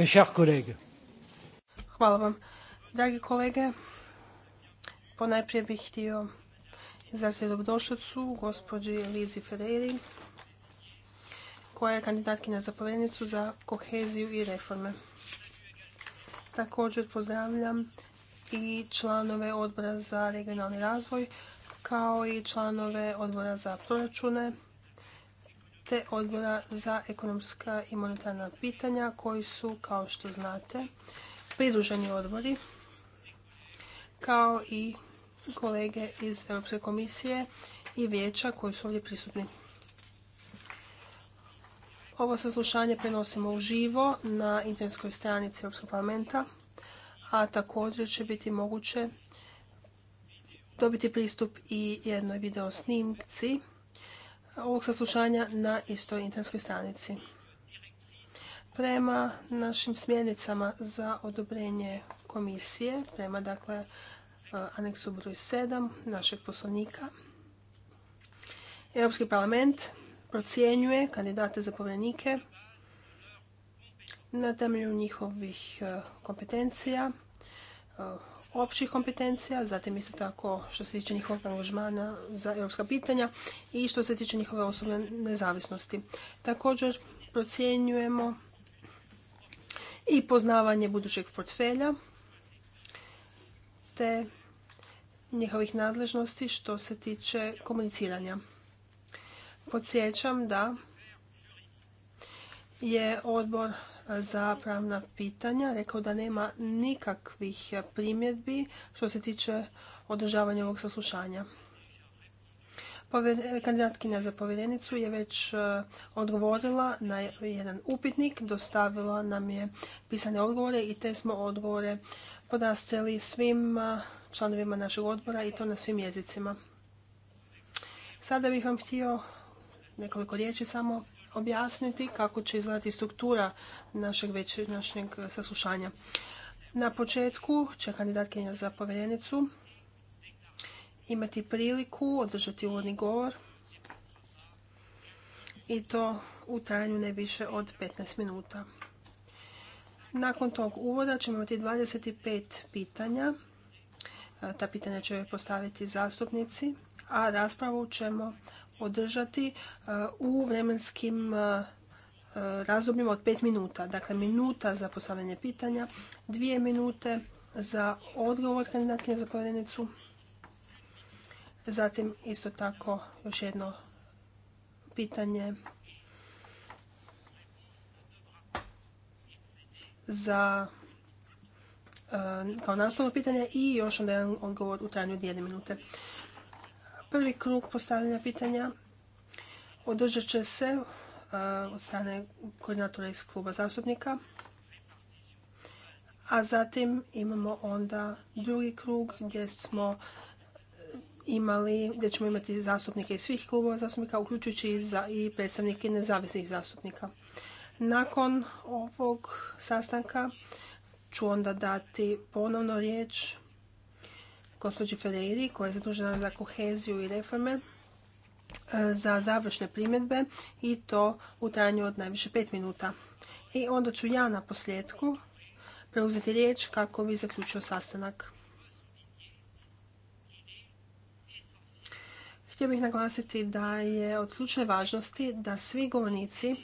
mes Hvala vam. Dragi kolege, ponajprije bih htio izraziti dobrodošlicu gospođi Lizi Ferreri, koja je kandidatkinja za povjednicu za koheziju i reforme. Također pozdravljam i članove odbora za regionalni razvoj, kao i članove odbora za proračune, te odbora za ekonomska i monetarna pitanja koji su, kao što znate, pridruženi odbori kao i kolege iz Europske komisije i vijeća koji su ovdje prisutni. Ovo saslušanje prenosimo uživo na internetskoj stranici Europskog parlamenta, a također će biti moguće dobiti pristup i jednoj video snimci ovog saslušanja na istoj internetskoj stranici. Prema našim smjernicama za odobrenje komisije, prema dakle e, aneksu broj 7 našeg poslovnika, Europski parlament procjenjuje kandidate za povjerenike na temelju njihovih e, kompetencija, e, općih kompetencija, zatim isto tako što se tiče njihovog angažmana za europska pitanja i što se tiče njihove osobne nezavisnosti. Također procjenjujemo i poznavanje budućeg portfelja te njihovih nadležnosti što se tiče komuniciranja. Podsjećam da je odbor za pravna pitanja rekao da nema nikakvih primjedbi što se tiče održavanja ovog saslušanja. Kandidatkinja za povjerenicu je već e, odgovorila na jedan upitnik, dostavila nam je pisane odgovore i te smo odgovore podastrili svim e, članovima našeg odbora i to na svim jezicima. Sada bih vam htio nekoliko riječi samo objasniti kako će izgledati struktura našeg večerašnjeg saslušanja. Na početku će kandidatkinja za povjerenicu imati priliku održati uvodni govor i to u trajanju ne više od 15 minuta. Nakon tog uvoda ćemo imati 25 pitanja. E, ta pitanja će postaviti zastupnici, a raspravu ćemo održati e, u vremenskim e, e, razdobljima od pet minuta. Dakle, minuta za postavljanje pitanja, dvije minute za odgovor kandidatkinje za povjerenicu, zatim isto tako još jedno pitanje za kao naslovno pitanje i još onda jedan odgovor u trajanju od jedne minute. Prvi krug postavljanja pitanja održat će se e, od strane koordinatora iz kluba zastupnika. A zatim imamo onda drugi krug gdje smo e, imali, gdje ćemo imati zastupnike iz svih klubova zastupnika, uključujući i, i predstavnike nezavisnih zastupnika. Nakon ovog sastanka ću onda dati ponovno riječ gospođi Ferreiri koja je zadužena za koheziju i reforme e, za završne primjedbe i to u trajanju od najviše pet minuta. I onda ću ja na posljedku preuzeti riječ kako bi zaključio sastanak. Htio bih naglasiti da je od ključne važnosti da svi govornici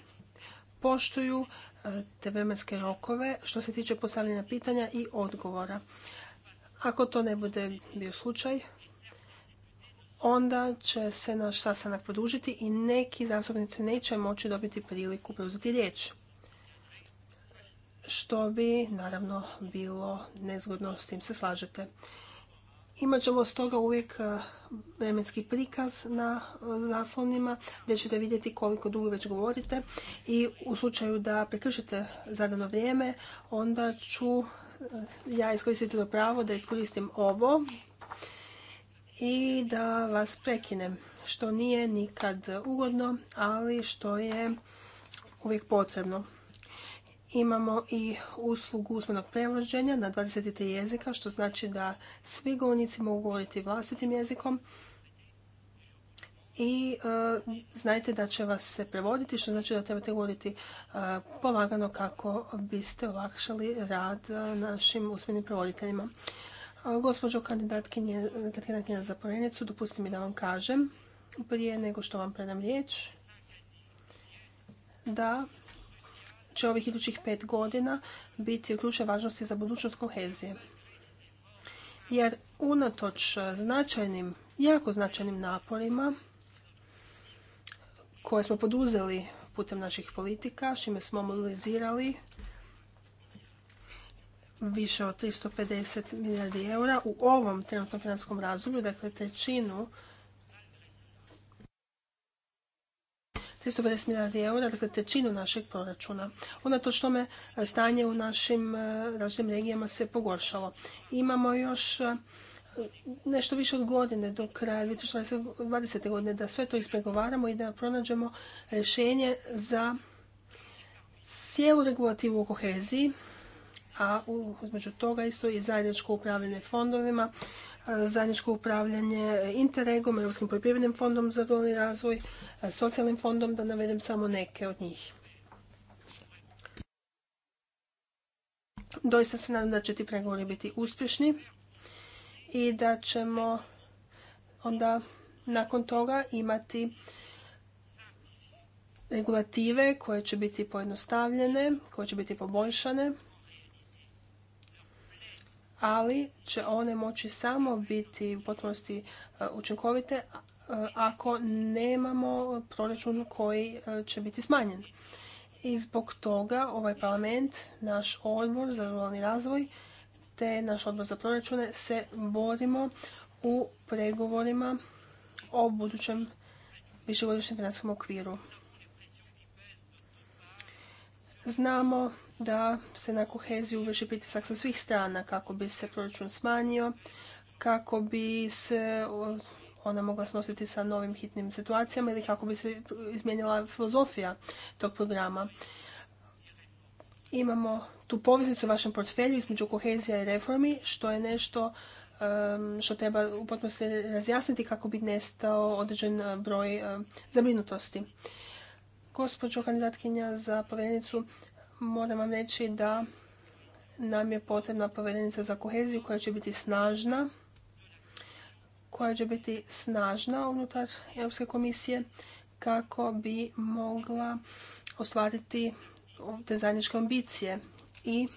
poštuju e, te vremenske rokove što se tiče postavljanja pitanja i odgovora. Ako to ne bude bio slučaj, onda će se naš sastanak produžiti i neki zastupnici neće moći dobiti priliku preuzeti riječ. Što bi, naravno, bilo nezgodno, s tim se slažete. Imat ćemo stoga uvijek e, vremenski prikaz na e, zaslonima, gdje ćete vidjeti koliko dugo već govorite i u slučaju da prekršite zadano vrijeme onda ću ja iskoristiti to pravo da iskoristim ovo i da vas prekinem, što nije nikad ugodno, ali što je uvijek potrebno. Imamo i uslugu usmenog prevođenja na 23 jezika, što znači da svi govornici mogu govoriti vlastitim jezikom, i e, znajte da će vas se prevoditi, što znači da trebate govoriti e, polagano kako biste olakšali rad e, našim usmenim prevoditeljima. Gospođo kandidatkinje, kandidatkinja za povjerenicu, dopustite mi da vam kažem prije nego što vam predam riječ da će ovih idućih pet godina biti od ključne važnosti za budućnost kohezije. Jer unatoč značajnim, jako značajnim naporima koje smo poduzeli putem naših politika, šime smo mobilizirali više od 350 milijardi eura u ovom trenutnom finanskom razdoblju, dakle trećinu 350 milijardi eura, dakle trećinu našeg proračuna. Unatoč me stanje u našim eh, različitim regijama se pogoršalo. Imamo još eh, nešto više od godine do kraja 2020. godine da sve to ispregovaramo i da pronađemo rješenje za cijelu regulativu u koheziji, a između toga isto i zajedničko upravljanje fondovima, zajedničko upravljanje Interregom, Europskim poljoprivrednim fondom za ruralni razvoj, socijalnim fondom, da navedem samo neke od njih. Doista se nadam da će ti pregovori biti uspješni i da ćemo onda nakon toga imati regulative koje će biti pojednostavljene, koje će biti poboljšane, ali će one moći samo biti u potpunosti e, učinkovite e, ako nemamo proračun koji e, će biti smanjen. I zbog toga ovaj parlament, naš odbor za ruralni razvoj, te naš odbor za proračune se borimo u pregovorima o budućem višegodišnjem financijskom okviru. Znamo da se na koheziju vrši pritisak sa svih strana kako bi se proračun smanjio, kako bi se ona mogla snositi sa novim hitnim situacijama ili kako bi se izmijenila filozofija tog programa imamo tu poveznicu u vašem portfelju između kohezija i reformi, što je nešto što treba u potpunosti razjasniti kako bi nestao određen broj zabrinutosti. Gospođo kandidatkinja za povjerenicu, moram vam reći da nam je potrebna povjerenica za koheziju koja će biti snažna, koja će biti snažna unutar Europske komisije kako bi mogla ostvariti te zajedničke ambicije i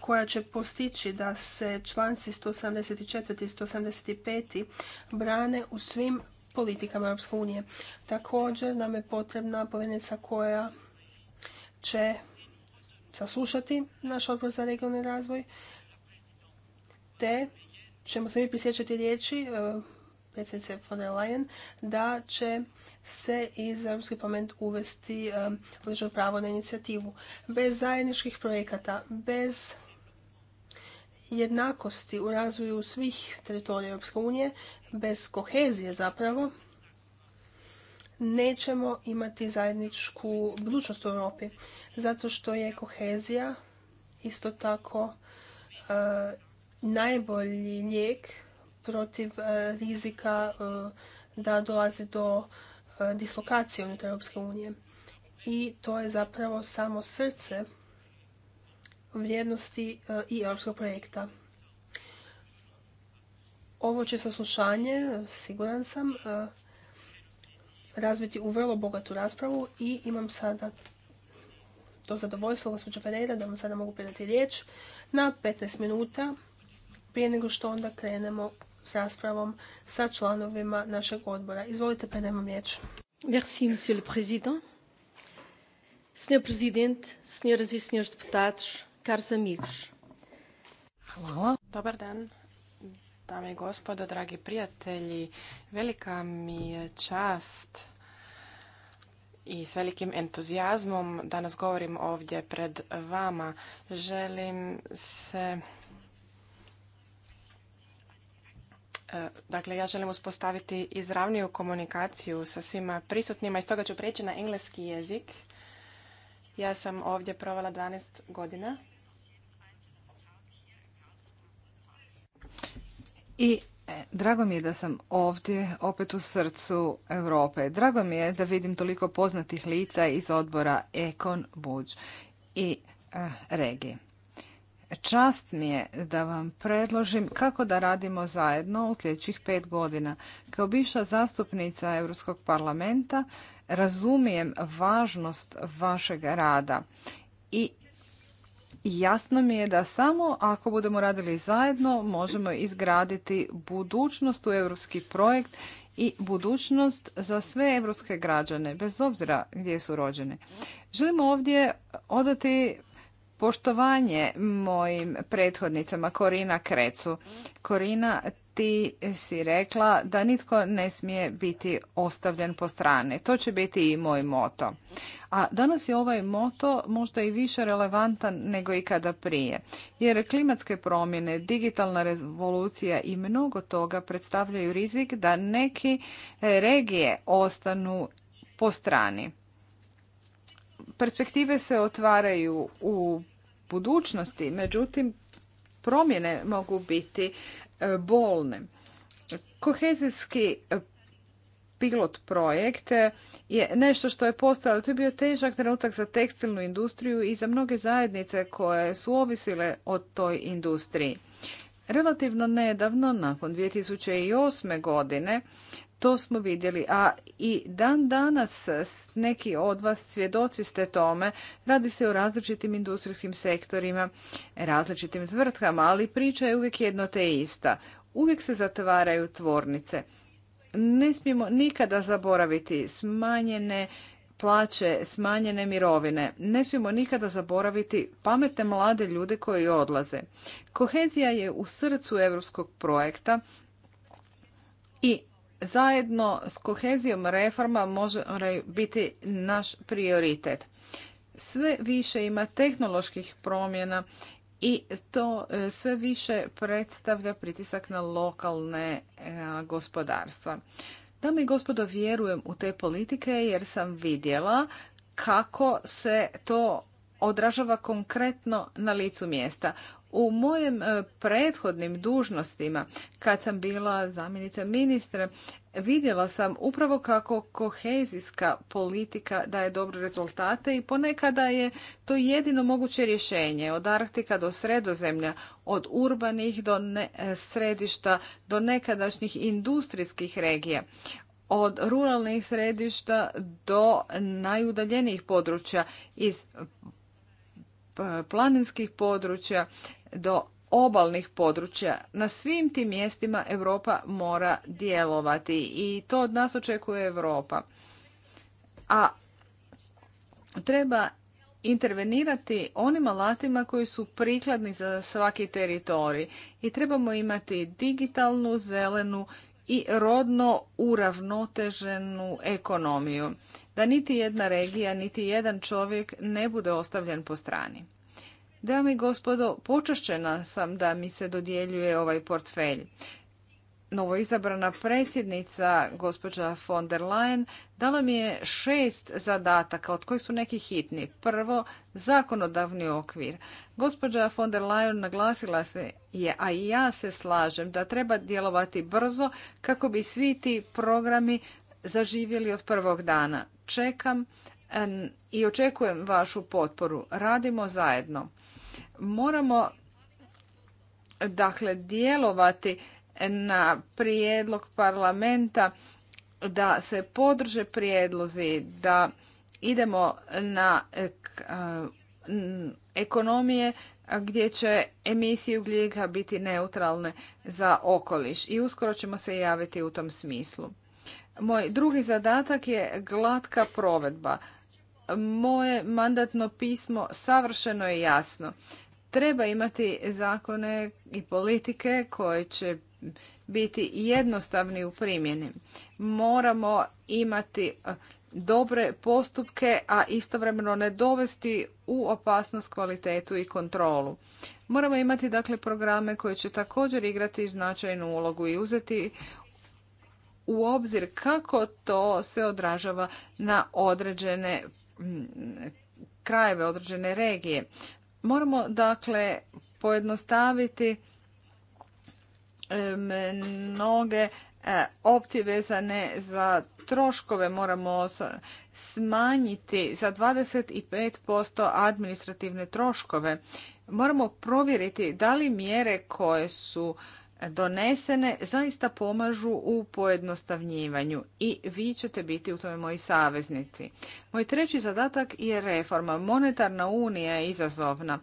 koja će postići da se članci 174. i 175. brane u svim politikama Europske unije. Također nam je potrebna povjerenica koja će saslušati naš odbor za regionalni razvoj, te ćemo se mi prisjećati riječi e, predsjednice von der Leyen da će se iz Europski parlament uvesti um, određeno pravo na inicijativu. Bez zajedničkih projekata, bez jednakosti u razvoju svih teritorija Europske unije, bez kohezije zapravo, nećemo imati zajedničku budućnost u Europi. Zato što je kohezija isto tako uh, najbolji lijek protiv e, rizika e, da dolazi do e, dislokacije unutar Europske unije. I to je zapravo samo srce vrijednosti i europskog projekta. Ovo će saslušanje, siguran sam, razviti u vrlo bogatu raspravu i imam sada to zadovoljstvo, gospođa Ferreira, da vam sada mogu predati riječ na 15 minuta prije nego što onda krenemo s raspravom sa članovima našeg odbora. Izvolite, pa nemam riječ. Merci, monsieur le président. Senhor presidente, senhoras i e senhores deputados, caros amigos. Hvala. Dobar dan, dame i gospodo, dragi prijatelji. Velika mi je čast i s velikim entuzijazmom danas govorim ovdje pred vama. Želim se Dakle, ja želim uspostaviti izravniju komunikaciju sa svima prisutnima i stoga ću prijeći na engleski jezik. Ja sam ovdje provela 12 godina. I e, drago mi je da sam ovdje opet u srcu Europe. Drago mi je da vidim toliko poznatih lica iz odbora Ekon, Buđ i e, regije. Regi. Čast mi je da vam predložim kako da radimo zajedno u sljedećih pet godina. Kao bivša zastupnica Europskog parlamenta razumijem važnost vašeg rada i jasno mi je da samo ako budemo radili zajedno možemo izgraditi budućnost u europski projekt i budućnost za sve europske građane, bez obzira gdje su rođene. Želimo ovdje odati poštovanje mojim prethodnicama Korina Krecu. Korina, ti si rekla da nitko ne smije biti ostavljen po strane. To će biti i moj moto. A danas je ovaj moto možda i više relevantan nego ikada prije. Jer klimatske promjene, digitalna revolucija i mnogo toga predstavljaju rizik da neki e, regije ostanu po strani. Perspektive se otvaraju u budućnosti, međutim promjene mogu biti e, bolne. Kohezijski e, pilot projekt e, je nešto što je postalo, to je bio težak trenutak za tekstilnu industriju i za mnoge zajednice koje su ovisile o toj industriji. Relativno nedavno, nakon 2008. godine, to smo vidjeli, a i dan danas neki od vas svjedoci ste tome. Radi se o različitim industrijskim sektorima, različitim tvrtkama, ali priča je uvijek jedno te ista. Uvijek se zatvaraju tvornice. Ne smijemo nikada zaboraviti smanjene plaće, smanjene mirovine. Ne smijemo nikada zaboraviti pametne mlade ljude koji odlaze. Kohezija je u srcu europskog projekta i zajedno s kohezijom reforma može biti naš prioritet. Sve više ima tehnoloških promjena i to e, sve više predstavlja pritisak na lokalne e, gospodarstva. Da i gospodo, vjerujem u te politike jer sam vidjela kako se to odražava konkretno na licu mjesta. U mojim e, prethodnim dužnostima, kad sam bila zamjenica ministra, vidjela sam upravo kako kohezijska politika daje dobre rezultate i ponekada je to jedino moguće rješenje od Arktika do sredozemlja, od urbanih do e, središta, do nekadašnjih industrijskih regija od ruralnih središta do najudaljenijih područja iz e, planinskih područja do obalnih područja. Na svim tim mjestima Europa mora djelovati i to od nas očekuje Europa. A treba intervenirati onim alatima koji su prikladni za svaki teritorij i trebamo imati digitalnu, zelenu i rodno uravnoteženu ekonomiju. Da niti jedna regija, niti jedan čovjek ne bude ostavljen po strani. Dame i gospodo, počašćena sam da mi se dodjeljuje ovaj portfelj. Novoizabrana predsjednica, gospođa von der Leyen, dala mi je šest zadataka, od kojih su neki hitni. Prvo, zakonodavni okvir. Gospođa von der Leyen naglasila se je, a i ja se slažem, da treba djelovati brzo kako bi svi ti programi zaživjeli od prvog dana. Čekam i očekujem vašu potporu. Radimo zajedno. Moramo dakle djelovati na prijedlog parlamenta da se podrže prijedlozi, da idemo na eh, ekonomije gdje će emisije ugljika biti neutralne za okoliš i uskoro ćemo se javiti u tom smislu. Moj drugi zadatak je glatka provedba moje mandatno pismo savršeno je jasno. Treba imati zakone i politike koje će biti jednostavni u primjeni. Moramo imati e, dobre postupke, a istovremeno ne dovesti u opasnost kvalitetu i kontrolu. Moramo imati dakle programe koji će također igrati značajnu ulogu i uzeti u obzir kako to se odražava na određene krajeve, određene regije. Moramo dakle pojednostaviti mnoge e, opcije vezane za troškove moramo smanjiti za 25% administrativne troškove. Moramo provjeriti da li mjere koje su donesene zaista pomažu u pojednostavnjivanju i vi ćete biti u tome moji saveznici. Moj treći zadatak je reforma. Monetarna unija je izazovna.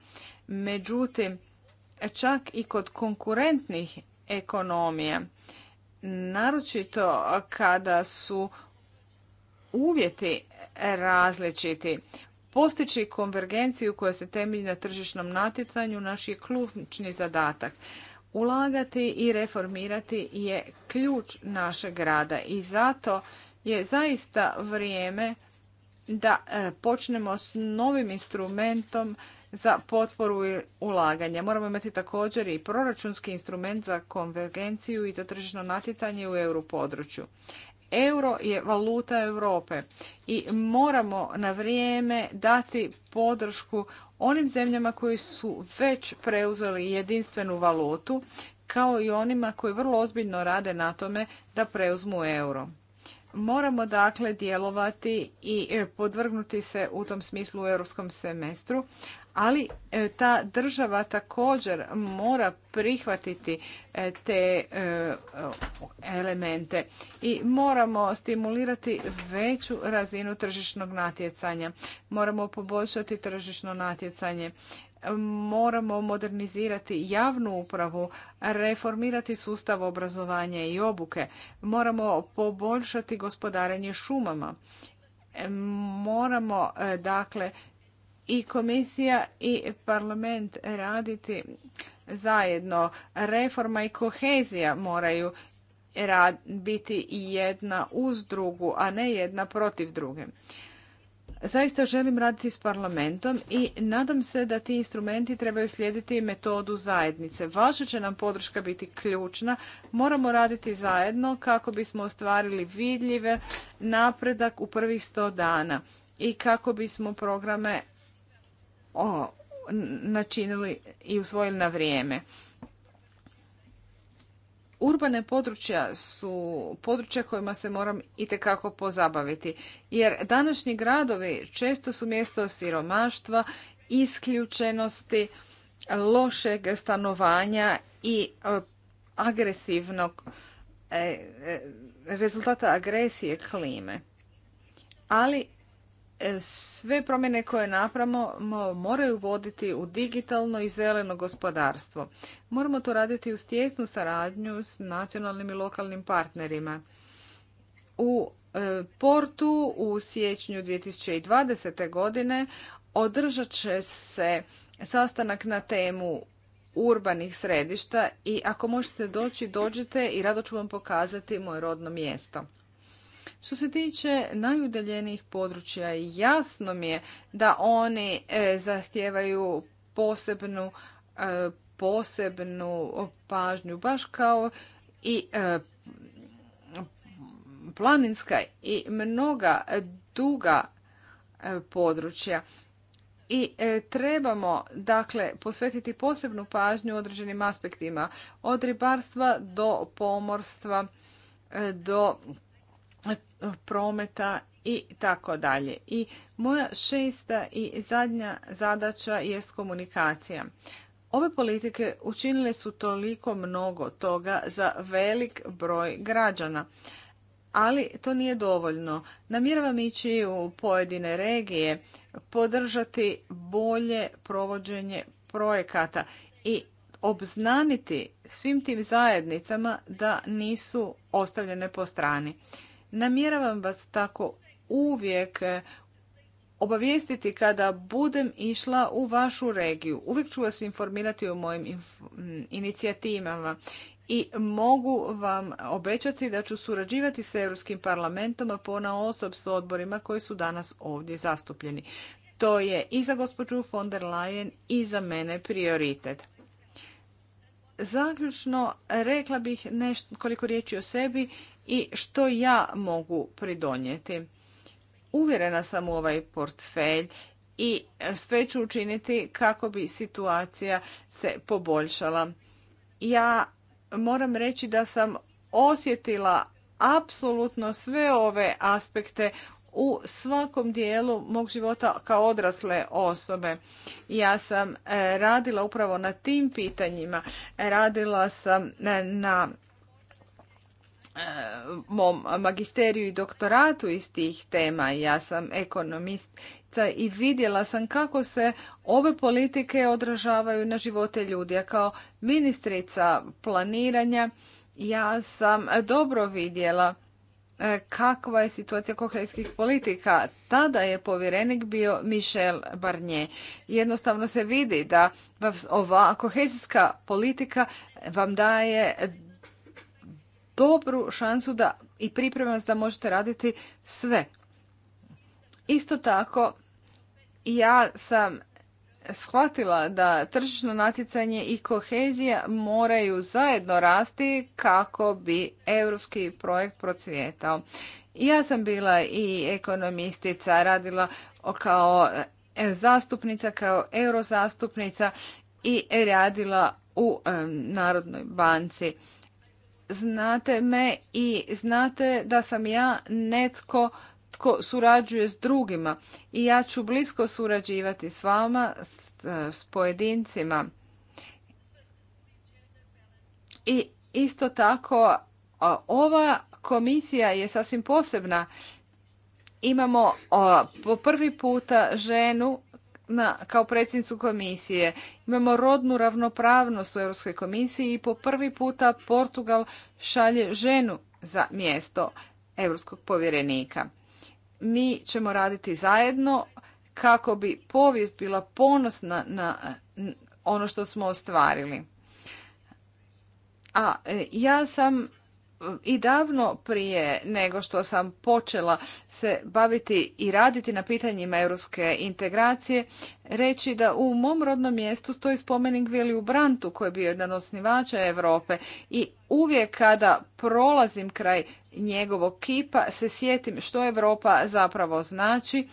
Međutim, čak i kod konkurentnih ekonomija, naročito kada su uvjeti različiti, postići konvergenciju koja se temelji na tržišnom natjecanju naš je ključni zadatak. Ulagati i reformirati je ključ našeg rada i zato je zaista vrijeme da e, počnemo s novim instrumentom za potporu i ulaganje. Moramo imati također i proračunski instrument za konvergenciju i za tržišno natjecanje u području. Euro je valuta Europe i moramo na vrijeme dati podršku onim zemljama koji su već preuzeli jedinstvenu valutu kao i onima koji vrlo ozbiljno rade na tome da preuzmu euro. Moramo dakle djelovati i podvrgnuti se u tom smislu u europskom semestru, ali e, ta država također mora prihvatiti e, te e, elemente i moramo stimulirati veću razinu tržišnog natjecanja. Moramo poboljšati tržišno natjecanje. Moramo modernizirati javnu upravu, reformirati sustav obrazovanja i obuke. Moramo poboljšati gospodarenje šumama moramo dakle i komisija i parlament raditi zajedno. Reforma i kohezija moraju biti i jedna uz drugu, a ne jedna protiv druge. Zaista želim raditi s parlamentom i nadam se da ti instrumenti trebaju slijediti metodu zajednice. Vaša će nam podrška biti ključna. Moramo raditi zajedno kako bismo ostvarili vidljive napredak u prvih sto dana i kako bismo programe načinili i usvojili na vrijeme. Urbane područja su područja kojima se moram itekako pozabaviti, jer današnji gradovi često su mjesto siromaštva, isključenosti, lošeg stanovanja i e, agresivnog e, e, rezultata agresije klime. Ali E, sve promjene koje napravimo moraju voditi u digitalno i zeleno gospodarstvo. Moramo to raditi u stjesnu saradnju s nacionalnim i lokalnim partnerima. U e, Portu u siječnju 2020. godine održat će se sastanak na temu urbanih središta i ako možete doći, dođite i rado ću vam pokazati moje rodno mjesto. Što se tiče najudaljenijih područja, jasno mi je da oni e, zahtijevaju posebnu e, posebnu pažnju, baš kao i e, planinska i mnoga duga područja. I trebamo dakle posvetiti posebnu pažnju određenim aspektima od ribarstva do pomorstva do prometa i tako dalje. I moja šesta i zadnja zadaća je komunikacija. Ove politike učinile su toliko mnogo toga za velik broj građana. Ali to nije dovoljno. Namjeravam ići u pojedine regije, podržati bolje provođenje projekata i obznaniti svim tim zajednicama da nisu ostavljene po strani. Namjeravam vas tako uvijek e, obavijestiti kada budem išla u vašu regiju. Uvijek ću vas informirati o mojim inicijativama i mogu vam obećati da ću surađivati s Europskim parlamentom, a pona osob s odborima koji su danas ovdje zastupljeni. To je i za gospođu von der Leyen i za mene prioritet. Zaključno rekla bih nešto, koliko riječi o sebi i što ja mogu pridonijeti. Uvjerena sam u ovaj portfelj i sve ću učiniti kako bi situacija se poboljšala. Ja moram reći da sam osjetila apsolutno sve ove aspekte u svakom dijelu mog života kao odrasle osobe. Ja sam e, radila upravo na tim pitanjima. Radila sam e, na e, mom magisteriju i doktoratu iz tih tema. Ja sam ekonomistica i vidjela sam kako se ove politike odražavaju na živote ljudi. Ja kao ministrica planiranja ja sam dobro vidjela E, kakva je situacija kohezijskih politika. Tada je povjerenik bio Michel Barnier. Jednostavno se vidi da ova kohezijska politika vam daje dobru šansu da i priprema da možete raditi sve. Isto tako, ja sam shvatila da tržišno natjecanje i kohezija moraju zajedno rasti kako bi europski projekt procvjetao. Ja sam bila i ekonomistica, radila kao zastupnica, kao eurozastupnica i radila u Narodnoj banci. Znate me i znate da sam ja netko tko surađuje s drugima i ja ću blisko surađivati s vama, s, pojedincima. I isto tako ova komisija je sasvim posebna. Imamo po prvi puta ženu kao predsjednicu komisije. Imamo rodnu ravnopravnost u Europskoj komisiji i po prvi puta Portugal šalje ženu za mjesto europskog povjerenika mi ćemo raditi zajedno kako bi povijest bila ponosna na ono što smo ostvarili. A e, ja sam i davno prije nego što sam počela se baviti i raditi na pitanjima europske integracije, reći da u mom rodnom mjestu stoji spomenik Viliju Brantu koji je bio jedan osnivača Europe i uvijek kada prolazim kraj njegovog kipa se sjetim što Europa zapravo znači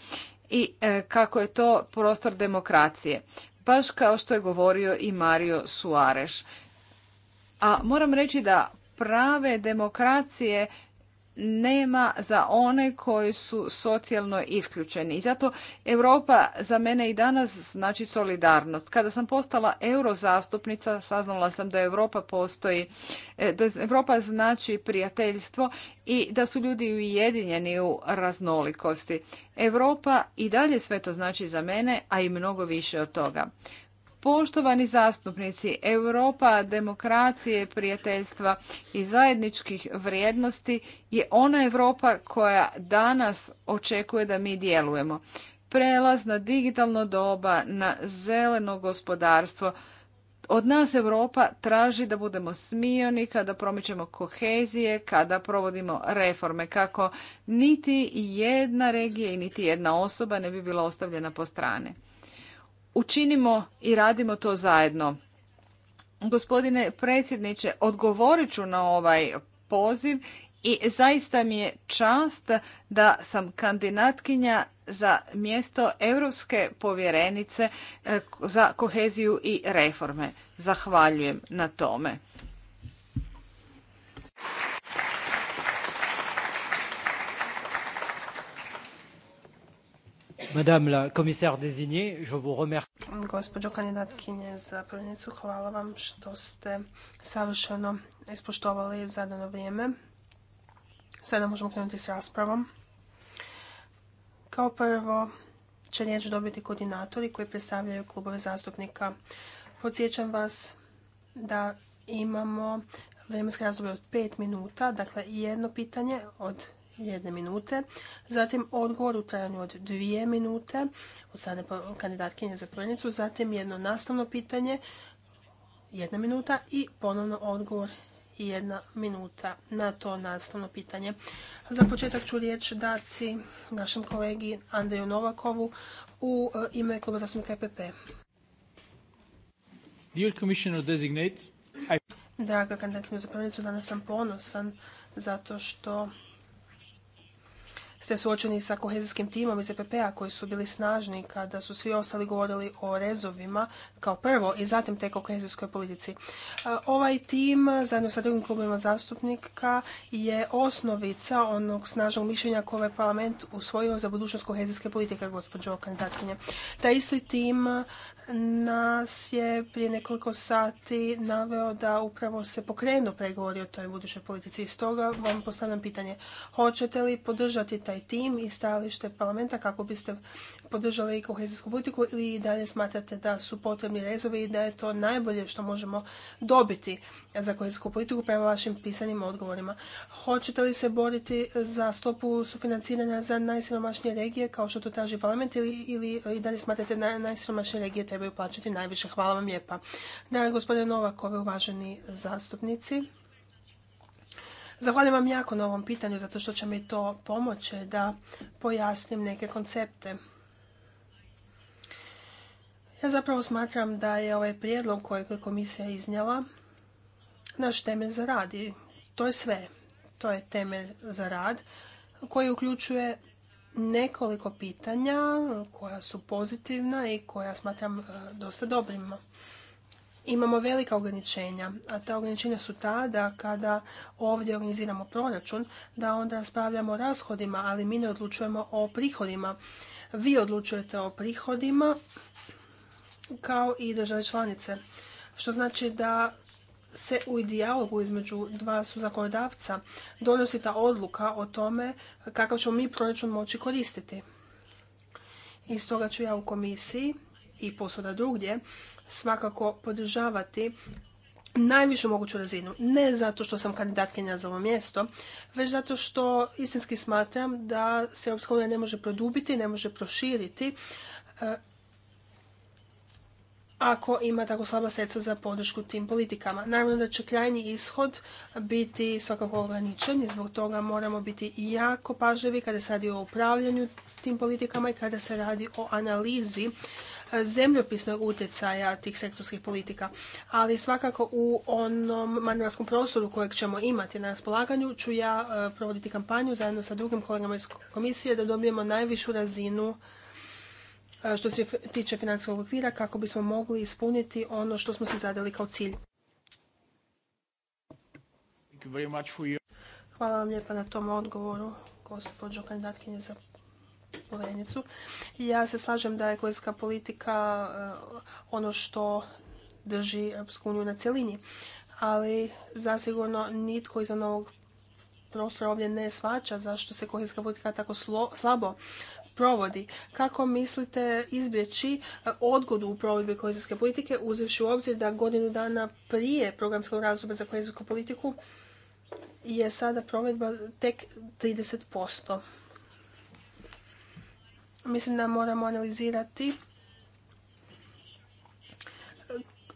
i e, kako je to prostor demokracije. Baš kao što je govorio i Mario Suarez. A moram reći da prave demokracije nema za one koji su socijalno isključeni. I zato Europa za mene i danas znači solidarnost. Kada sam postala eurozastupnica, saznala sam da Europa postoji, e, da Europa znači prijateljstvo i da su ljudi ujedinjeni u raznolikosti. Europa i dalje sve to znači za mene, a i mnogo više od toga. Poštovani zastupnici, Europa demokracije, prijateljstva i zajedničkih vrijednosti je ona Europa koja danas očekuje da mi djelujemo. Prelaz na digitalno doba, na zeleno gospodarstvo. Od nas Europa traži da budemo smijoni kada promičemo kohezije, kada provodimo reforme, kako niti jedna regija i niti jedna osoba ne bi bila ostavljena po strane učinimo i radimo to zajedno. Gospodine predsjedniče, odgovorit ću na ovaj poziv i zaista mi je čast da sam kandidatkinja za mjesto europske povjerenice eh, za koheziju i reforme. Zahvaljujem na tome. Madame la commissaire désignée, je vous remercie. Gospođo kandidatkinje za prvenicu, hvala vam što ste savršeno ispoštovali zadano vrijeme. Sada možemo krenuti s raspravom. Kao prvo će riječ dobiti koordinatori koji predstavljaju klubove zastupnika. Podsjećam vas da imamo vremenske razdoblje od pet minuta, dakle jedno pitanje od jedne minute, zatim odgovor u trajanju od dvije minute od strane kandidatkinje za prvenicu. zatim jedno nastavno pitanje, jedna minuta i ponovno odgovor i jedna minuta na to nastavno pitanje. Za početak ću riječ dati našem kolegi Andreju Novakovu u e, ime kluba zastupnika EPP. Dear Commissioner Designate, Draga kandidatkinja za danas sam ponosan zato što ste suočeni sa kohezijskim timom iz EPP-a koji su bili snažni kada su svi ostali govorili o rezovima kao prvo i zatim tek o kohezijskoj politici. E, ovaj tim zajedno sa drugim klubima zastupnika je osnovica onog snažnog mišljenja koje je parlament usvojio za budućnost kohezijske politike, gospođo kandidatkinje. Taj isti tim nas je prije nekoliko sati naveo da upravo se pokrenu pregovori o toj budućoj politici. I stoga vam postavljam pitanje, hoćete li podržati taj tim i stajalište parlamenta kako biste podržali i kohezijsku politiku ili i dalje smatrate da su potrebni rezovi i da je to najbolje što možemo dobiti za kohezijsku politiku prema vašim pisanim odgovorima. Hoćete li se boriti za stopu sufinanciranja za najsiromašnije regije kao što to traži parlament ili, ili i dalje smatrate na najsiromašnije regije te trebaju plaćati najviše. Hvala vam lijepa. i gospodine Novakove, uvaženi zastupnici, Zahvaljujem vam jako na ovom pitanju zato što će mi to pomoći da pojasnim neke koncepte. Ja zapravo smatram da je ovaj prijedlog kojeg je komisija iznjela naš temelj za rad i to je sve. To je temelj za rad koji uključuje nekoliko pitanja koja su pozitivna i koja smatram e, dosta dobrima. Imamo velika ograničenja, a ta ograničenja su ta da kada ovdje organiziramo proračun, da onda raspravljamo o rashodima, ali mi ne odlučujemo o prihodima. Vi odlučujete o prihodima kao i države članice, što znači da se u dijalogu između dva su zakonodavca donosi ta odluka o tome kakav ćemo mi proračun moći koristiti. I stoga ću ja u komisiji i posvuda drugdje svakako podržavati najvišu moguću razinu. Ne zato što sam kandidatkinja za ovo mjesto, već zato što istinski smatram da se Europska unija ne može produbiti, ne može proširiti e, ako ima tako slaba sredstva za podršku tim politikama. Naravno da će krajnji ishod biti svakako ograničen i zbog toga moramo biti jako pažljivi kada se radi o upravljanju tim politikama i kada se radi o analizi eh, zemljopisnog utjecaja tih sektorskih politika, ali svakako u onom manevarskom prostoru kojeg ćemo imati na raspolaganju ću ja eh, provoditi kampanju zajedno sa drugim kolegama iz komisije da dobijemo najvišu razinu što se tiče financijskog okvira kako bismo mogli ispuniti ono što smo se zadali kao cilj. Hvala vam lijepa na tom odgovoru, gospođo kandidatkinje za povjerenicu. Ja se slažem da je kohezijska politika e, ono što drži Europsku na cjelini, ali zasigurno nitko iza novog prostora ovdje ne svača zašto se kohezijska politika tako slabo provodi. Kako mislite izbjeći e, odgodu u provedbi kohezijske politike, uzevši u obzir da godinu dana prije programskog razdoblja za kohezijsku politiku je sada provedba tek 30%. Mislim da moramo analizirati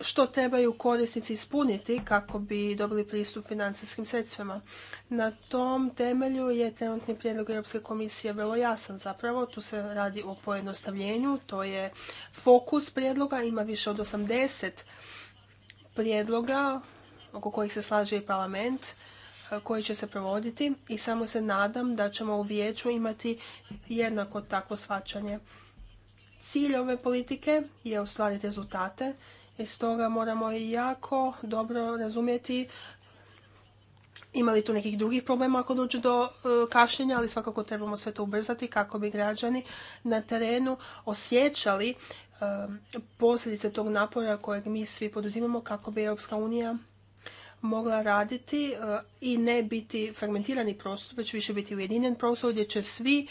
što trebaju korisnici ispuniti kako bi dobili pristup financijskim sredstvima. Na tom temelju je trenutni prijedlog Europske komisije vrlo jasan zapravo. Tu se radi o pojednostavljenju, to je fokus prijedloga, ima više od 80 prijedloga oko kojih se slaže i parlament e, koji će se provoditi i samo se nadam da ćemo u vijeću imati jednako takvo svačanje. Cilj ove politike je ostvariti rezultate i stoga moramo jako dobro razumjeti ima li tu nekih drugih problema ako dođe do e, kašnjenja, ali svakako trebamo sve to ubrzati kako bi građani na terenu osjećali e, posljedice tog napora kojeg mi svi poduzimamo kako bi Europska unija mogla raditi e, i ne biti fragmentirani prostor, već više biti ujedinjen prostor gdje će svi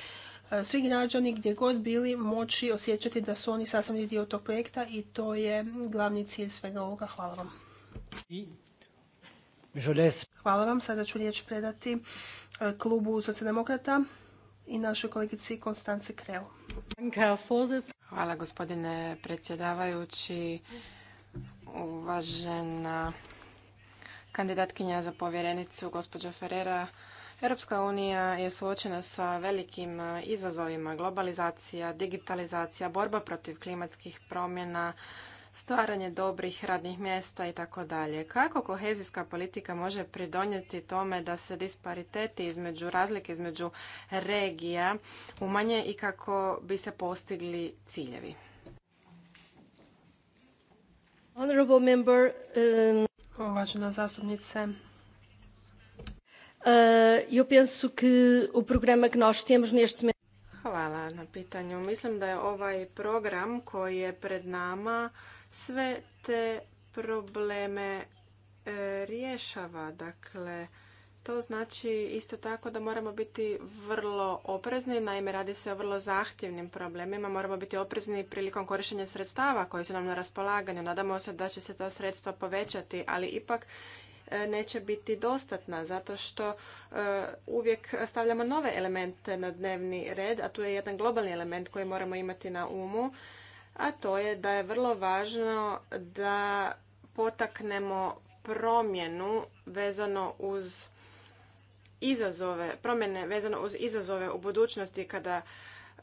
svi građani gdje god bili moći osjećati da su oni sastavni dio tog projekta i to je glavni cilj svega ovoga. Hvala vam. Hvala vam. Sada ću riječ predati e, klubu socijaldemokrata i našoj kolegici Konstance Kreu. Hvala gospodine predsjedavajući, uvažena kandidatkinja za povjerenicu gospođa Ferrera. Europska unija je suočena sa velikim e, izazovima globalizacija, digitalizacija, borba protiv klimatskih promjena, stvaranje dobrih radnih mjesta i tako dalje. Kako kohezijska politika može pridonijeti tome da se dispariteti između razlike između regija umanje i kako bi se postigli ciljevi? Honorable um, Uvažena Eh, eu penso que o programa temos neste Hvala na pitanju. Mislim da je ovaj program koji je pred nama sve te probleme eh, rješava. Dakle, to znači isto tako da moramo biti vrlo oprezni. Naime, radi se o vrlo zahtjevnim problemima. Moramo biti oprezni prilikom korištenja sredstava koji su nam na raspolaganju. Nadamo se da će se ta sredstva povećati, ali ipak E, neće biti dostatna zato što e, uvijek stavljamo nove elemente na dnevni red, a tu je jedan globalni element koji moramo imati na umu, a to je da je vrlo važno da potaknemo promjenu vezano uz izazove, promjene vezano uz izazove u budućnosti kada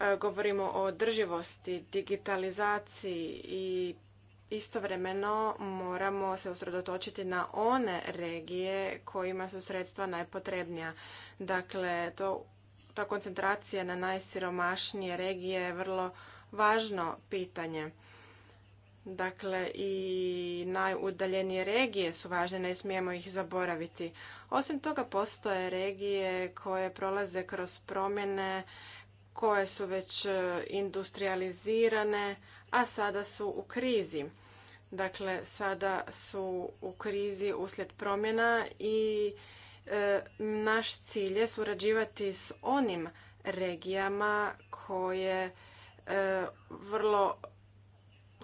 e, govorimo o drživosti, digitalizaciji i Istovremeno moramo se usredotočiti na one regije kojima su sredstva najpotrebnija. Dakle, to, ta koncentracija na najsiromašnije regije je vrlo važno pitanje. Dakle, i najudaljenije regije su važne, ne smijemo ih zaboraviti. Osim toga, postoje regije koje prolaze kroz promjene, koje su već eh, industrializirane, a sada su u krizi. Dakle, sada su u krizi uslijed promjena i e, naš cilj je surađivati s onim regijama koje e, vrlo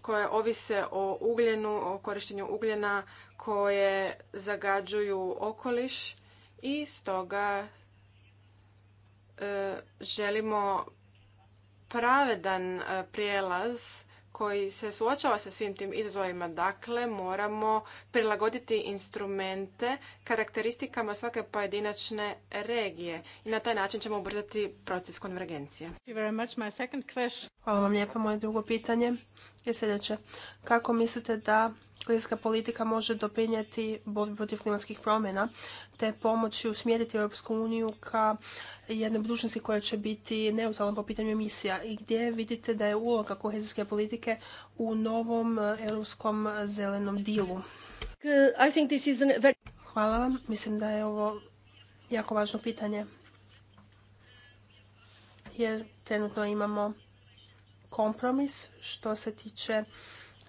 koje ovise o ugljenu, o korištenju ugljena, koje zagađuju okoliš i stoga e, želimo pravedan prijelaz koji se suočava sa svim tim izazovima. Dakle, moramo prilagoditi instrumente karakteristikama svake pojedinačne regije i na taj način ćemo ubrzati proces konvergencije. Hvala vam lijepa. Moje drugo pitanje je sljedeće. Kako mislite da kohezijska politika može doprinijeti borbi protiv klimatskih promjena te pomoći usmjeriti Europsku uniju ka jednoj budućnosti koja će biti neutralna po pitanju emisija i gdje vidite da je uloga kohezijske politike u novom e, europskom zelenom dilu. Hvala vam. Mislim da je ovo jako važno pitanje. Jer trenutno imamo kompromis što se tiče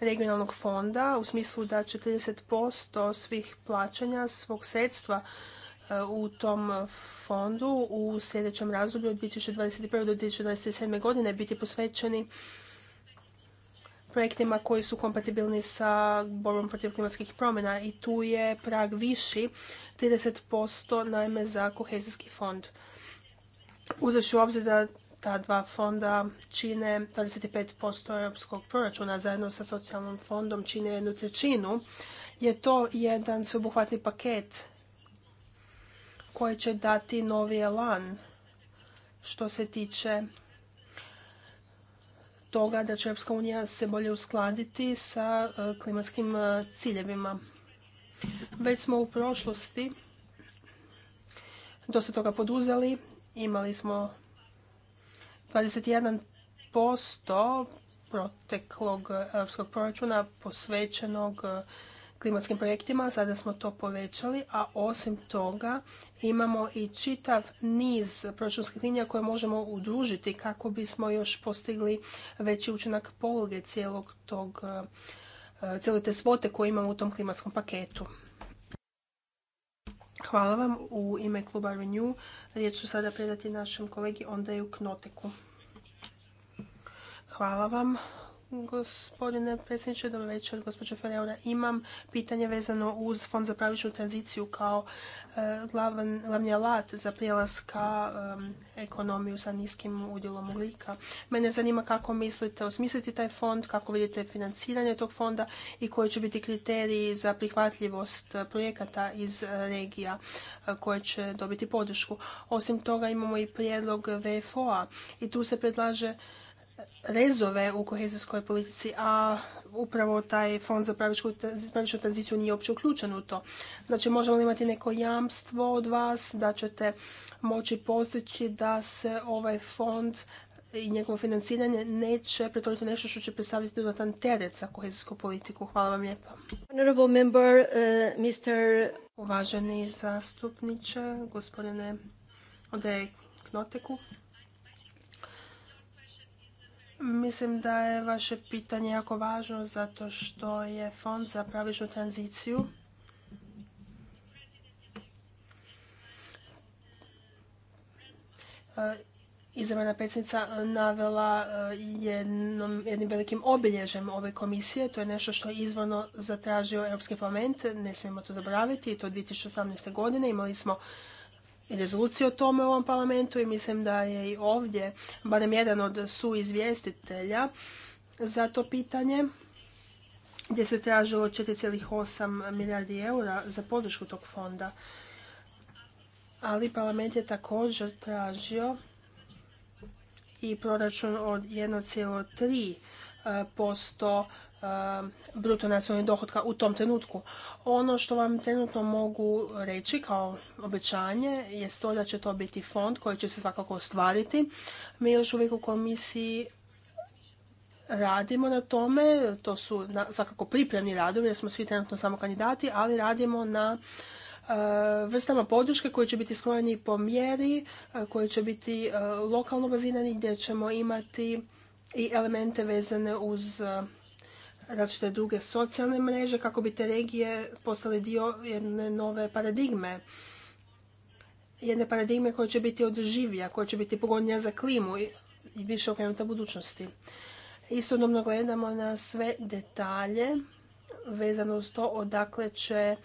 regionalnog fonda u smislu da 40% svih plaćanja svog sredstva e, u tom fondu u sljedećem razdoblju od 2021. do 2027. godine biti posvećeni projektima koji su kompatibilni sa borbom protiv klimatskih promjena i tu je prag viši 30% naime za kohezijski fond. Uzevši u obzir da ta dva fonda čine 25% europskog proračuna zajedno sa socijalnom fondom čine jednu trećinu, je to jedan sveobuhvatni paket koji će dati novi elan što se tiče toga da će Europska unija se bolje uskladiti sa e, klimatskim e, ciljevima. Već smo u prošlosti dosta toga poduzeli. Imali smo 21% proteklog europskog proračuna posvećenog e, klimatskim projektima, sada smo to povećali, a osim toga imamo i čitav niz proračunskih linija koje možemo udružiti kako bismo još postigli veći učinak poluge cijelog tog e, e, cijele te svote koje imamo u tom klimatskom paketu. Hvala vam. U ime kluba Renew riječ ću sada predati našem kolegi Ondaju Knoteku. Hvala vam, Gospodine predsjedniče, dobro večer, gospođo Ferreira. Imam pitanje vezano uz Fond za pravičnu tranziciju kao e, glavni alat za prijelaz ka ekonomiju sa niskim udjelom ugljika. Mene zanima kako mislite osmisliti taj fond, kako vidite financiranje tog fonda i koji će biti kriteriji za prihvatljivost projekata iz e, regija e, koje će dobiti podršku. Osim toga imamo i prijedlog VFO-a i tu se predlaže rezove u kohezijskoj politici, a upravo taj fond za pravičnu tranziciju nije uopće uključen u to. Znači možemo li imati neko jamstvo od vas da ćete moći postići da se ovaj fond i njegovo financiranje neće pretvoriti nešto što će predstavljati dodatan teret za kohezijsku politiku. Hvala vam lijepa. Member, uh, Mr. Uvaženi zastupniče, gospodine Odej Knoteku, Mislim da je vaše pitanje jako važno zato što je Fond za pravičnu tranziciju e, izabrana predsjednica navela e, jednim velikim obilježjem ove komisije. To je nešto što je izvorno zatražio Europski parlament. Ne smijemo to zaboraviti. I to 2018. godine imali smo rezoluciju o tome u ovom parlamentu i mislim da je i ovdje barem jedan od suizvjestitelja za to pitanje gdje se tražilo 4,8 milijardi eura za podršku tog fonda. Ali parlament je također tražio i proračun od 1,3 posto Eh, bruto nacionalnih dohodka u tom trenutku. Ono što vam trenutno mogu reći kao obećanje je to da će to biti fond koji će se svakako ostvariti. Mi još uvijek u komisiji radimo na tome, to su svakako pripremni radovi jer smo svi trenutno samo kandidati, ali radimo na eh, vrstama podrške koji će biti skrojeni po mjeri, eh, koji će biti lokalno bazinani gdje ćemo imati i elemente vezane uz različite druge socijalne mreže kako bi te regije postale dio jedne nove paradigme. Jedne paradigme koja će biti održivija, koja će biti pogodnija za klimu i više okrenuta budućnosti. Istodobno gledamo na sve detalje vezano uz to odakle će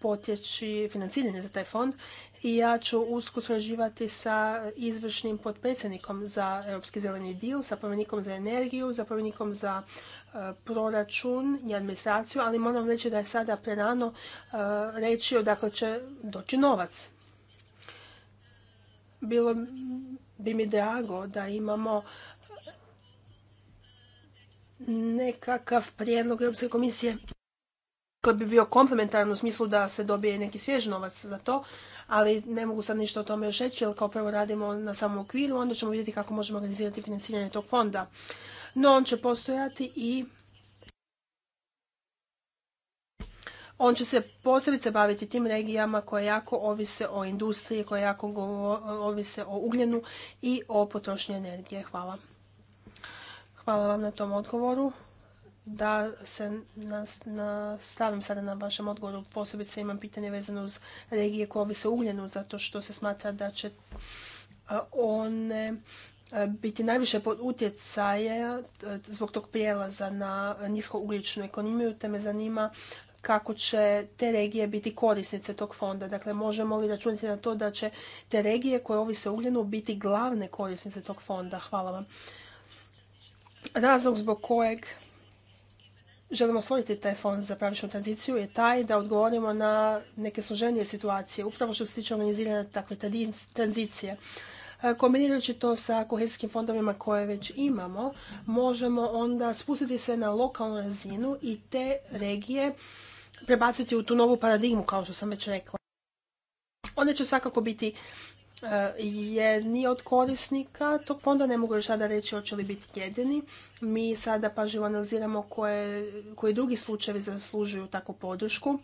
potjeći financiranje za taj fond i ja ću usko surađivati sa izvršnim potpredsjednikom za Europski zeleni dil, sa promjenikom za energiju, za promjenikom za proračun i administraciju, ali moram reći da je sada prerano e, reći odakle će doći novac. Bilo bi mi drago da imamo nekakav prijedlog Europske komisije koji bi bio komplementaran u smislu da se dobije neki svjež novac za to, ali ne mogu sad ništa o tome još reći, jer kao prvo radimo na samom okviru, onda ćemo vidjeti kako možemo organizirati financiranje tog fonda no on će postojati i on će se posebice baviti tim regijama koje jako ovise o industriji, koje jako ovise o ugljenu i o potrošnji energije. Hvala. Hvala vam na tom odgovoru. Da se stavim sada na vašem odgovoru, posebice imam pitanje vezano uz regije koje ovise o ugljenu, zato što se smatra da će one E, biti najviše pod utjecaje e, zbog tog prijelaza na niskougljičnu ekonomiju, te me zanima kako će te regije biti korisnice tog fonda. Dakle, možemo li računati na to da će te regije koje ovise o ugljenu biti glavne korisnice tog fonda? Hvala vam. Razlog zbog kojeg želimo stvoriti taj fond za pravičnu tranziciju je taj da odgovorimo na neke složenije situacije, upravo što se tiče organiziranja takve tranzicije. E, kombinirajući to sa kohezijskim fondovima koje već imamo, možemo onda spustiti se na lokalnu razinu i te regije prebaciti u tu novu paradigmu, kao što sam već rekla. One će svakako biti e, jedni od korisnika tog fonda, ne mogu još sada reći hoće li biti jedini. Mi sada pažljivo analiziramo koje, koji drugi slučajevi zaslužuju takvu podršku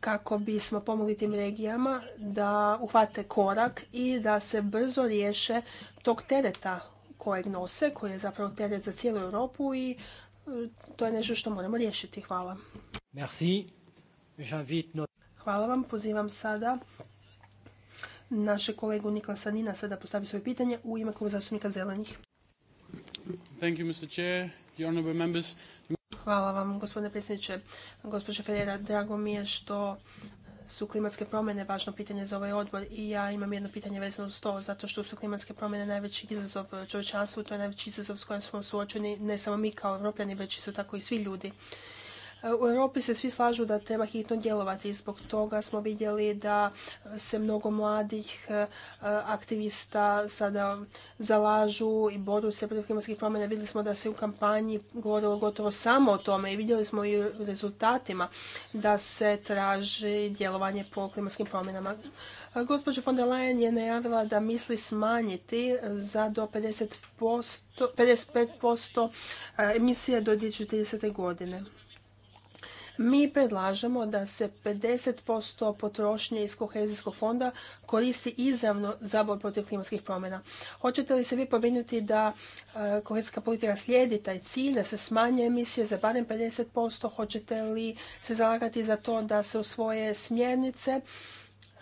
kako bismo pomogli tim regijama da uhvate korak i da se brzo riješe tog tereta kojeg nose, koji je zapravo teret za cijelu Europu i e, to je nešto što moramo riješiti. Hvala. Merci. Hvala vam. Pozivam sada naše kolegu Niklasa Nina sada postavi svoje pitanje u ime Kluba zastupnika Zelenih. Thank you, Mr. Chair, Hvala vam, gospodine predsjedniče. gospođa Ferreira, drago mi je što su klimatske promjene važno pitanje za ovaj odbor i ja imam jedno pitanje vezano uz to, zato što su klimatske promjene najveći izazov čovječanstvu, to je najveći izazov s kojim smo suočeni ne samo mi kao europljani, već isto tako i svi ljudi. E, u Europi se svi slažu da treba hitno djelovati i zbog toga smo vidjeli da se mnogo mladih e, e, aktivista sada zalažu i boru se protiv klimatskih promjena. Vidjeli smo da se u kampanji govorilo gotovo samo o tome i vidjeli smo i u rezultatima da se traži djelovanje po klimatskim promjenama. Gospođa von der Leyen je najavila da misli smanjiti za do 50%, 55% emisije do 2030. godine. Mi predlažemo da se 50% potrošnje iz kohezijskog fonda koristi izravno za borbu protiv klimatskih promjena. Hoćete li se vi pobrinuti da e, kohezijska politika slijedi taj cilj, da se smanje emisije za barem 50%? Hoćete li se zalagati za to da se usvoje smjernice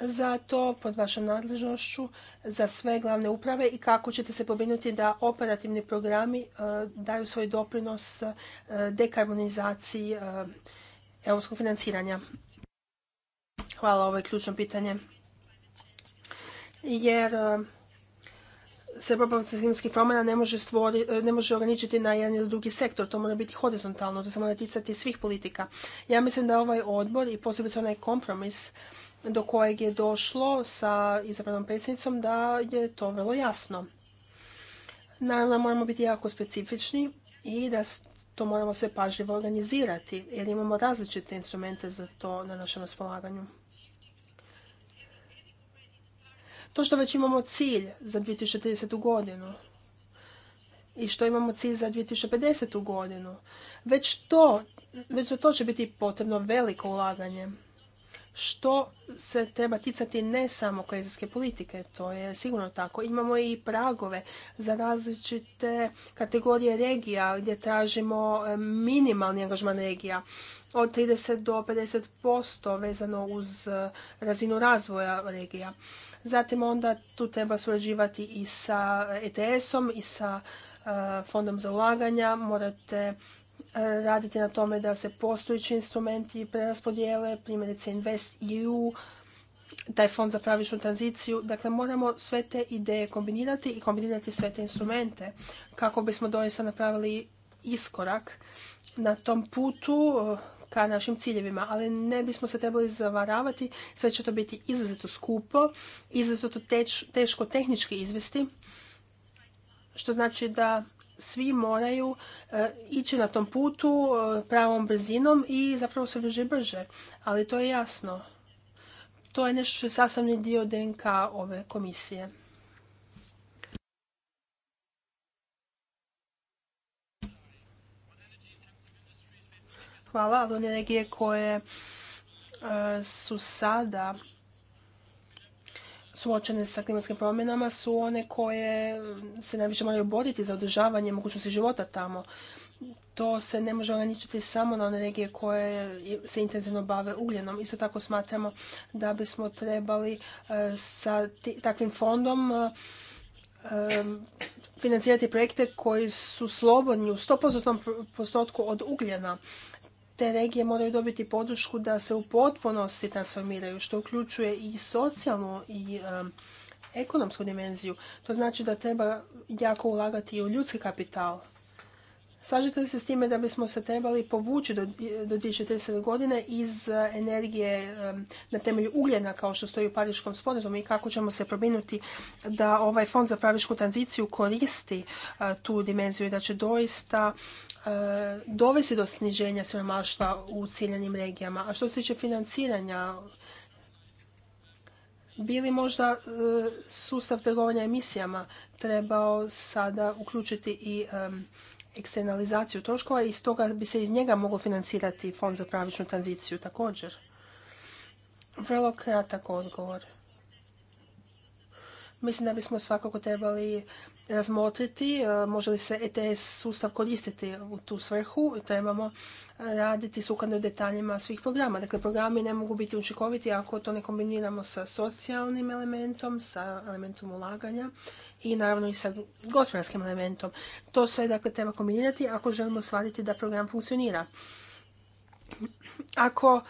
za to pod vašom nadležnošću za sve glavne uprave i kako ćete se pobrinuti da operativni programi e, daju svoj doprinos e, dekarbonizaciji europskog financiranja. Hvala, ovo je ključno pitanje. Jer e, se borba klimatskih promjena ne može, e, ne može ograničiti na jedan ili drugi sektor, to mora biti horizontalno, to se mora ticati svih politika. Ja mislim da ovaj odbor i posebno onaj kompromis do kojeg je došlo sa izabranom predsjednicom da je to vrlo jasno. Naravno, moramo biti jako specifični i da to moramo sve pažljivo organizirati jer imamo različite instrumente za to na našem raspolaganju. To što već imamo cilj za 2030. godinu i što imamo cilj za 2050. godinu, već, to, već za to će biti potrebno veliko ulaganje što se treba ticati ne samo kohezijske politike, to je sigurno tako. Imamo i pragove za različite kategorije regija gdje tražimo eh, minimalni angažman regija od 30 do 50% vezano uz eh, razinu razvoja regija. Zatim onda tu treba surađivati i sa ETS-om i sa eh, fondom za ulaganja, morate E, raditi na tome da se postojeći instrumenti preraspodijele, primjerice Invest EU, taj fond za pravičnu tranziciju. Dakle, moramo sve te ideje kombinirati i kombinirati sve te instrumente kako bismo doista napravili iskorak na tom putu e, ka našim ciljevima, ali ne bismo se trebali zavaravati, sve će to biti izrazito skupo, izrazito teško tehnički izvesti, što znači da svi moraju e, ići na tom putu e, pravom brzinom i zapravo se brže brže. Ali to je jasno. To je nešto što je sasavni dio DNK ove komisije. Hvala. Ali one regije koje e, su sada suočene sa klimatskim promjenama su one koje se najviše moraju boriti za održavanje mogućnosti života tamo. To se ne može ograničiti samo na one regije koje se intenzivno bave ugljenom. Isto tako smatramo da bismo trebali e, sa takvim fondom e, e, financirati projekte koji su slobodni u 100% postotku od ugljena te regije moraju dobiti podršku da se u potpunosti transformiraju, što uključuje i socijalnu i ekonomsku dimenziju. To znači da treba jako ulagati i u ljudski kapital. Slažete li se s time da bismo se trebali povući do, do 2030. godine iz e, energije e, na temelju ugljena kao što stoji u Pariškom sporazumu i kako ćemo se probinuti da ovaj fond za pravišku tranziciju koristi e, tu dimenziju i da će doista dovesti do sniženja siromaštva u ciljanim regijama. A što se tiče financiranja, bili možda sustav trgovanja emisijama trebao sada uključiti i eksternalizaciju troškova i stoga bi se iz njega mogao financirati fond za pravičnu tranziciju također. Vrlo kratak odgovor. Mislim da bismo svakako trebali razmotriti e, može li se ETS sustav koristiti u tu svrhu. Trebamo e, raditi sukladno detaljima svih programa. Dakle, programi ne mogu biti učinkoviti ako to ne kombiniramo sa socijalnim elementom, sa elementom ulaganja i naravno i sa gospodarskim elementom. To sve dakle, treba kombinirati ako želimo stvariti da program funkcionira. Ako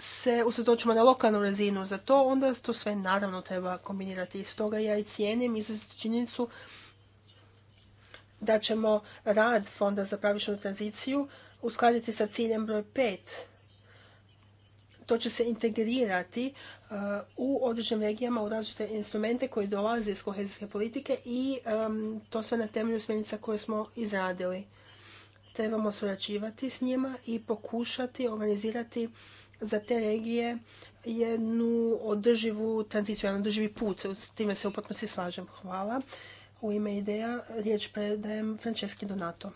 se usredočimo na lokalnu razinu za to, onda to sve naravno treba kombinirati. stoga ja i cijenim i činjenicu da ćemo rad Fonda za pravičnu tranziciju uskladiti sa ciljem broj 5. To će se integrirati e, u određenim regijama u različite instrumente koji dolaze iz kohezijske politike i to sve na temelju smjernica koje smo izradili trebamo surađivati s njima i pokušati organizirati za te regije jednu održivu tranziciju, jedan održivi put. S time se u potpunosti slažem. Hvala. U ime ideja riječ predajem Franceski Donato.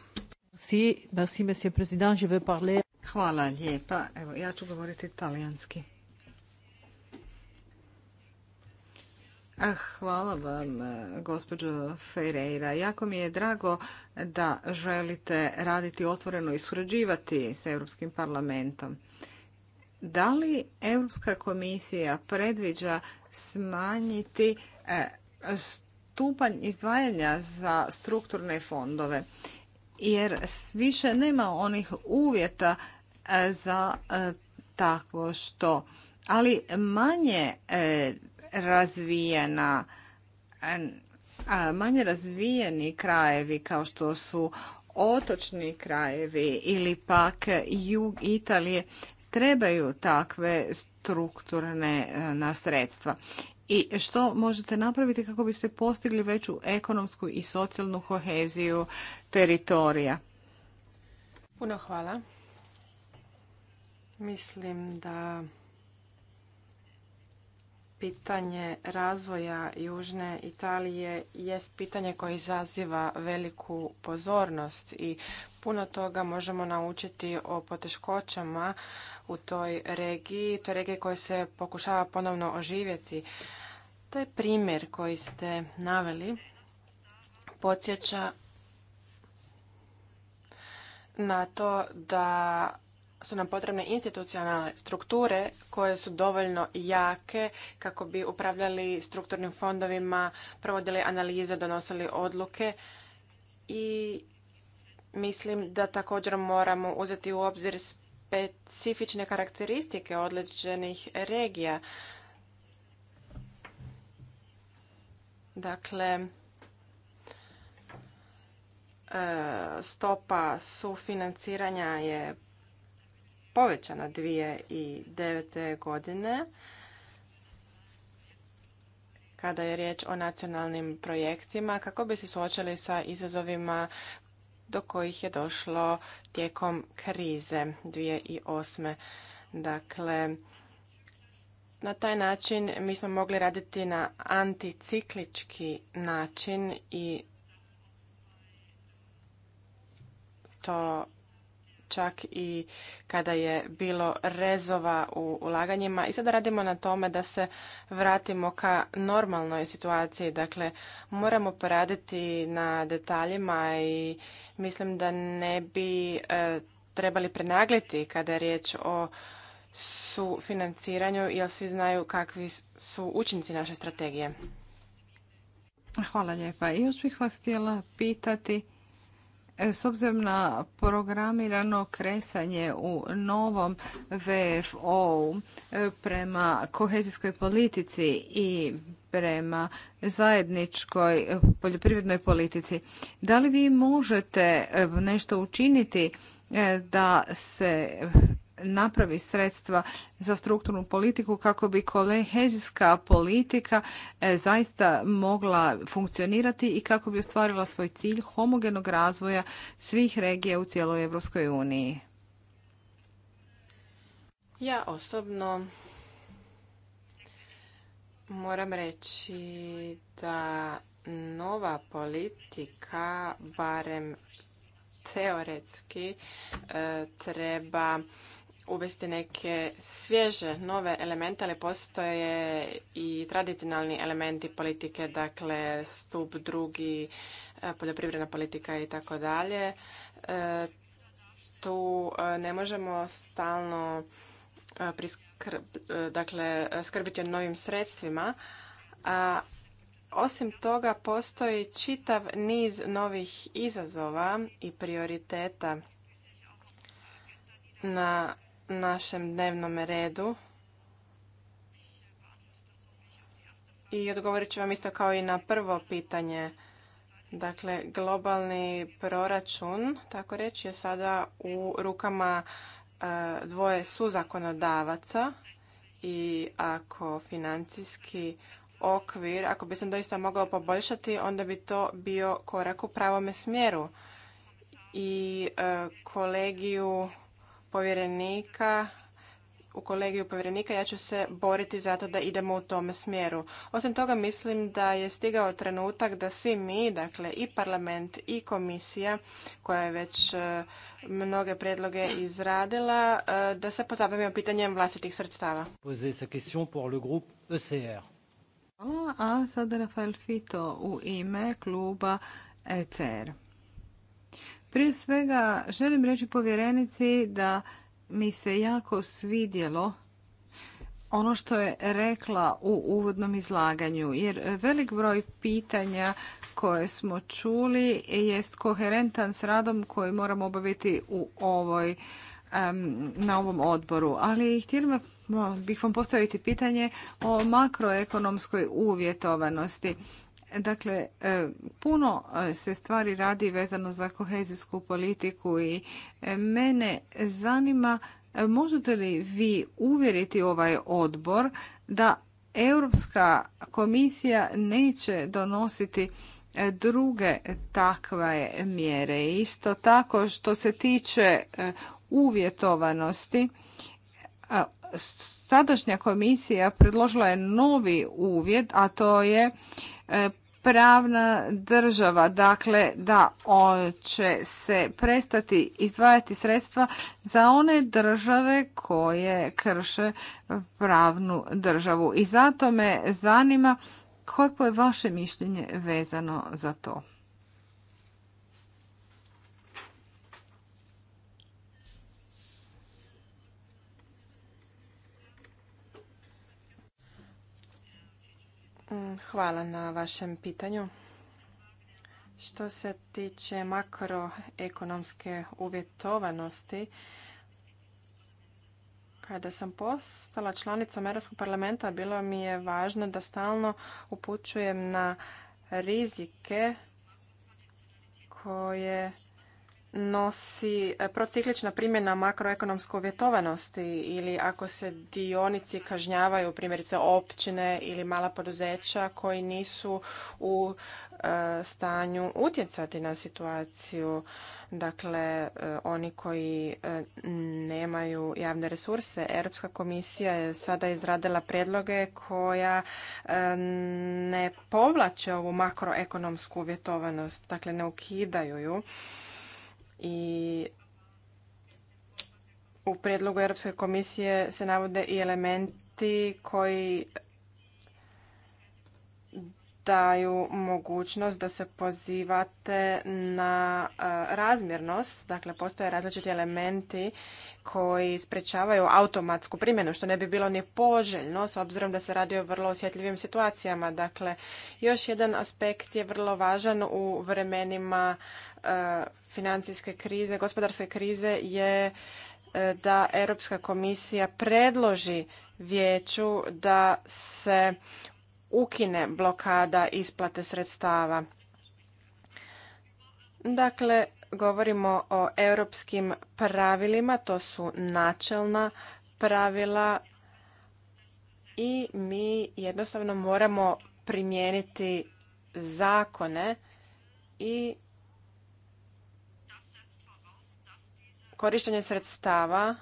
Hvala lijepa. Evo, ja ću govoriti talijanski. Ah, hvala vam, eh, gospođo Ferreira. Jako mi je drago da želite raditi otvoreno i surađivati s Europskim parlamentom. Da li Europska komisija predviđa smanjiti eh, stupanj izdvajanja za strukturne fondove? Jer više nema onih uvjeta eh, za takvo što. Ali manje razvijena manje razvijeni krajevi kao što su otočni krajevi ili pak jug Italije trebaju takve strukturne e, nasredstva. sredstva. I što možete napraviti kako biste postigli veću ekonomsku i socijalnu koheziju teritorija? Puno hvala. Mislim da pitanje razvoja Južne Italije jest pitanje koje izaziva veliku pozornost i puno toga možemo naučiti o poteškoćama u toj regiji, toj regiji koja se pokušava ponovno oživjeti. Taj primjer koji ste naveli podsjeća na to da su nam potrebne institucionalne strukture koje su dovoljno jake kako bi upravljali strukturnim fondovima, provodili analize, donosili odluke i mislim da također moramo uzeti u obzir specifične karakteristike određenih regija. Dakle, e, stopa sufinanciranja je povećana 2009. godine kada je riječ o nacionalnim projektima kako bi se suočili sa izazovima do kojih je došlo tijekom krize 2008. Dakle, na taj način mi smo mogli raditi na anticiklički način i to čak i kada je bilo rezova u ulaganjima i sada radimo na tome da se vratimo ka normalnoj situaciji. Dakle, moramo poraditi na detaljima i mislim da ne bi e, trebali prenagliti kada je riječ o sufinanciranju, jer svi znaju kakvi su učinci naše strategije. Hvala lijepa. I uspjeh vas htjela pitati E, s obzirom na programirano kresanje u novom vfo e, prema kohezijskoj politici i prema zajedničkoj poljoprivrednoj politici, da li vi možete e, nešto učiniti da se napravi sredstva za strukturnu politiku kako bi kohezijska politika e, zaista mogla funkcionirati i kako bi ostvarila svoj cilj homogenog razvoja svih regija u cijeloj Europskoj uniji. Ja osobno moram reći da nova politika barem teoretski e, treba uvesti neke svježe, nove elemente, ali postoje i tradicionalni elementi politike, dakle stup drugi, e, poljoprivredna politika i tako dalje. E, tu e, ne možemo stalno dakle, skrbiti o novim sredstvima, a osim toga postoji čitav niz novih izazova i prioriteta na našem dnevnom redu. I odgovorit ću vam isto kao i na prvo pitanje. Dakle, globalni proračun, tako reći, je sada u rukama e, dvoje suzakonodavaca i ako financijski okvir, ako bi sam doista mogao poboljšati, onda bi to bio korak u pravome smjeru. I e, kolegiju povjerenika u kolegiju povjerenika ja ću se boriti zato da idemo u tome smjeru. Osim toga mislim da je stigao trenutak da svi mi, dakle i parlament i komisija koja je već e, mnoge predloge izradila, e, da se pozabavimo pitanjem vlastitih sredstava. E a sada Rafael Fito u ime kluba ECR. Prije svega želim reći povjerenici da mi se jako svidjelo ono što je rekla u uvodnom izlaganju, jer velik broj pitanja koje smo čuli jest koherentan s radom koji moramo obaviti u ovoj, na ovom odboru. Ali htjeli bih vam postaviti pitanje o makroekonomskoj uvjetovanosti. Dakle, e, puno e, se stvari radi vezano za kohezijsku politiku i e, mene zanima možete li vi uvjeriti ovaj odbor da Europska komisija neće donositi druge takve mjere. Isto tako što se tiče uvjetovanosti, sadašnja komisija predložila je novi uvjet, a to je E, pravna država, dakle da će se prestati izdvajati sredstva za one države koje krše pravnu državu. I zato me zanima kako je vaše mišljenje vezano za to. Hvala na vašem pitanju. Što se tiče makroekonomske uvjetovanosti, kada sam postala članicom Europskog parlamenta, bilo mi je važno da stalno upućujem na rizike koje nosi e, prociklična primjena makroekonomske uvjetovanosti ili ako se dionici kažnjavaju, primjerice općine ili mala poduzeća koji nisu u e, stanju utjecati na situaciju. Dakle, e, oni koji nemaju javne resurse. Europska komisija je sada izradila predloge koja ne povlače ovu makroekonomsku uvjetovanost, dakle ne ukidaju ju i u prijedlogu Europske komisije se navode i elementi koji daju mogućnost da se pozivate na e, razmjernost, dakle postoje različiti elementi koji sprečavaju automatsku primjenu, što ne bi bilo ni poželjno s obzirom da se radi o vrlo osjetljivim situacijama. Dakle, još jedan aspekt je vrlo važan u vremenima e, financijske krize, gospodarske krize je e, da Europska komisija predloži vijeću da se ukine blokada isplate sredstava. Dakle, govorimo o europskim pravilima, to su načelna pravila i mi jednostavno moramo primijeniti zakone i korištenje sredstava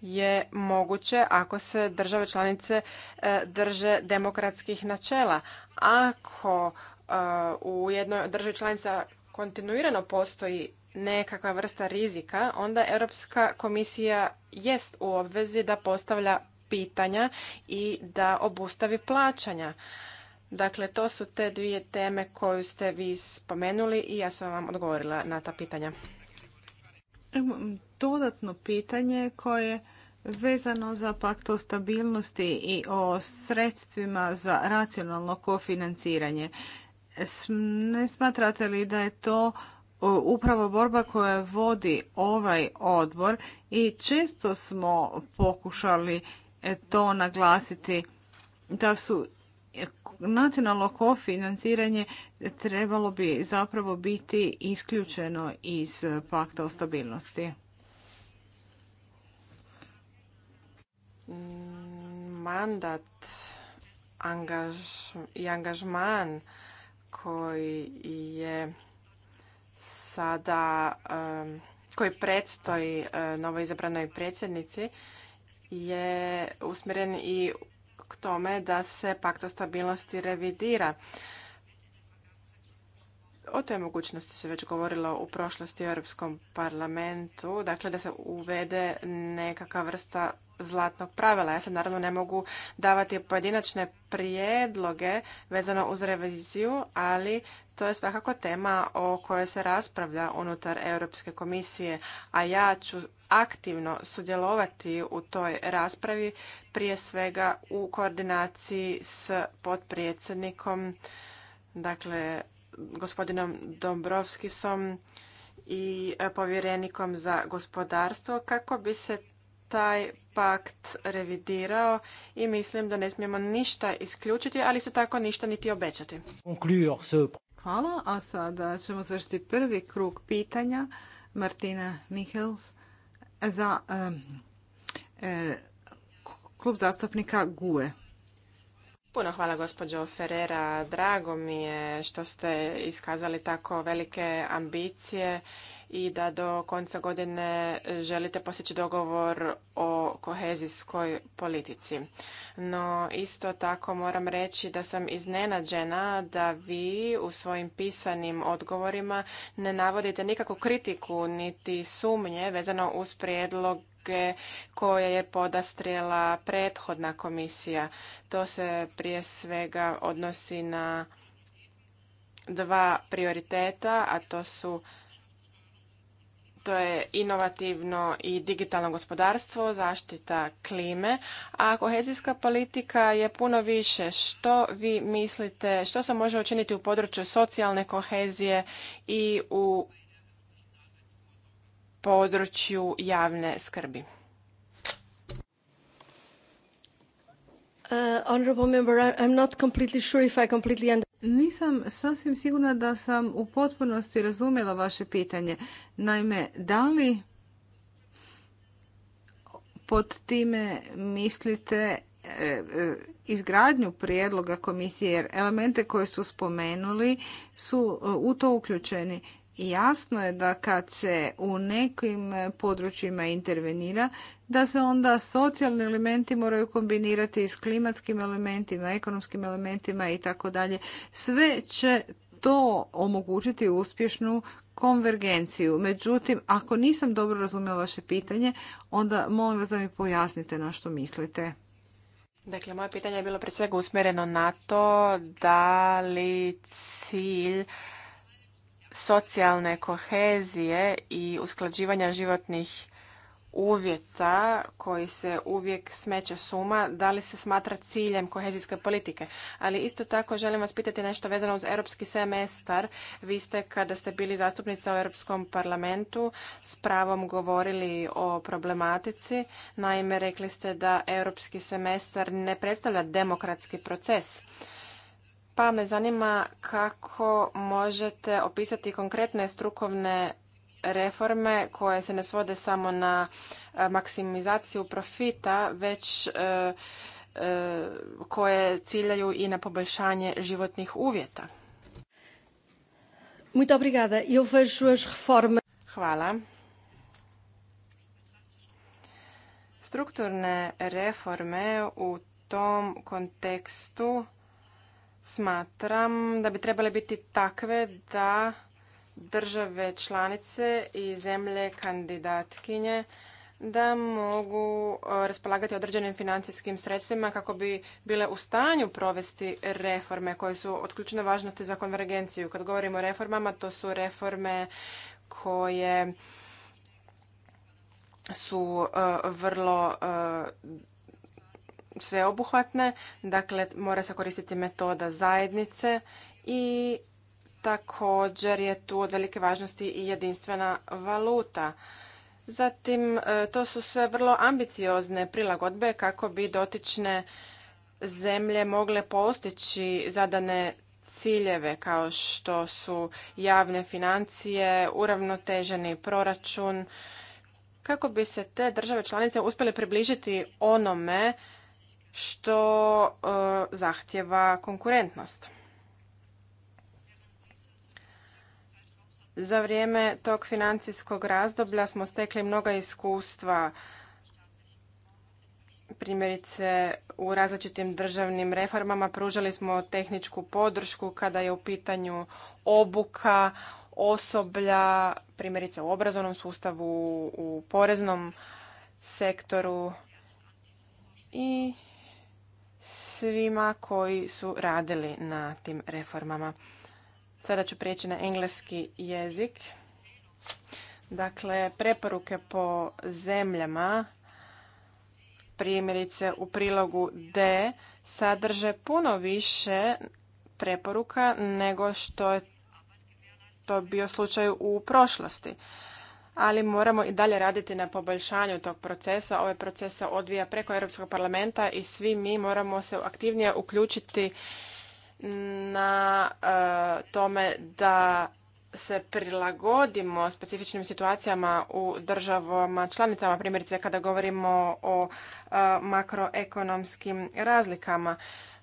je moguće ako se države članice e, drže demokratskih načela. Ako e, u jednoj državi članica kontinuirano postoji nekakva vrsta rizika, onda Europska komisija jest u obvezi da postavlja pitanja i da obustavi plaćanja. Dakle, to su te dvije teme koju ste vi spomenuli i ja sam vam odgovorila na ta pitanja dodatno pitanje koje vezano za pakt o stabilnosti i o sredstvima za racionalno kofinanciranje. Ne smatrate li da je to upravo borba koja vodi ovaj odbor i često smo pokušali e, to naglasiti da su nacionalno kofinanciranje trebalo bi zapravo biti isključeno iz pakta o stabilnosti. Mandat angaž, i angažman koji je sada koji predstoji novoizabranoj predsjednici je usmjeren i tome da se pakt o stabilnosti revidira. O toj mogućnosti se već govorilo u prošlosti u Europskom parlamentu, dakle da se uvede nekakva vrsta zlatnog pravila. Ja se naravno ne mogu davati pojedinačne prijedloge vezano uz reviziju, ali to je svakako tema o kojoj se raspravlja unutar Europske komisije, a ja ću aktivno sudjelovati u toj raspravi, prije svega u koordinaciji s potpredsjednikom, dakle gospodinom Dombrovskisom i povjerenikom za gospodarstvo kako bi se taj pakt revidirao i mislim da ne smijemo ništa isključiti, ali se tako ništa niti obećati. Hvala, a sada ćemo završiti prvi krug pitanja. Martina Michels za klub zastupnika GUE. Puno hvala gospođo Ferrera. Drago mi je što ste iskazali tako velike ambicije i da do konca godine želite postići dogovor o kohezijskoj politici. No isto tako moram reći da sam iznenađena da vi u svojim pisanim odgovorima ne navodite nikakvu kritiku niti sumnje vezano uz prijedloge koje je podastrijela prethodna komisija. To se prije svega odnosi na dva prioriteta, a to su to je inovativno i digitalno gospodarstvo, zaštita klime, a kohezijska politika je puno više. Što vi mislite, što se može učiniti u području socijalne kohezije i u području javne skrbi? Uh, honorable member, I'm not completely sure if I completely nisam sasvim sigurna da sam u potpunosti razumjela vaše pitanje. Naime, da li pod time mislite e, e, izgradnju prijedloga komisije, jer elemente koje su spomenuli su e, u to uključeni. Jasno je da kad se u nekim područjima intervenira, da se onda socijalni elementi moraju kombinirati s klimatskim elementima, ekonomskim elementima i tako dalje. Sve će to omogućiti uspješnu konvergenciju. Međutim, ako nisam dobro razumio vaše pitanje, onda molim vas da mi pojasnite na što mislite. Dakle, moje pitanje je bilo pre svega usmjereno na to da li cilj socijalne kohezije i usklađivanja životnih uvjeta koji se uvijek smeće suma, da li se smatra ciljem kohezijske politike. Ali isto tako želim vas pitati nešto vezano uz europski semestar. Vi ste kada ste bili zastupnica u Europskom parlamentu s pravom govorili o problematici. Naime, rekli ste da europski semestar ne predstavlja demokratski proces pa me zanima kako možete opisati konkretne strukovne reforme koje se ne svode samo na e, maksimizaciju profita, već e, e, koje ciljaju i na poboljšanje životnih uvjeta. Muito obrigada. Eu vejo as reformas. Hvala. Strukturne reforme u tom kontekstu smatram da bi trebale biti takve da države članice i zemlje kandidatkinje da mogu e, raspolagati određenim financijskim sredstvima kako bi bile u stanju provesti reforme koje su od ključne važnosti za konvergenciju. Kad govorimo o reformama, to su reforme koje su e, vrlo e, sveobuhvatne, dakle mora se koristiti metoda zajednice i Također je tu od velike važnosti i jedinstvena valuta. Zatim, e, to su sve vrlo ambiciozne prilagodbe kako bi dotične zemlje mogle postići zadane ciljeve kao što su javne financije, uravnoteženi proračun, kako bi se te države članice uspjele približiti onome što e, zahtjeva konkurentnost. Za vrijeme tog financijskog razdoblja smo stekli mnoga iskustva, primjerice u različitim državnim reformama pružali smo tehničku podršku kada je u pitanju obuka osoblja, primjerice u obrazovnom sustavu, u poreznom sektoru i svima koji su radili na tim reformama. Sada ću prijeći na engleski jezik. Dakle, preporuke po zemljama, primjerice u prilogu D, sadrže puno više preporuka nego što je to bio slučaj u prošlosti. Ali moramo i dalje raditi na poboljšanju tog procesa. Ovaj proces se odvija preko Europskog parlamenta i svi mi moramo se aktivnije uključiti na e, tome da se prilagodimo specifičnim situacijama u državama članicama, primjerice kada govorimo o e, makroekonomskim razlikama.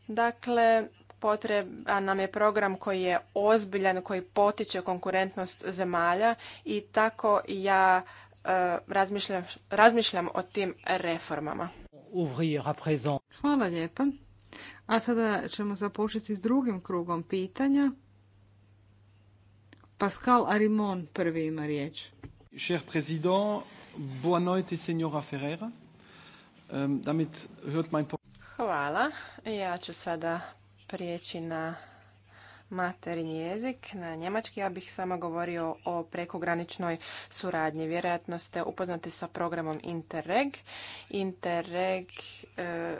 Dakle, potreban nam je program koji je ozbiljan, koji potiče konkurentnost zemalja i tako ja e, razmišljam, razmišljam o tim reformama. Hvala lijepa. A sada ćemo započeti s drugim krugom pitanja. Pascal Arimon prvi ima riječ. Cher président, boa noite, senjora Ferreira. Ehm, damit hört mein... Hvala. Ja ću sada prijeći na materinji jezik, na njemački. Ja bih samo govorio o prekograničnoj suradnji. Vjerojatno ste upoznati sa programom Interreg. Interreg e,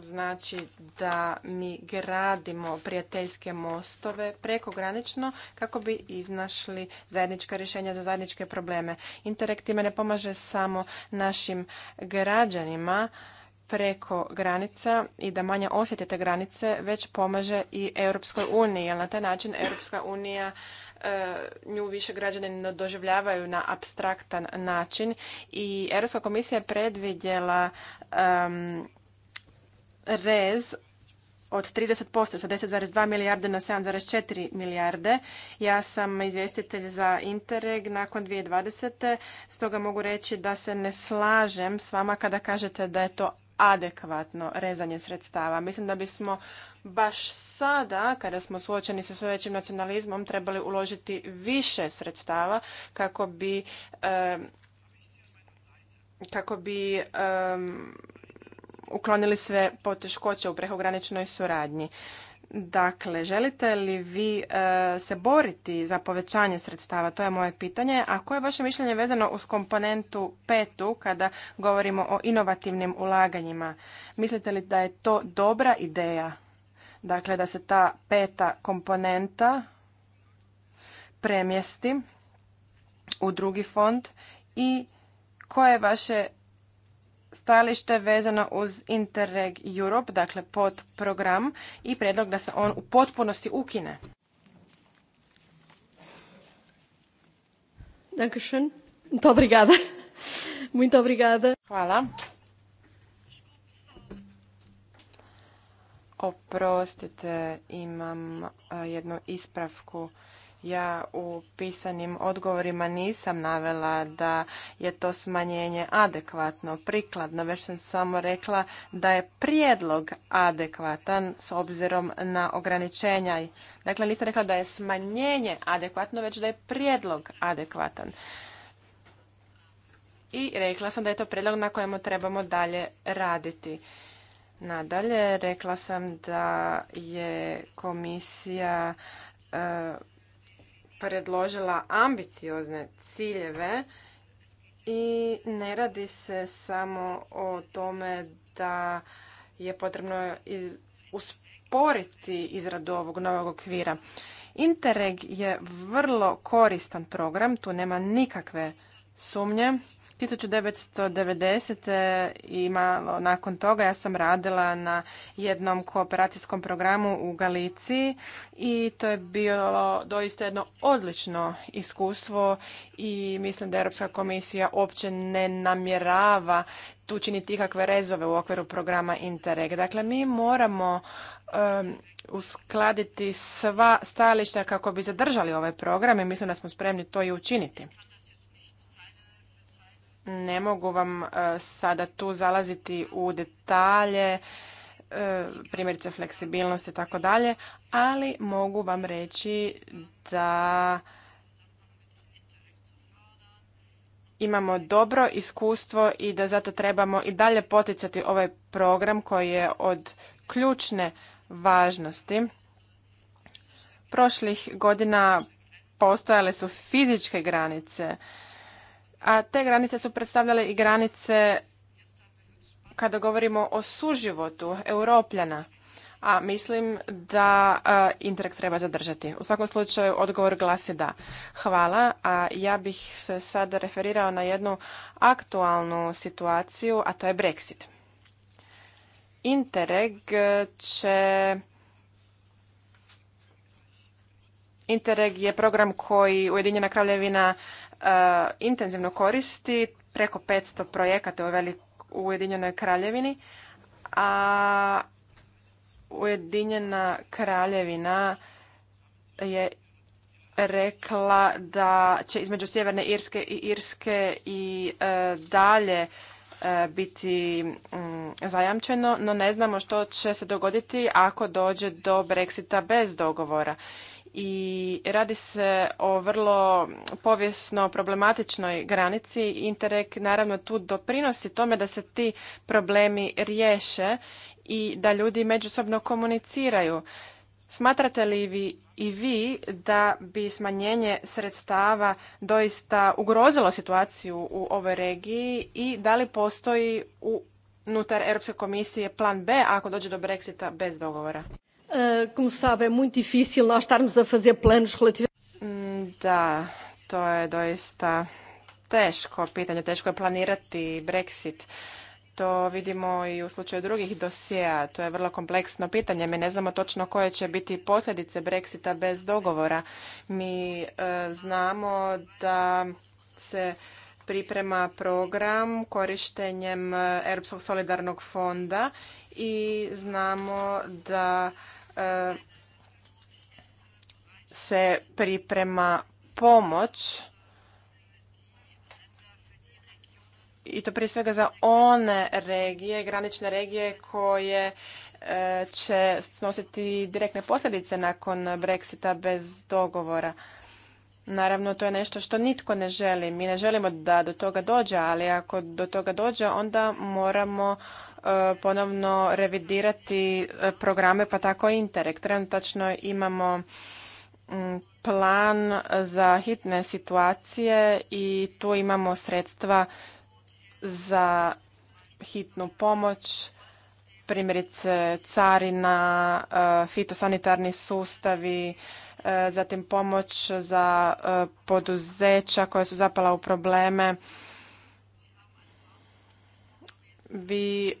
znači da mi gradimo prijateljske mostove prekogranično kako bi iznašli zajednička rješenja za zajedničke probleme. Interreg time ne pomaže samo našim građanima, preko granica i da manje osjete te granice, već pomaže i Europskoj uniji, jer na taj način Europska unija e, nju više građani doživljavaju na abstraktan način i Europska komisija je predvidjela um, rez od 30% sa 10,2 milijarde na 7,4 milijarde. Ja sam izvjestitelj za Interreg nakon 2020. Stoga mogu reći da se ne slažem s vama kada kažete da je to adekvatno rezanje sredstava. Mislim da bismo baš sada, kada smo suočeni sa sve većim nacionalizmom, trebali uložiti više sredstava kako bi kako bi uklonili sve poteškoće u prehograničnoj suradnji. Dakle, želite li vi e, se boriti za povećanje sredstava? To je moje pitanje. A koje je vaše mišljenje vezano uz komponentu petu kada govorimo o inovativnim ulaganjima? Mislite li da je to dobra ideja? Dakle, da se ta peta komponenta premjesti u drugi fond i koje je vaše stajalište vezano uz Interreg Europe, dakle pod program i predlog da se on u potpunosti ukine. Hvala. Oprostite, imam jednu ispravku ja u pisanim odgovorima nisam navela da je to smanjenje adekvatno, prikladno, već sam samo rekla da je prijedlog adekvatan s obzirom na ograničenja. Dakle, nisam rekla da je smanjenje adekvatno, već da je prijedlog adekvatan. I rekla sam da je to prijedlog na kojemu trebamo dalje raditi. Nadalje, rekla sam da je komisija e, predložila ambiciozne ciljeve i ne radi se samo o tome da je potrebno usporiti izradu ovog novog okvira. Interreg je vrlo koristan program, tu nema nikakve sumnje. 1990. i malo nakon toga ja sam radila na jednom kooperacijskom programu u Galiciji i to je bilo doista jedno odlično iskustvo i mislim da Europska komisija uopće ne namjerava tu činiti ikakve rezove u okviru programa Interreg. Dakle, mi moramo uskladiti sva stajališta kako bi zadržali ovaj program i mislim da smo spremni to i učiniti. Ne mogu vam e, sada tu zalaziti u detalje, e, primjerice fleksibilnost i tako dalje, ali mogu vam reći da imamo dobro iskustvo i da zato trebamo i dalje poticati ovaj program koji je od ključne važnosti. Prošlih godina postojale su fizičke granice a te granice su predstavljale i granice kada govorimo o suživotu europljana a mislim da Interreg treba zadržati. U svakom slučaju odgovor glasi da. Hvala, a ja bih se sad referirao na jednu aktualnu situaciju, a to je Brexit. Interreg će... Interreg je program koji Ujedinjena kraljevina E, intenzivno koristi preko 500 projekata u, Ujedinjenoj kraljevini, a Ujedinjena kraljevina je rekla da će između Sjeverne Irske i Irske i e, dalje e, biti mm, zajamčeno, no ne znamo što će se dogoditi ako dođe do Brexita bez dogovora i radi se o vrlo povijesno problematičnoj granici. Interreg naravno tu doprinosi tome da se ti problemi riješe i da ljudi međusobno komuniciraju. Smatrate li vi i vi da bi smanjenje sredstava doista ugrozilo situaciju u ovoj regiji i da li postoji unutar Europske komisije plan B ako dođe do Brexita bez dogovora? Eh, como sabe, é a Da, to je doista teško pitanje, teško je planirati Brexit. To vidimo i u slučaju drugih dosija. To je vrlo kompleksno pitanje. Mi ne znamo točno koje će biti posljedice Brexita bez dogovora. Mi eh, znamo da se priprema program korištenjem eh, Europskog solidarnog fonda i znamo da se priprema pomoć i to prije svega za one regije, granične regije koje e, će snositi direktne posljedice nakon Brexita bez dogovora. Naravno, to je nešto što nitko ne želi. Mi ne želimo da do toga dođe, ali ako do toga dođe, onda moramo E, ponovno revidirati e, programe, pa tako i Interreg. Trenutačno imamo mm, plan za hitne situacije i tu imamo sredstva za hitnu pomoć, primjerice carina, e, fitosanitarni sustavi, zatim pomoć za poduzeća koja su zapala u probleme. Vi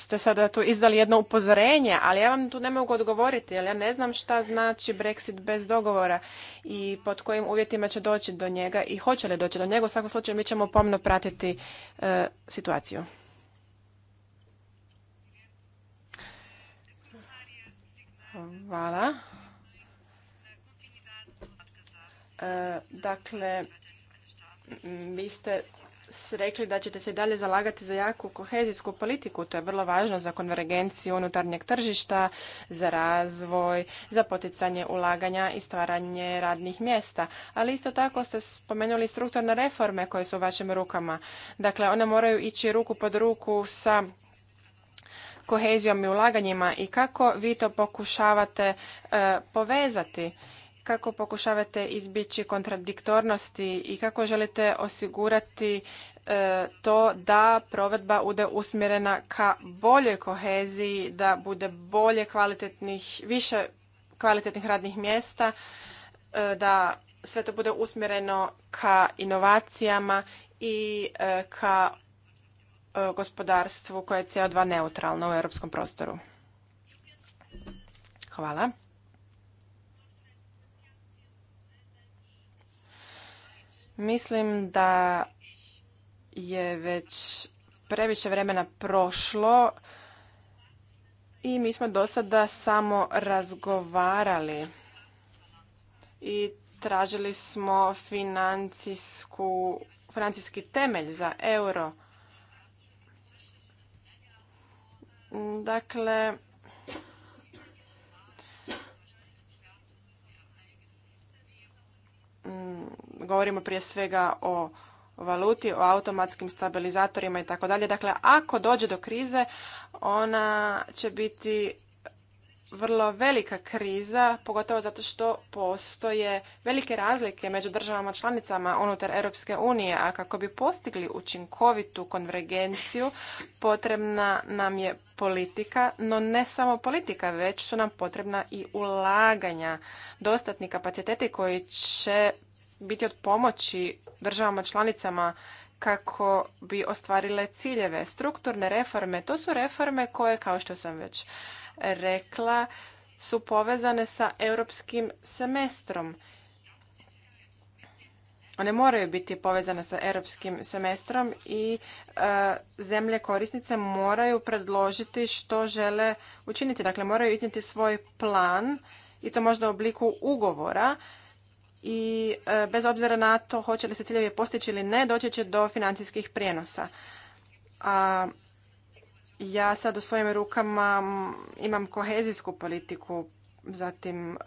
ste sada tu izdali jedno upozorenje, ali ja vam tu ne mogu odgovoriti, jer ja ne znam šta znači Brexit bez dogovora i pod kojim uvjetima će doći do njega i hoće li doći do njega. U svakom slučaju mi ćemo pomno pratiti e, situaciju. Hvala. E, dakle, vi ste rekli da ćete se i dalje zalagati za jaku kohezijsku politiku. To je vrlo važno za konvergenciju unutarnjeg tržišta, za razvoj, za poticanje ulaganja i stvaranje radnih mjesta. Ali isto tako ste spomenuli strukturne reforme koje su u vašim rukama. Dakle, one moraju ići ruku pod ruku sa kohezijom i ulaganjima i kako vi to pokušavate e, povezati kako pokušavate izbjeći kontradiktornosti i kako želite osigurati e, to da provedba bude usmjerena ka boljoj koheziji, da bude bolje kvalitetnih, više kvalitetnih radnih mjesta, e, da sve to bude usmjereno ka inovacijama i e, ka gospodarstvu koje je CO2 neutralno u europskom prostoru. Hvala. Mislim da je već previše vremena prošlo i mi smo do sada samo razgovarali i tražili smo financijski temelj za euro. Dakle, Mm, govorimo prije svega o valuti, o automatskim stabilizatorima i tako dalje. Dakle, ako dođe do krize, ona će biti vrlo velika kriza, pogotovo zato što postoje velike razlike među državama članicama unutar Europske unije, a kako bi postigli učinkovitu konvergenciju, potrebna nam je politika, no ne samo politika, već su nam potrebna i ulaganja, dostatni kapaciteti koji će biti od pomoći državama članicama kako bi ostvarile ciljeve. Strukturne reforme, to su reforme koje, kao što sam već rekla su povezane sa europskim semestrom. One moraju biti povezane sa europskim semestrom i e, zemlje korisnice moraju predložiti što žele učiniti. Dakle, moraju iznijeti svoj plan i to možda u obliku ugovora i e, bez obzira na to hoće li se ciljevi postići ili ne, doći će do financijskih prijenosa. A ja sad u svojim rukama imam kohezijsku politiku, zatim e,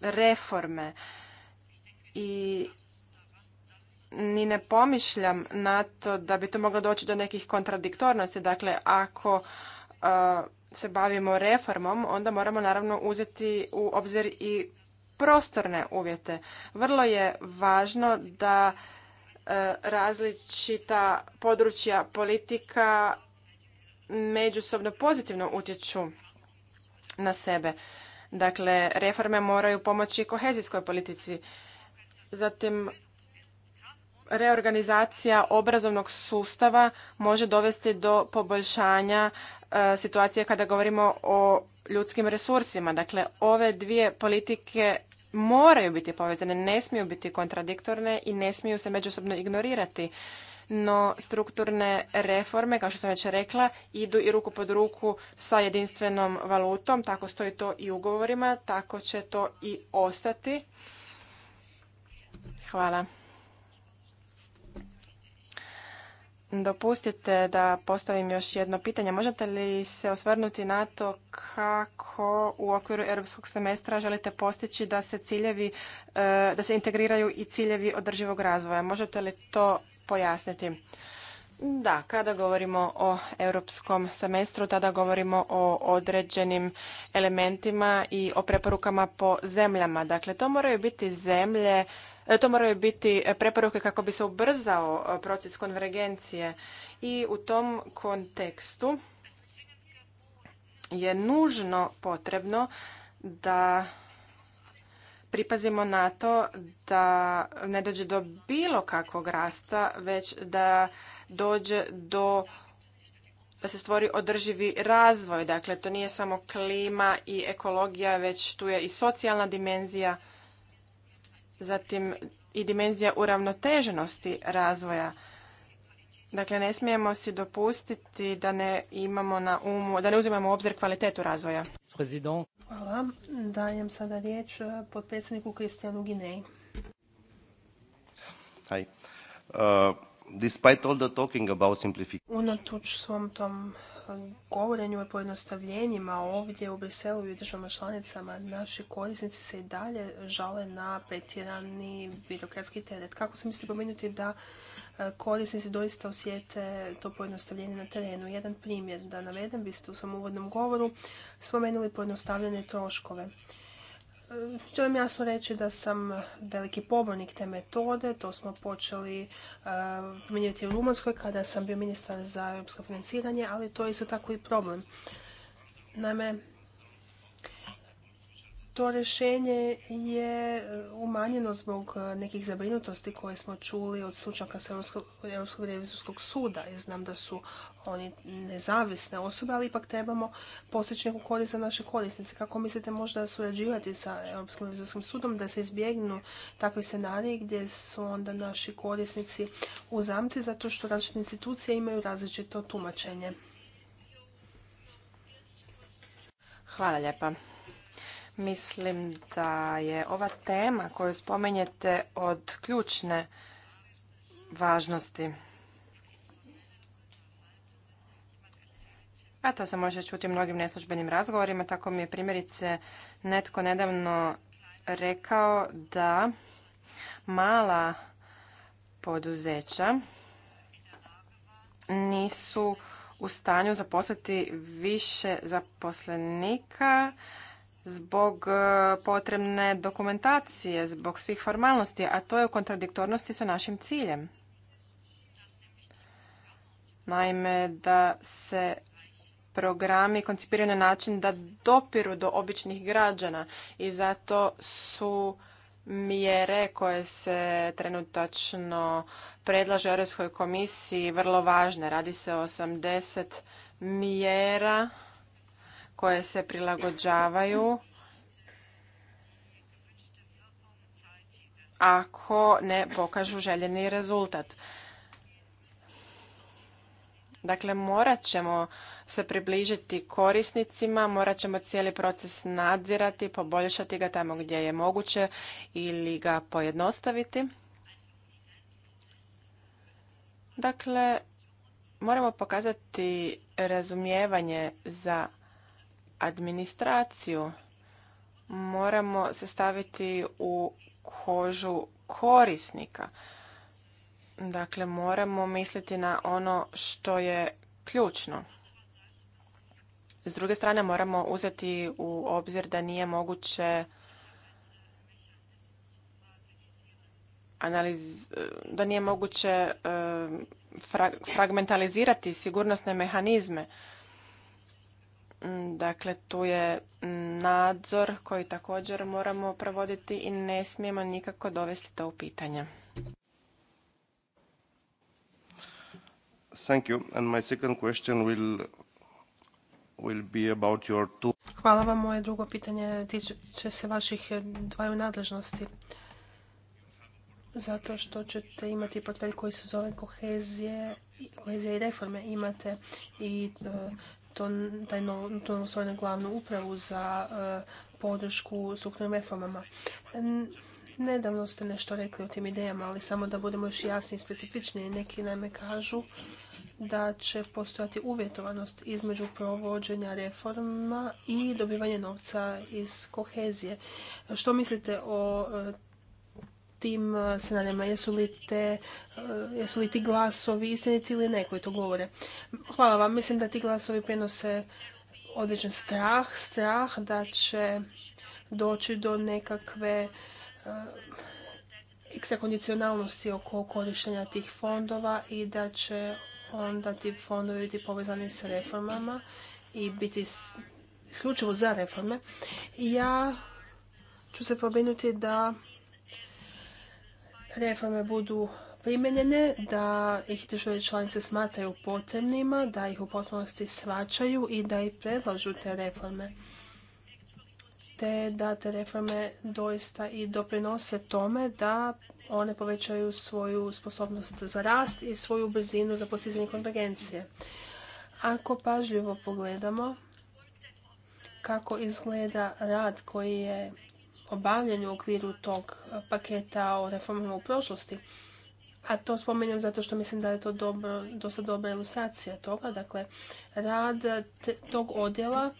reforme i ni ne pomišljam na to da bi to moglo doći do nekih kontradiktornosti. Dakle, ako e, se bavimo reformom, onda moramo naravno uzeti u obzir i prostorne uvjete. Vrlo je važno da e, različita područja politika međusobno pozitivno utječu na sebe. Dakle, reforme moraju pomoći kohezijskoj politici. Zatim, reorganizacija obrazovnog sustava može dovesti do poboljšanja e, situacije kada govorimo o ljudskim resursima. Dakle, ove dvije politike moraju biti povezane, ne smiju biti kontradiktorne i ne smiju se međusobno ignorirati no strukturne reforme, kao što sam već rekla, idu i ruku pod ruku sa jedinstvenom valutom, tako stoji to i ugovorima, tako će to i ostati. Hvala. Dopustite da postavim još jedno pitanje. Možete li se osvrnuti na to kako u okviru europskog semestra želite postići da se ciljevi, e, da se integriraju i ciljevi održivog razvoja? Možete li to pojasniti. Da, kada govorimo o europskom semestru, tada govorimo o određenim elementima i o preporukama po zemljama. Dakle, to moraju biti zemlje, to moraju biti preporuke kako bi se ubrzao proces konvergencije i u tom kontekstu je nužno potrebno da pripazimo na to da ne dođe do bilo kakvog rasta, već da dođe do da se stvori održivi razvoj. Dakle, to nije samo klima i ekologija, već tu je i socijalna dimenzija, zatim i dimenzija uravnoteženosti razvoja. Dakle, ne smijemo si dopustiti da ne imamo na umu, da ne uzimamo u obzir kvalitetu razvoja. Hvala. Dajem sada riječ eh, potpredsjedniku Kristijanu Gineji. Eh, despite all the talking about Unatoč svom tom eh, govorenju o pojednostavljenjima ovdje u Briselu i državama članicama, naši korisnici se i dalje žale na pretjerani birokratski teret. Kako se misli pomenuti da eh, korisnici doista osjete to pojednostavljenje na terenu? Jedan primjer da navedem, vi ste u svom uvodnom govoru spomenuli pojednostavljene troškove. Želim jasno reći da sam veliki pobornik te metode. To smo počeli e, primjenjivati u Rumunskoj kada sam bio ministar za europsko financiranje, ali to je isto tako i problem. Naime, to rješenje je e, umanjeno zbog e, nekih zabrinutosti koje smo čuli od slučaka sa Europskog, revizorskog suda i znam da su oni nezavisne osobe, ali ipak trebamo postići neku korist za naše korisnice. Kako mislite možda surađivati sa Europskim revizorskim sudom da se izbjegnu takvi scenariji gdje su onda naši korisnici u zamci zato što različite institucije imaju različito tumačenje? Hvala lijepa. Mislim da je ova tema koju spomenjete od ključne važnosti. A to se može čuti u mnogim neslužbenim razgovorima. Tako mi je primjerice netko nedavno rekao da mala poduzeća nisu u stanju zaposliti više zaposlenika zbog e, potrebne dokumentacije, zbog svih formalnosti, a to je u kontradiktornosti sa našim ciljem. Naime, da se programi koncipiraju na način da dopiru do običnih građana i zato su mjere koje se trenutačno predlaže Europskoj komisiji vrlo važne. Radi se o 80 mjera koje se prilagođavaju ako ne pokažu željeni rezultat. Dakle, morat ćemo se približiti korisnicima, morat ćemo cijeli proces nadzirati, poboljšati ga tamo gdje je moguće ili ga pojednostaviti. Dakle, moramo pokazati razumijevanje za administraciju. Moramo se staviti u kožu korisnika. Dakle, moramo misliti na ono što je ključno. S druge strane, moramo uzeti u obzir da nije moguće analiz, da nije moguće eh, fragmentalizirati sigurnosne mehanizme. Mm, dakle, tu je nadzor koji također moramo provoditi i ne smijemo nikako dovesti to u pitanje. Thank Hvala vam. Moje drugo pitanje tiče se vaših dvaju nadležnosti. Zato što ćete imati portfelj koji se zove kohezije, kohezije i reforme. Imate i e, to, taj to glavnu upravu za e, podršku strukturnim reformama. Nedavno ste nešto rekli o tim idejama, ali samo da budemo još jasni i specifični Neki naime kažu da će postojati uvjetovanost između provođenja reforma i dobivanje novca iz kohezije. Što mislite o e, tim e, scenarima, jesu li, te, e, jesu li ti glasovi istiniti ili ne koji to govore. Hvala vam, mislim da ti glasovi prenose određen strah, strah da će doći do nekakve e, ekstrakondicionalnosti oko korištenja tih fondova i da će onda ti fondovi biti povezani s reformama i biti isključivo za reforme. Ja ću se pobrinuti da reforme budu primjenjene, da ih države članice smataju potrebnima, da ih u potpunosti svačaju i da ih predlažu te reforme. Te da te reforme doista i doprinose tome da one povećaju svoju sposobnost za rast i svoju brzinu za postizanje konvergencije. Ako pažljivo pogledamo kako izgleda rad koji je obavljanju u okviru tog paketa o reformama u prošlosti. A to spominjem zato što mislim da je to dobro, dosta dobra ilustracija toga. Dakle, rad tog odjela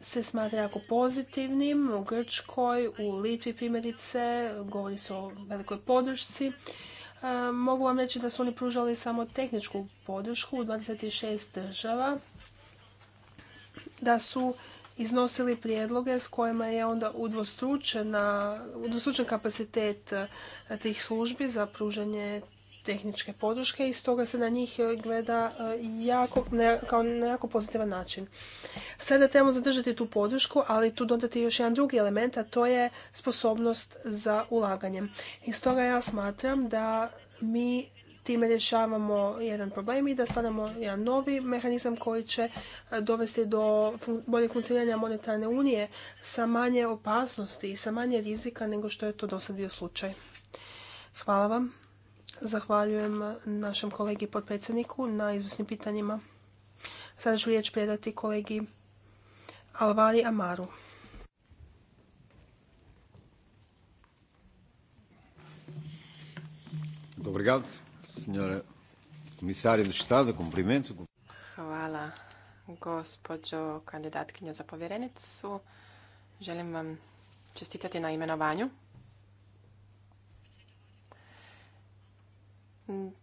se smatra jako pozitivnim u Grčkoj, u Litvi primjerice, govori se o velikoj podršci. E, mogu vam reći da su oni pružali samo tehničku podršku u 26 država, da su iznosili prijedloge s kojima je onda udvostručen kapacitet e, tih službi za pružanje tehničke podrške i stoga se na njih gleda e, jako, kao na jako pozitivan način. Sada trebamo zadržati tu podršku, ali tu dodati još jedan drugi element, a to je sposobnost za ulaganjem. I stoga ja smatram da mi time rješavamo jedan problem i da stvaramo jedan novi mehanizam koji će e, dovesti do boljeg funkcioniranja monetarne unije sa manje opasnosti i sa manje rizika nego što je to dosad bio slučaj. Hvala vam. Zahvaljujem našem kolegi potpredsjedniku na izvrsnim pitanjima. Sada ću riječ predati kolegi Alvari Amaru. Obrigado. Hvala gospođo kandidatkinja za povjerenicu. Želim vam čestitati na imenovanju.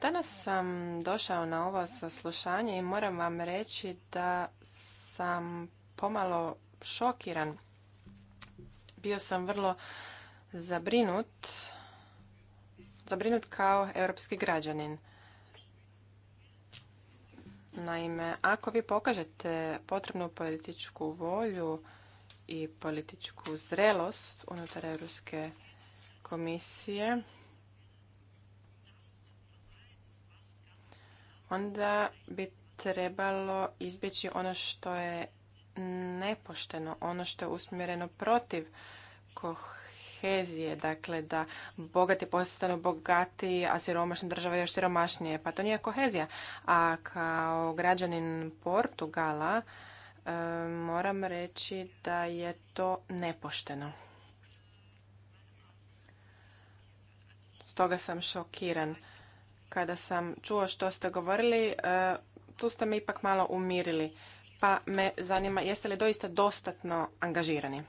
Danas sam došao na ovo saslušanje i moram vam reći da sam pomalo šokiran. Bio sam vrlo zabrinut zabrinut kao europski građanin. Naime, ako vi pokažete potrebnu političku volju i političku zrelost unutar Europske komisije, onda bi trebalo izbjeći ono što je nepošteno, ono što je usmjereno protiv koh kohezije, dakle da bogati postanu bogatiji, a siromašne države još siromašnije. Pa to nije kohezija. A kao građanin Portugala e, moram reći da je to nepošteno. Stoga sam šokiran. Kada sam čuo što ste govorili, e, tu ste me ipak malo umirili. Pa me zanima jeste li doista dostatno angažirani?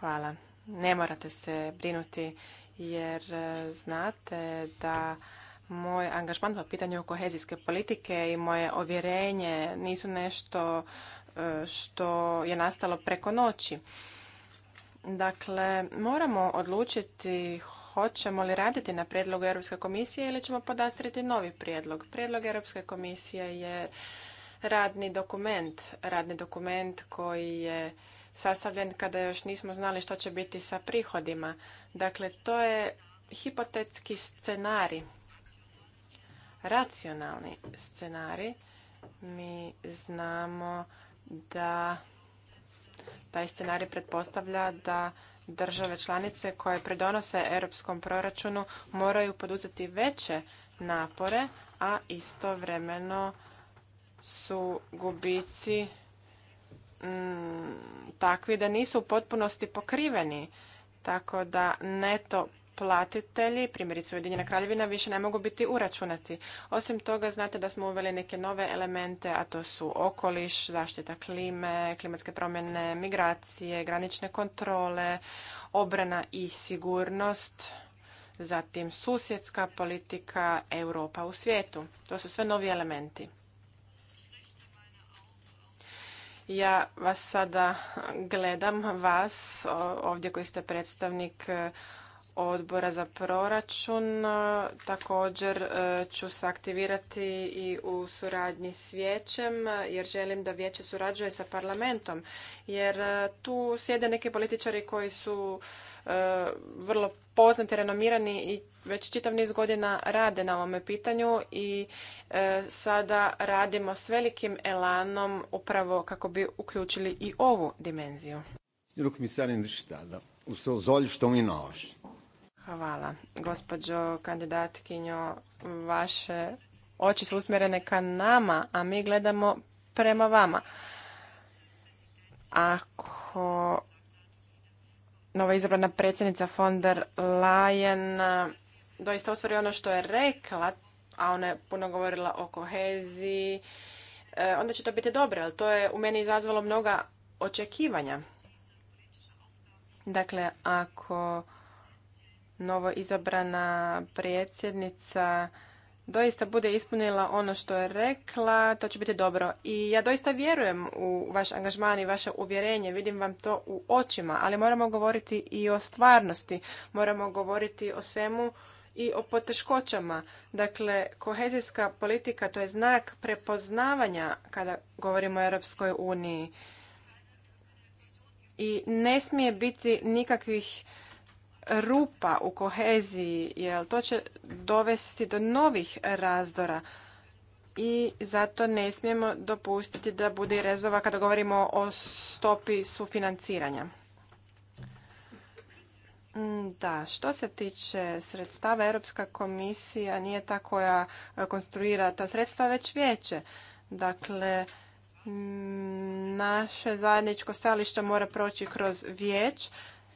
Hvala. Ne morate se brinuti jer e, znate da moj angažman po pitanju kohezijske politike i moje ovjerenje nisu nešto e, što je nastalo preko noći. Dakle, moramo odlučiti hoćemo li raditi na prijedlogu Europske komisije ili ćemo podastriti novi prijedlog. Prijedlog Europske komisije je radni dokument, radni dokument koji je sastavljen kada još nismo znali što će biti sa prihodima. Dakle, to je hipotetski scenarij, racionalni scenarij. Mi znamo da taj scenarij pretpostavlja da države članice koje predonose europskom proračunu moraju poduzeti veće napore, a istovremeno su gubici Mm, takvi da nisu u potpunosti pokriveni. Tako da neto platitelji, primjerice Ujedinjena kraljevina, više ne mogu biti uračunati. Osim toga, znate da smo uveli neke nove elemente, a to su okoliš, zaštita klime, klimatske promjene, migracije, granične kontrole, obrana i sigurnost, zatim susjedska politika, Europa u svijetu. To su sve novi elementi. Ja vas sada gledam, vas ovdje koji ste predstavnik odbora za proračun. Također e, ću se aktivirati i u suradnji s vijećem jer želim da vijeće surađuje sa parlamentom jer e, tu sjede neki političari koji su e, vrlo poznati, renomirani i već čitav niz godina rade na ovome pitanju i sada radimo s velikim elanom upravo kako bi uključili i ovu dimenziju. Hvala. Gospođo kandidatkinjo, vaše oči su usmjerene ka nama, a mi gledamo prema vama. Ako nova izabrana predsjednica fonder der doista osvori ono što je rekla, a ona je puno govorila o koheziji, e, onda će to biti dobro, ali to je u meni izazvalo mnoga očekivanja. Dakle, ako novo izabrana predsjednica doista bude ispunila ono što je rekla, to će biti dobro. I ja doista vjerujem u vaš angažman i vaše uvjerenje, vidim vam to u očima, ali moramo govoriti i o stvarnosti, moramo govoriti o svemu i o poteškoćama. Dakle, kohezijska politika to je znak prepoznavanja kada govorimo o Europskoj uniji. I ne smije biti nikakvih rupa u koheziji, jer to će dovesti do novih razdora i zato ne smijemo dopustiti da bude rezova kada govorimo o stopi sufinanciranja. Mm, da, što se tiče sredstava, Europska komisija nije ta koja e, konstruira ta sredstva, već vijeće. Dakle, mm, naše zajedničko stajalište mora proći kroz vijeć,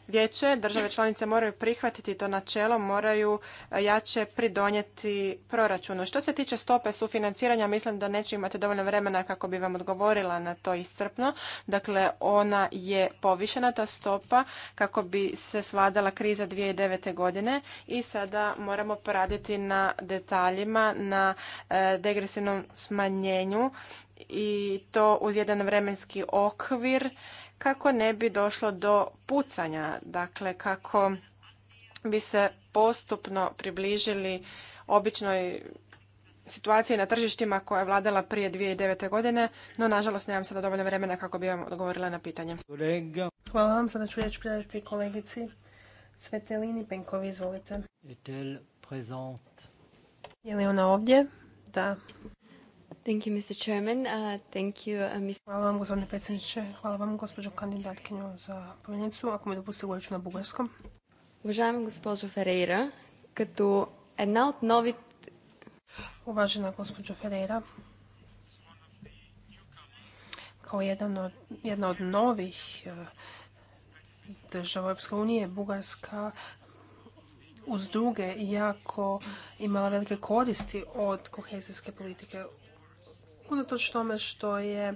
Vijeće, države članice moraju prihvatiti to načelo, moraju e, jače pridonijeti proračunu. Što se tiče stope sufinanciranja, mislim da neću imati dovoljno vremena kako bi vam odgovorila na to iscrpno. Dakle, ona je povišena, ta stopa, kako bi se svladala kriza 2009. godine i sada moramo poraditi na detaljima, na e, degresivnom smanjenju i to uz jedan vremenski okvir kako ne bi došlo do pucanja, dakle kako bi se postupno približili običnoj situaciji na tržištima koja je vladala prije 2009. godine, no nažalost nemam sada dovoljno vremena kako bi vam odgovorila na pitanje. Hvala vam, sada ću riječ predati kolegici Svetelini Penkovi, izvolite. Je li ona ovdje? Da. Thank you, Mr. Uh, uh, Hvala vam, gospodine predsjedniče. Hvala vam, gospođo kandidatkinju za povjerenicu. Ako mi dopustite, govorit ću na bugarskom. Uvažavam gospođo Ferreira, kato jedna od Uvažena gospođo Ferreira, kao jedna od novih država Europske unije, Bugarska uz druge jako imala velike koristi od kohezijske politike unatoč tome što je e,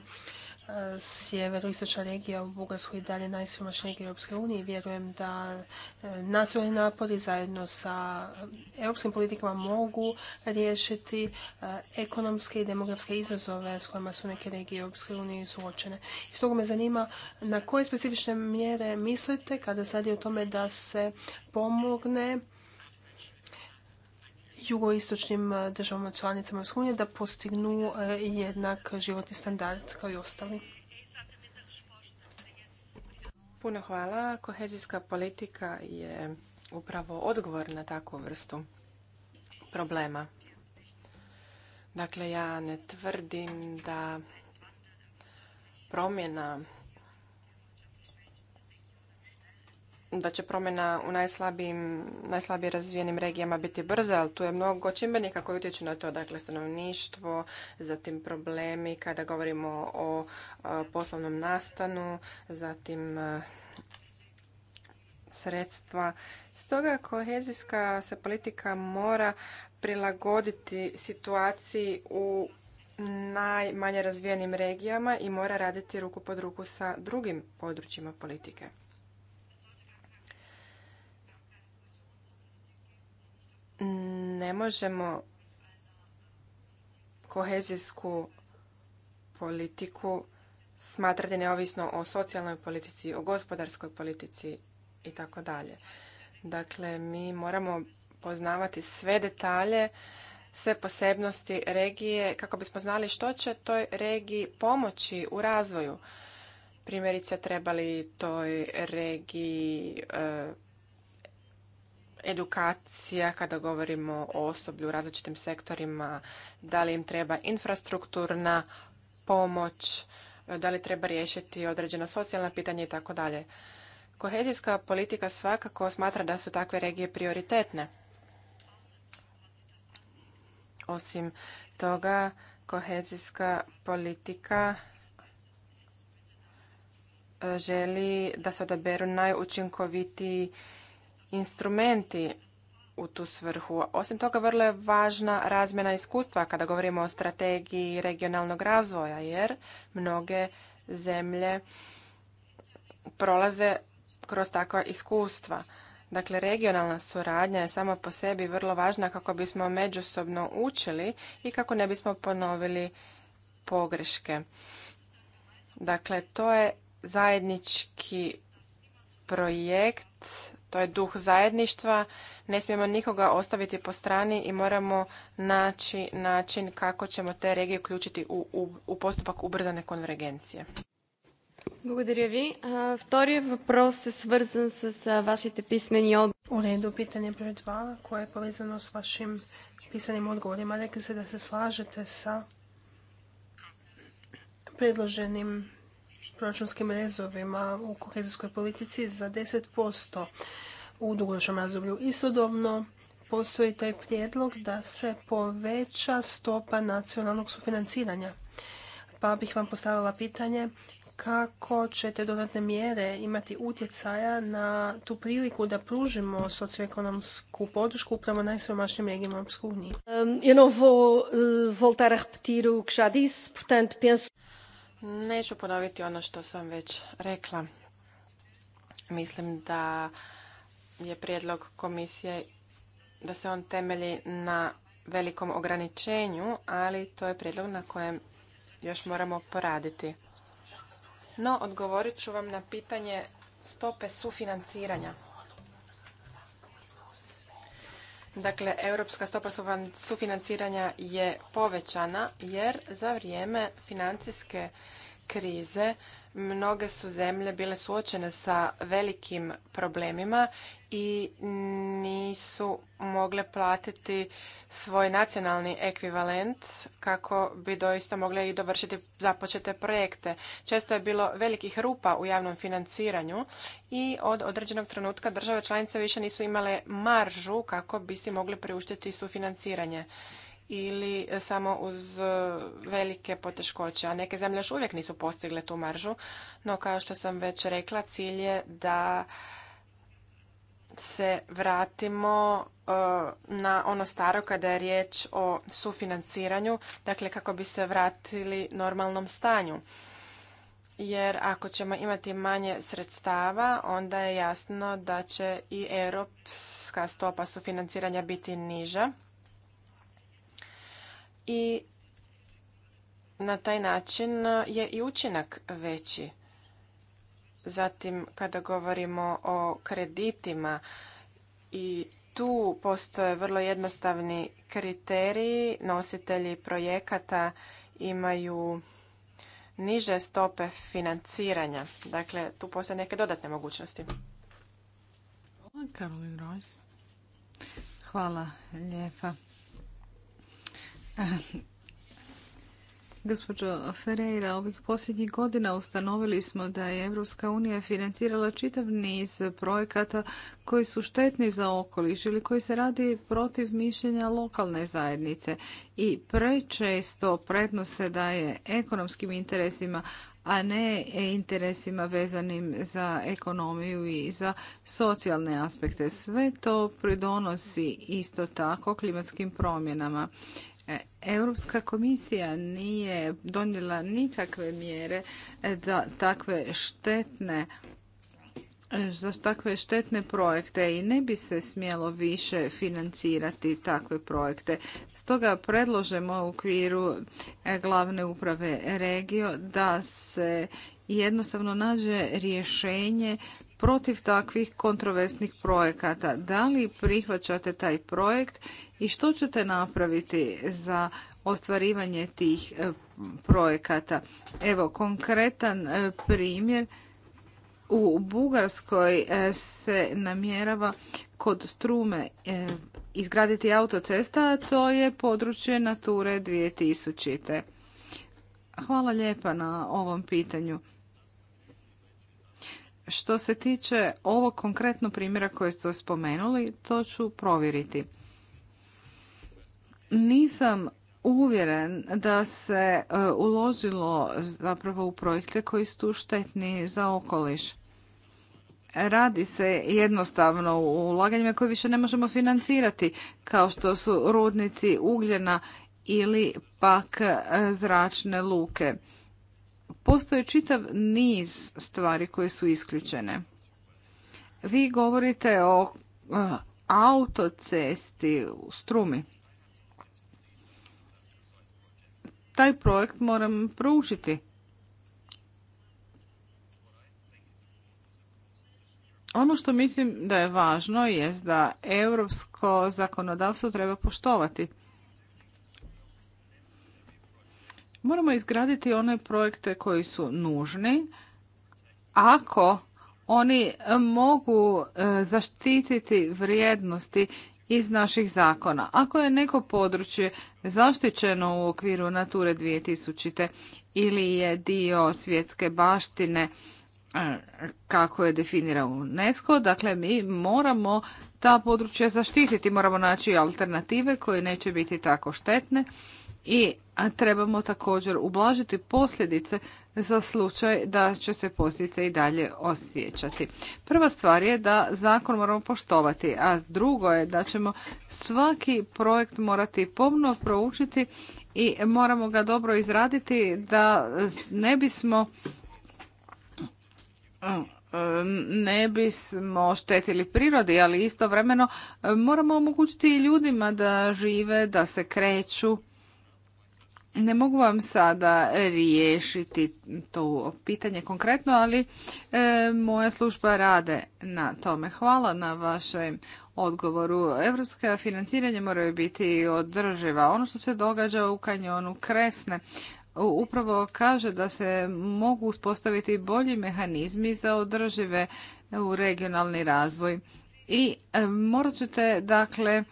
sjeveroistočna regija u Bugarskoj i dalje najsiromašnija regija Europske unije. Vjerujem da e, nacionalni napori zajedno sa europskim politikama mogu riješiti e, ekonomske i demografske izazove s kojima su neke regije Europske unije suočene. I stoga me zanima na koje specifične mjere mislite kada se radi o tome da se pomogne jugoistočnim e, državama članicama EU da postignu e, jednak životni standard kao i ostali. Puno hvala. Kohezijska politika je upravo odgovor na takvu vrstu problema. Dakle, ja ne tvrdim da promjena da će promjena u najslabije razvijenim regijama biti brza, ali tu je mnogo čimbenika koji utječu na to, dakle stanovništvo, zatim problemi kada govorimo o poslovnom nastanu, zatim e, sredstva. Stoga kohezijska se politika mora prilagoditi situaciji u najmanje razvijenim regijama i mora raditi ruku pod ruku sa drugim područjima politike. ne možemo kohezijsku politiku smatrati neovisno o socijalnoj politici, o gospodarskoj politici i tako dalje. Dakle, mi moramo poznavati sve detalje, sve posebnosti regije kako bismo znali što će toj regiji pomoći u razvoju. Primjerice, trebali toj regiji e, edukacija kada govorimo o osoblju u različitim sektorima, da li im treba infrastrukturna pomoć, da li treba riješiti određena socijalna pitanja i tako dalje. Kohezijska politika svakako smatra da su takve regije prioritetne. Osim toga, kohezijska politika e, želi da se odaberu najučinkovitiji instrumenti u tu svrhu. Osim toga, vrlo je važna razmjena iskustva kada govorimo o strategiji regionalnog razvoja, jer mnoge zemlje prolaze kroz takva iskustva. Dakle, regionalna suradnja je sama po sebi vrlo važna kako bismo međusobno učili i kako ne bismo ponovili pogreške. Dakle, to je zajednički projekt to je duh zajedništva. Ne smijemo nikoga ostaviti po strani i moramo naći način kako ćemo te regije uključiti u, u, postupak ubrzane konvergencije. Благодаря ви. Вторият въпрос е свързан с вашите писмени отговори. U redu, pitanje broj 2 koje je povezano s vašim pisanim odgovorima. Rekli se da se slažete sa predloženim proračunskim rezovima u kohezijskoj politici za 10% u dugoročnom razdoblju. Istodobno postoji taj prijedlog da se poveća stopa nacionalnog sufinanciranja. Pa bih vam postavila pitanje kako će te dodatne mjere imati utjecaja na tu priliku da pružimo socioekonomsku podršku upravo najsiromašnijim regijama Europske unije. Um, eu não eh, voltar a repetir o que já Neću ponoviti ono što sam već rekla. Mislim da je prijedlog komisije da se on temelji na velikom ograničenju, ali to je prijedlog na kojem još moramo poraditi. No, odgovorit ću vam na pitanje stope sufinanciranja. Dakle, europska stopa sufinanciranja je povećana jer za vrijeme financijske krize mnoge su zemlje bile suočene sa velikim problemima i nisu mogle platiti svoj nacionalni ekvivalent kako bi doista mogle i dovršiti započete projekte. Često je bilo velikih rupa u javnom financiranju i od određenog trenutka države članice više nisu imale maržu kako bi si mogle priuštiti sufinanciranje ili samo uz e, velike poteškoće, a neke zemlje još uvijek nisu postigle tu maržu, no kao što sam već rekla, cilj je da se vratimo e, na ono staro kada je riječ o sufinanciranju, dakle kako bi se vratili normalnom stanju. Jer ako ćemo imati manje sredstava, onda je jasno da će i europska stopa sufinanciranja biti niža i na taj način je i učinak veći. Zatim, kada govorimo o kreditima i tu postoje vrlo jednostavni kriteriji. Nositelji projekata imaju niže stope financiranja. Dakle, tu postoje neke dodatne mogućnosti. Hvala lijepa. Gospođo Ferreira, ovih posljednjih godina ustanovili smo da je EU unija financirala čitav niz projekata koji su štetni za okoliš ili koji se radi protiv mišljenja lokalne zajednice i prečesto prednost se daje ekonomskim interesima, a ne interesima vezanim za ekonomiju i za socijalne aspekte. Sve to pridonosi isto tako klimatskim promjenama. E, Europska komisija nije donijela nikakve mjere da e, takve štetne e, za takve štetne projekte i ne bi se smjelo više financirati takve projekte. Stoga predložemo u okviru glavne uprave regio da se jednostavno nađe rješenje protiv takvih kontroversnih projekata. Da li prihvaćate taj projekt i što ćete napraviti za ostvarivanje tih e, projekata? Evo, konkretan e, primjer. U Bugarskoj e, se namjerava kod strume izgraditi autocesta, a to je područje Nature 2000. Hvala lijepa na ovom pitanju. Što se tiče ovog konkretnog primjera koje ste spomenuli, to ću provjeriti. Nisam uvjeren da se e, uložilo zapravo u projekte koji su štetni za okoliš. Radi se jednostavno u ulaganjima koje više ne možemo financirati, kao što su rudnici ugljena ili pak e, zračne luke. Postoje čitav niz stvari koje su isključene. Vi govorite o e, autocesti u strumi. Taj projekt moram proučiti. Ono što mislim da je važno je da europsko zakonodavstvo treba poštovati. Moramo izgraditi one projekte koji su nužni ako oni mogu e, zaštititi vrijednosti iz naših zakona. Ako je neko područje zaštićeno u okviru Nature 2000 ili je dio svjetske baštine e, kako je definirao UNESCO, dakle mi moramo ta područja zaštititi, moramo naći alternative koje neće biti tako štetne i a trebamo također ublažiti posljedice za slučaj da će se posljedice i dalje osjećati. Prva stvar je da zakon moramo poštovati, a drugo je da ćemo svaki projekt morati pomno proučiti i moramo ga dobro izraditi da ne bismo ne bismo štetili prirodi, ali istovremeno moramo omogućiti i ljudima da žive, da se kreću ne mogu vam sada riješiti to pitanje konkretno, ali e, moja služba rade na tome. Hvala na vašem odgovoru. Evropska financiranje moraju biti održiva. Ono što se događa u kanjonu Kresne upravo kaže da se mogu uspostaviti bolji mehanizmi za održive u regionalni razvoj. I e, morat ćete, dakle,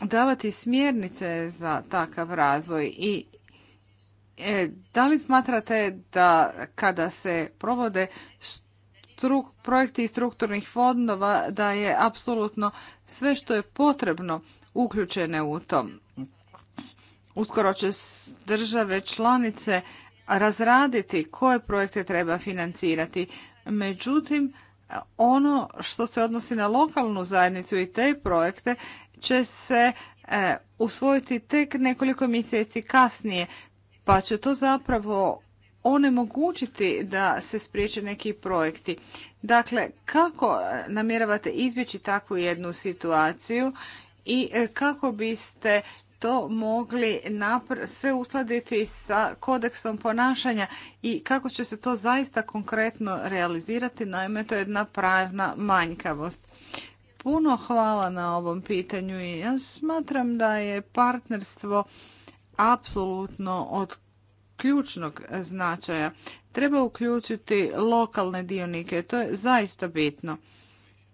davati smjernice za takav razvoj i e, da li smatrate da kada se provode projekti iz strukturnih fondova da je apsolutno sve što je potrebno uključene u to? Uskoro će države članice razraditi koje projekte treba financirati. Međutim, ono što se odnosi na lokalnu zajednicu i te projekte će se e, usvojiti tek nekoliko mjeseci kasnije, pa će to zapravo onemogućiti da se spriječe neki projekti. Dakle, kako e, namjeravate izbjeći takvu jednu situaciju i e, kako biste to mogli sve uskladiti sa kodeksom ponašanja i kako će se to zaista konkretno realizirati, naime to je jedna pravna manjkavost puno hvala na ovom pitanju i ja smatram da je partnerstvo apsolutno od ključnog značaja. Treba uključiti lokalne dionike, to je zaista bitno.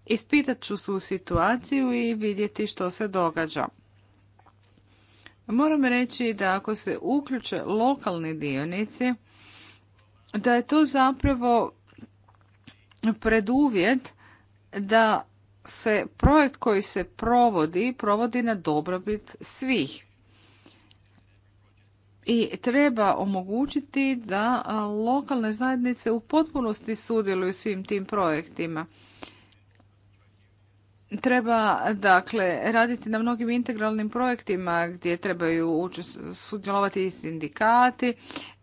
Ispitat ću su situaciju i vidjeti što se događa. Moram reći da ako se uključe lokalni dionici, da je to zapravo preduvjet da se projekt koji se provodi, provodi na dobrobit svih. I treba omogućiti da lokalne zajednice u potpunosti sudjeluju svim tim projektima. Treba dakle raditi na mnogim integralnim projektima gdje trebaju sudjelovati i sindikati,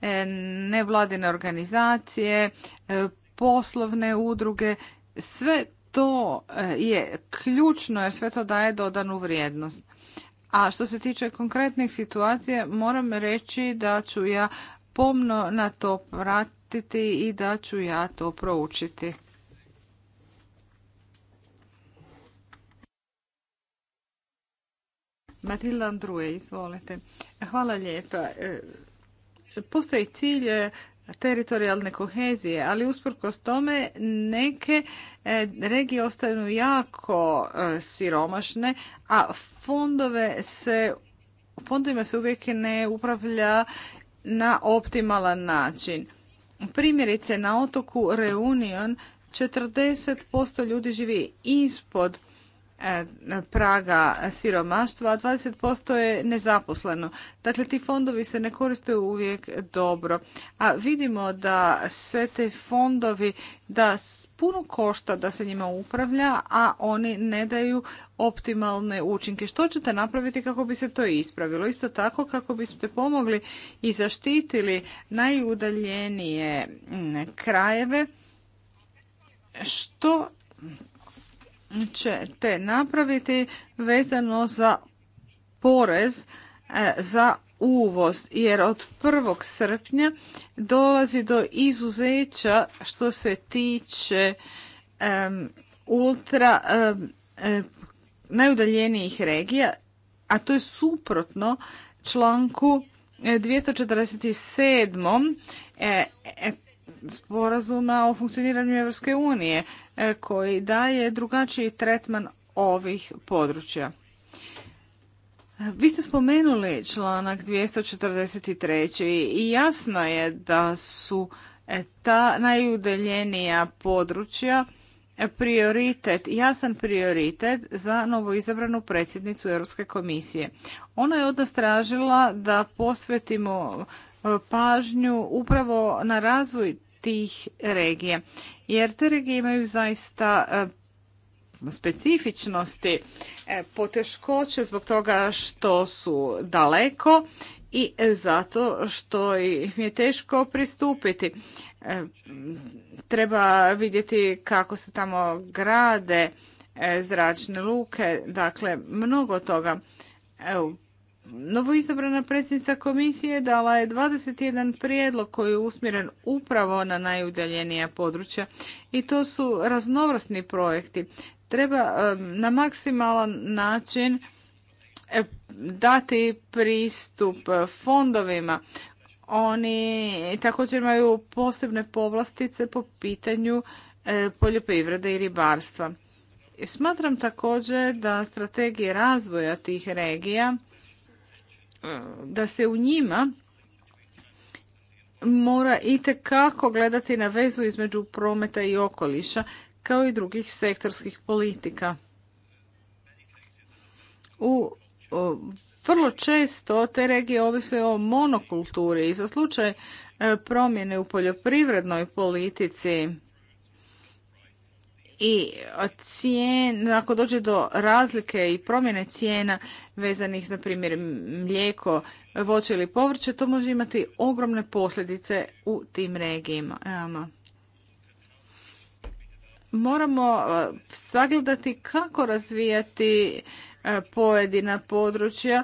e, nevladine organizacije, e, poslovne udruge, sve to e, je ključno jer sve to daje dodanu vrijednost. A što se tiče konkretnih situacija, moram reći da ću ja pomno na to pratiti i da ću ja to proučiti. Matilda Andruje, izvolite. Hvala lijepa. E, postoji cilj e, teritorijalne kohezije, ali usprkos tome neke e, regije ostaju jako e, siromašne, a fondove se, fondovima se uvijek ne upravlja na optimalan način. Primjerice, na otoku Reunion 40% ljudi živi ispod E, praga siromaštva, a 20% je nezaposleno. Dakle, ti fondovi se ne koriste uvijek dobro. A vidimo da sve te fondovi da puno košta da se njima upravlja, a oni ne daju optimalne učinke. Što ćete napraviti kako bi se to ispravilo? Isto tako kako biste pomogli i zaštitili najudaljenije krajeve. Što ćete napraviti vezano za porez e, za uvoz, jer od 1. srpnja dolazi do izuzeća što se tiče ultra e, najudaljenijih regija, a to je suprotno članku 247. E, e sporazuma o funkcioniranju Europske unije e, koji daje drugačiji tretman ovih područja. Vi ste spomenuli članak 243. i jasno je da su e, ta najudeljenija područja prioritet, jasan prioritet za novoizabranu predsjednicu Europske komisije. Ona je od nas tražila da posvetimo e, pažnju upravo na razvoj tih regije. Jer te regije imaju zaista e, specifičnosti, e, poteškoće zbog toga što su daleko i zato što ih je teško pristupiti. E, treba vidjeti kako se tamo grade zračne luke, dakle mnogo toga. Novoizabrana predsjednica komisije dala je 21 prijedlog koji je usmjeren upravo na najudaljenija područja i to su raznovrsni projekti. Treba na maksimalan način e, dati pristup e, fondovima. Oni također imaju posebne povlastice po pitanju e, poljoprivrede i ribarstva. Smatram također da strategije razvoja tih regija da se u njima mora i kako gledati na vezu između prometa i okoliša, kao i drugih sektorskih politika. U vrlo često te regije ovise o monokulturi i za slučaj e, promjene u poljoprivrednoj politici i cijen, ako dođe do razlike i promjene cijena vezanih na primjer mlijeko, voće ili povrće, to može imati ogromne posljedice u tim regijama. Ehm, moramo eh, sagledati kako razvijati eh, pojedina područja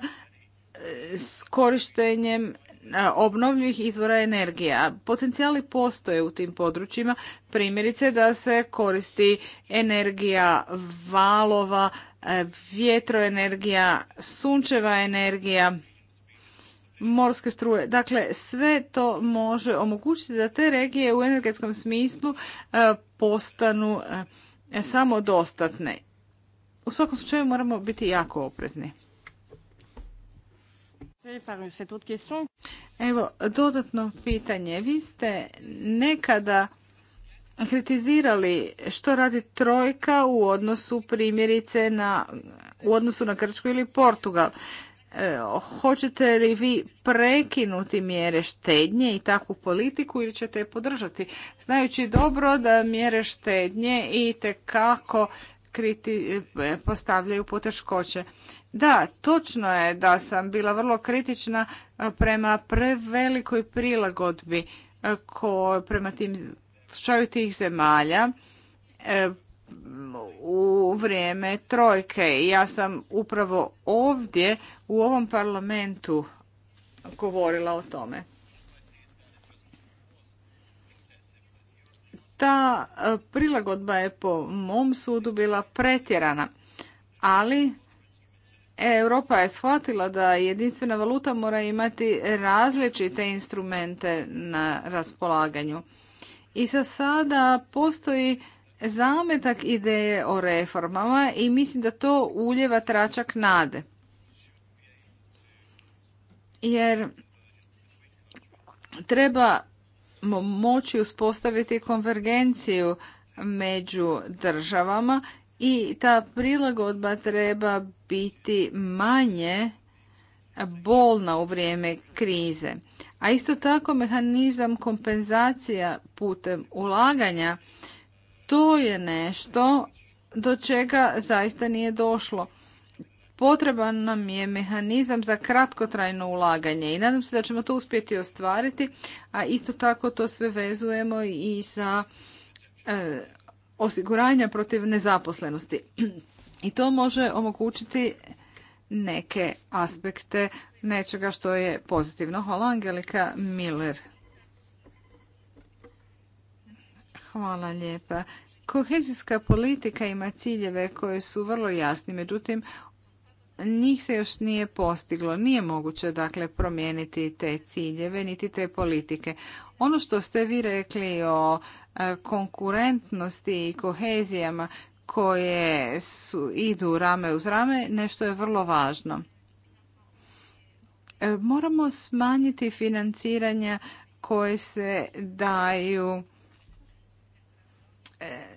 eh, s korištenjem E, obnovljivih izvora energija. Potencijali postoje u tim područjima, primjerice da se koristi energija valova, e, vjetroenergija, sunčeva energija, morske struje. Dakle, sve to može omogućiti da te regije u energetskom smislu e, postanu samodostatne. U svakom slučaju moramo biti jako oprezni. Evo, dodatno pitanje. Vi ste nekada kritizirali što radi trojka u odnosu primjerice na, u odnosu na Grčku ili Portugal. E, hoćete li vi prekinuti mjere štednje i takvu politiku ili ćete je podržati? Znajući dobro da mjere štednje i tekako kriti, e, postavljaju poteškoće. Da, točno je da sam bila vrlo kritična e, prema prevelikoj prilagodbi e, ko, prema tim slučaju tih zemalja e, u vrijeme trojke. Ja sam upravo ovdje u ovom parlamentu govorila o tome. Ta prilagodba je po mom sudu bila pretjerana, ali Europa je shvatila da jedinstvena valuta mora imati različite instrumente na raspolaganju. I sa sada postoji zametak ideje o reformama i mislim da to uljeva tračak nade. Jer treba moći uspostaviti konvergenciju među državama i ta prilagodba treba biti manje bolna u vrijeme krize. A isto tako mehanizam kompenzacija putem ulaganja, to je nešto do čega zaista nije došlo. Potreban nam je mehanizam za kratkotrajno ulaganje i nadam se da ćemo to uspjeti ostvariti, a isto tako to sve vezujemo i sa osiguranja protiv nezaposlenosti. I to može omogućiti neke aspekte nečega što je pozitivno. Hvala Angelika Miller. Hvala lijepa. Kohezijska politika ima ciljeve koje su vrlo jasni, međutim njih se još nije postiglo. Nije moguće dakle promijeniti te ciljeve niti te politike. Ono što ste vi rekli o E, konkurentnosti i kohezijama koje su, idu rame uz rame, nešto je vrlo važno. E, moramo smanjiti financiranja koje se daju e,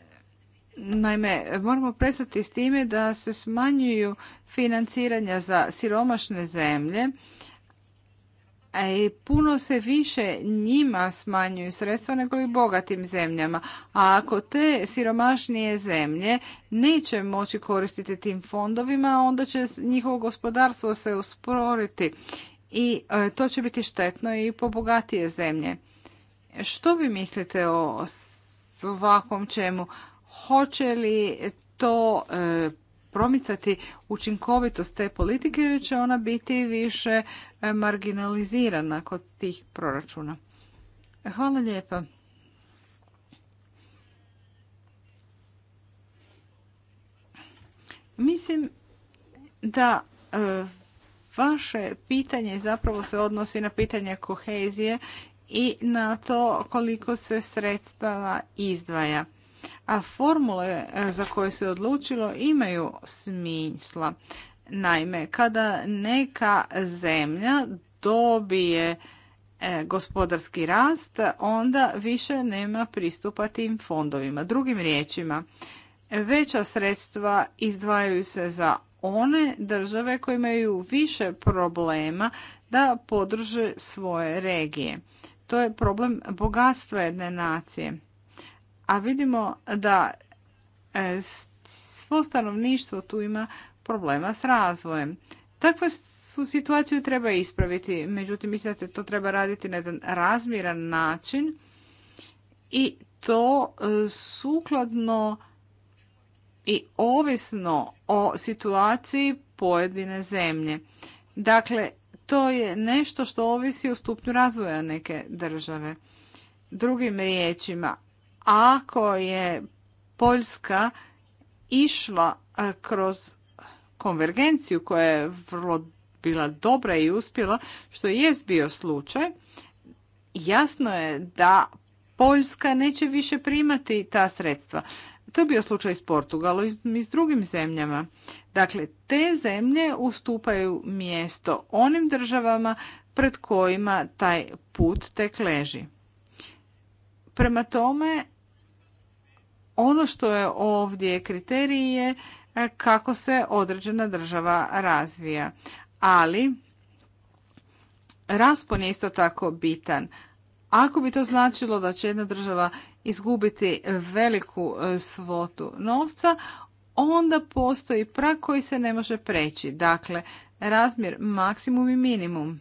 Naime, moramo prestati s time da se smanjuju financiranja za siromašne zemlje E, i puno se više njima smanjuju sredstva nego i bogatim zemljama. A ako te siromašnije zemlje neće moći koristiti tim fondovima, onda će njihovo gospodarstvo se usporiti i e, to će biti štetno i po bogatije zemlje. Što vi mislite o ovakvom čemu? Hoće li to e, promicati učinkovitost te politike jer će ona biti više e, marginalizirana kod tih proračuna. Hvala lijepa. Mislim da e, vaše pitanje zapravo se odnosi na pitanje kohezije i na to koliko se sredstava izdvaja a formule e, za koje se odlučilo imaju smisla. Naime, kada neka zemlja dobije e, gospodarski rast, onda više nema pristupa tim fondovima. Drugim riječima, veća sredstva izdvajaju se za one države koje imaju više problema da podrže svoje regije. To je problem bogatstva jedne nacije a vidimo da e, svo stanovništvo tu ima problema s razvojem. Takvu su situaciju treba ispraviti, međutim mislim da to treba raditi na jedan razmiran način i to e, sukladno i ovisno o situaciji pojedine zemlje. Dakle, to je nešto što ovisi o stupnju razvoja neke države. Drugim riječima, ako je Poljska išla kroz konvergenciju koja je vrlo bila dobra i uspjela, što je bio slučaj, jasno je da Poljska neće više primati ta sredstva. To je bio slučaj s Portugalom i s drugim zemljama. Dakle, te zemlje ustupaju mjesto onim državama pred kojima taj put tek leži. Prema tome, ono što je ovdje kriterij je e, kako se određena država razvija. Ali raspon je isto tako bitan. Ako bi to značilo da će jedna država izgubiti veliku e, svotu novca, onda postoji prag koji se ne može preći. Dakle, razmjer maksimum i minimum.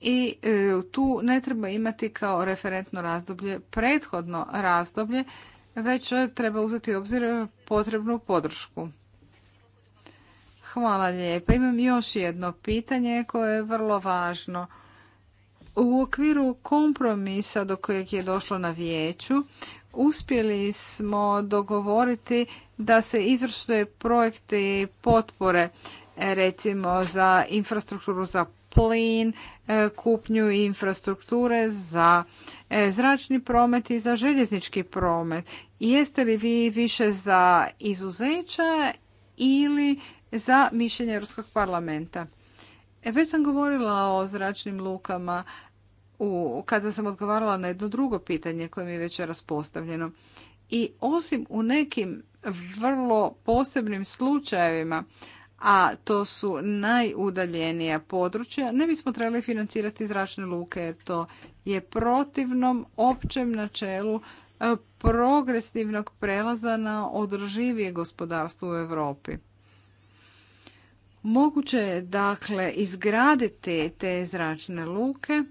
I e, tu ne treba imati kao referentno razdoblje prethodno razdoblje već treba uzeti u obzir potrebnu podršku. Hvala lijepa. Imam još jedno pitanje koje je vrlo važno. U okviru kompromisa do kojeg je došlo na vijeću, uspjeli smo dogovoriti da se izvršuje projekte i potpore recimo za infrastrukturu za plin, e, kupnju infrastrukture za e, zračni promet i za željeznički promet. Jeste li vi više za izuzeća ili za mišljenje Europskog parlamenta? E, već sam govorila o zračnim lukama u, kada sam odgovarala na jedno drugo pitanje koje mi je već raspostavljeno. I osim u nekim vrlo posebnim slučajevima, a to su najudaljenija područja, ne bismo trebali financirati zračne luke jer to je protivnom općem načelu e, progresivnog prelaza na održivije gospodarstvo u Europi. Moguće je dakle izgraditi te zračne luke,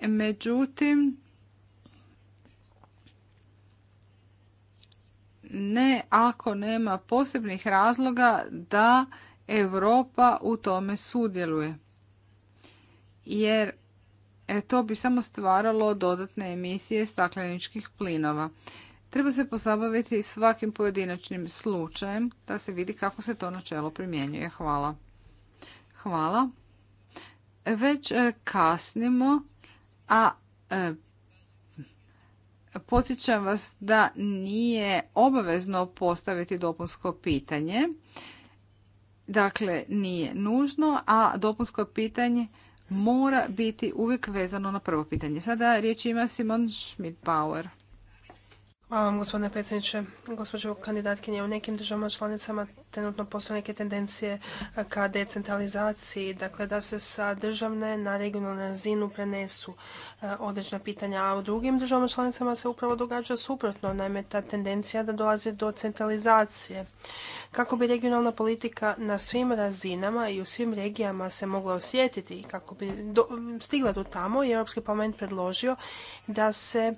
međutim ne ako nema posebnih razloga da Europa u tome sudjeluje. Jer e, to bi samo stvaralo dodatne emisije stakleničkih plinova. Treba se pozabaviti svakim pojedinačnim slučajem da se vidi kako se to načelo primjenjuje. Hvala. Hvala. Već e, kasnimo, a e, Podsjećam vas da nije obavezno postaviti dopunsko pitanje. Dakle, nije nužno, a dopunsko pitanje mora biti uvijek vezano na prvo pitanje. Sada riječ ima Simon Schmidt-Bauer. Hvala vam, gospodine predsjedniče. Gospođo kandidatkinje, u nekim državama članicama trenutno postoje neke tendencije eh, ka decentralizaciji, dakle da se sa državne na regionalnu razinu prenesu eh, određena pitanja, a u drugim državama članicama se upravo događa suprotno, naime ta tendencija da dolazi do centralizacije. Kako bi regionalna politika na svim razinama i u svim regijama se mogla osjetiti, i kako bi stigla do tamo, je Europski parlament predložio da se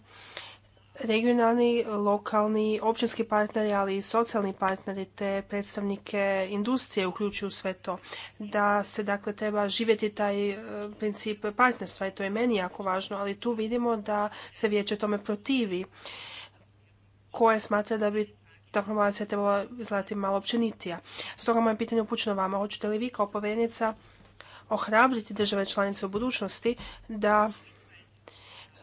regionalni, lokalni, općinski partneri, ali i socijalni partneri te predstavnike industrije uključuju sve to. Da se dakle treba živjeti taj e, princip partnerstva i to je meni jako važno, ali tu vidimo da se vijeće tome protivi koje smatra da bi ta formulacija trebala izgledati malo općenitija. Stoga moje pitanje upućeno vama. Hoćete li vi kao povjerenica ohrabriti države članice u budućnosti da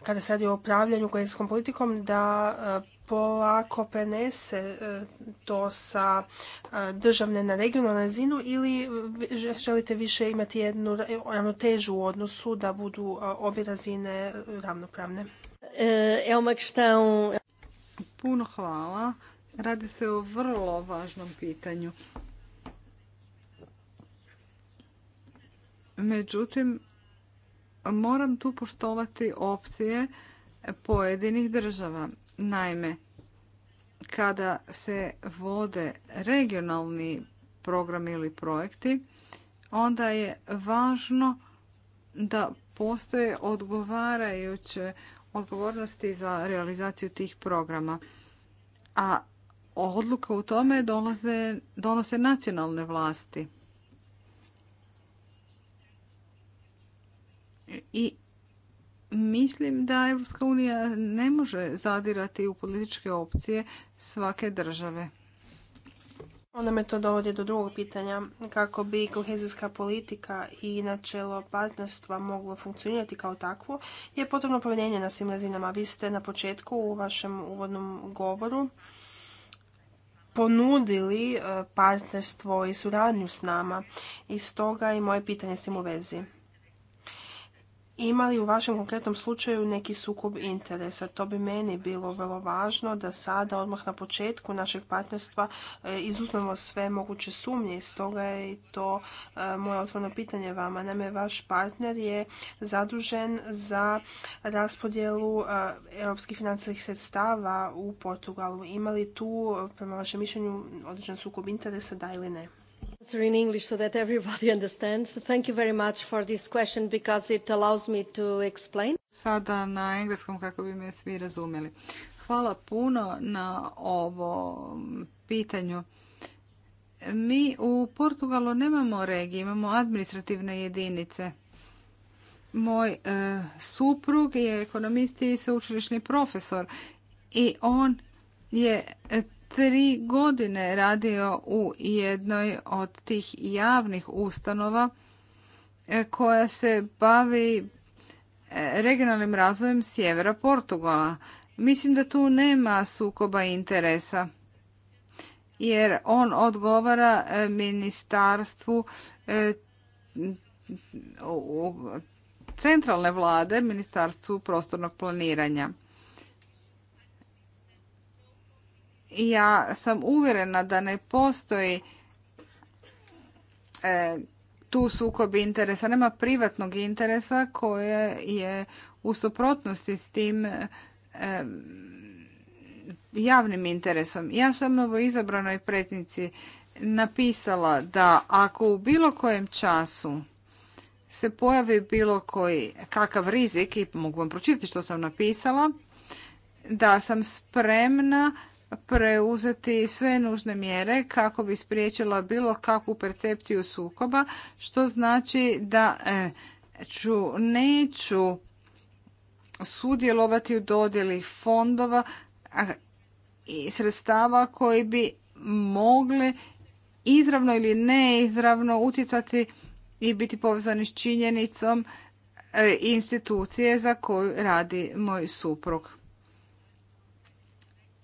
kada se radi o upravljanju kohezijskom politikom da e, polako prenese e, to sa e, državne na regionalnu razinu ili želite više imati jednu ravnotežu u odnosu da budu obje razine ravnopravne? Puno hvala. Radi se o vrlo važnom pitanju. Međutim, moram tu poštovati opcije pojedinih država. Naime, kada se vode regionalni programi ili projekti, onda je važno da postoje odgovarajuće odgovornosti za realizaciju tih programa. A odluka u tome dolaze, donose nacionalne vlasti. I mislim da Europska unija ne može zadirati u političke opcije svake države. Onda me to dovodi do drugog pitanja. Kako bi kohezijska politika i načelo partnerstva moglo funkcionirati kao takvo, je potrebno povjerenje na svim razinama. Vi ste na početku u vašem uvodnom govoru ponudili e, partnerstvo i suradnju s nama. I stoga i moje pitanje s tim u vezi imali u vašem konkretnom slučaju neki sukob interesa. To bi meni bilo vrlo važno da sada odmah na početku našeg partnerstva eh, izuzmemo sve moguće sumnje i stoga je to eh, moje otvoreno pitanje vama. Naime, vaš partner je zadužen za raspodjelu eh, europskih financijskih sredstava u Portugalu. Ima li tu, prema vašem mišljenju, određen sukob interesa, da ili ne? answer in English so that everybody understands. Thank you very much for this question because it allows me to explain. Sada na engleskom kako bi me svi razumjeli. Hvala puno na ovom pitanju. Mi u Portugalu nemamo regije, imamo administrativne jedinice. Moj e, suprug je ekonomist i sveučilišni profesor i on je tri godine radio u jednoj od tih javnih ustanova e, koja se bavi e, regionalnim razvojem sjevera Portugala. Mislim da tu nema sukoba interesa jer on odgovara e, ministarstvu centralne vlade, ministarstvu prostornog planiranja. ja sam uvjerena da ne postoji e, tu sukob interesa, nema privatnog interesa koje je u suprotnosti s tim e, javnim interesom. Ja sam izabranoj pretnici napisala da ako u bilo kojem času se pojavi bilo koji kakav rizik, i mogu vam pročitati što sam napisala, da sam spremna preuzeti sve nužne mjere kako bi spriječila bilo kakvu percepciju sukoba, što znači da e, ću, neću sudjelovati u dodjeli fondova i sredstava koji bi mogli izravno ili neizravno utjecati i biti povezani s činjenicom e, institucije za koju radi moj suprug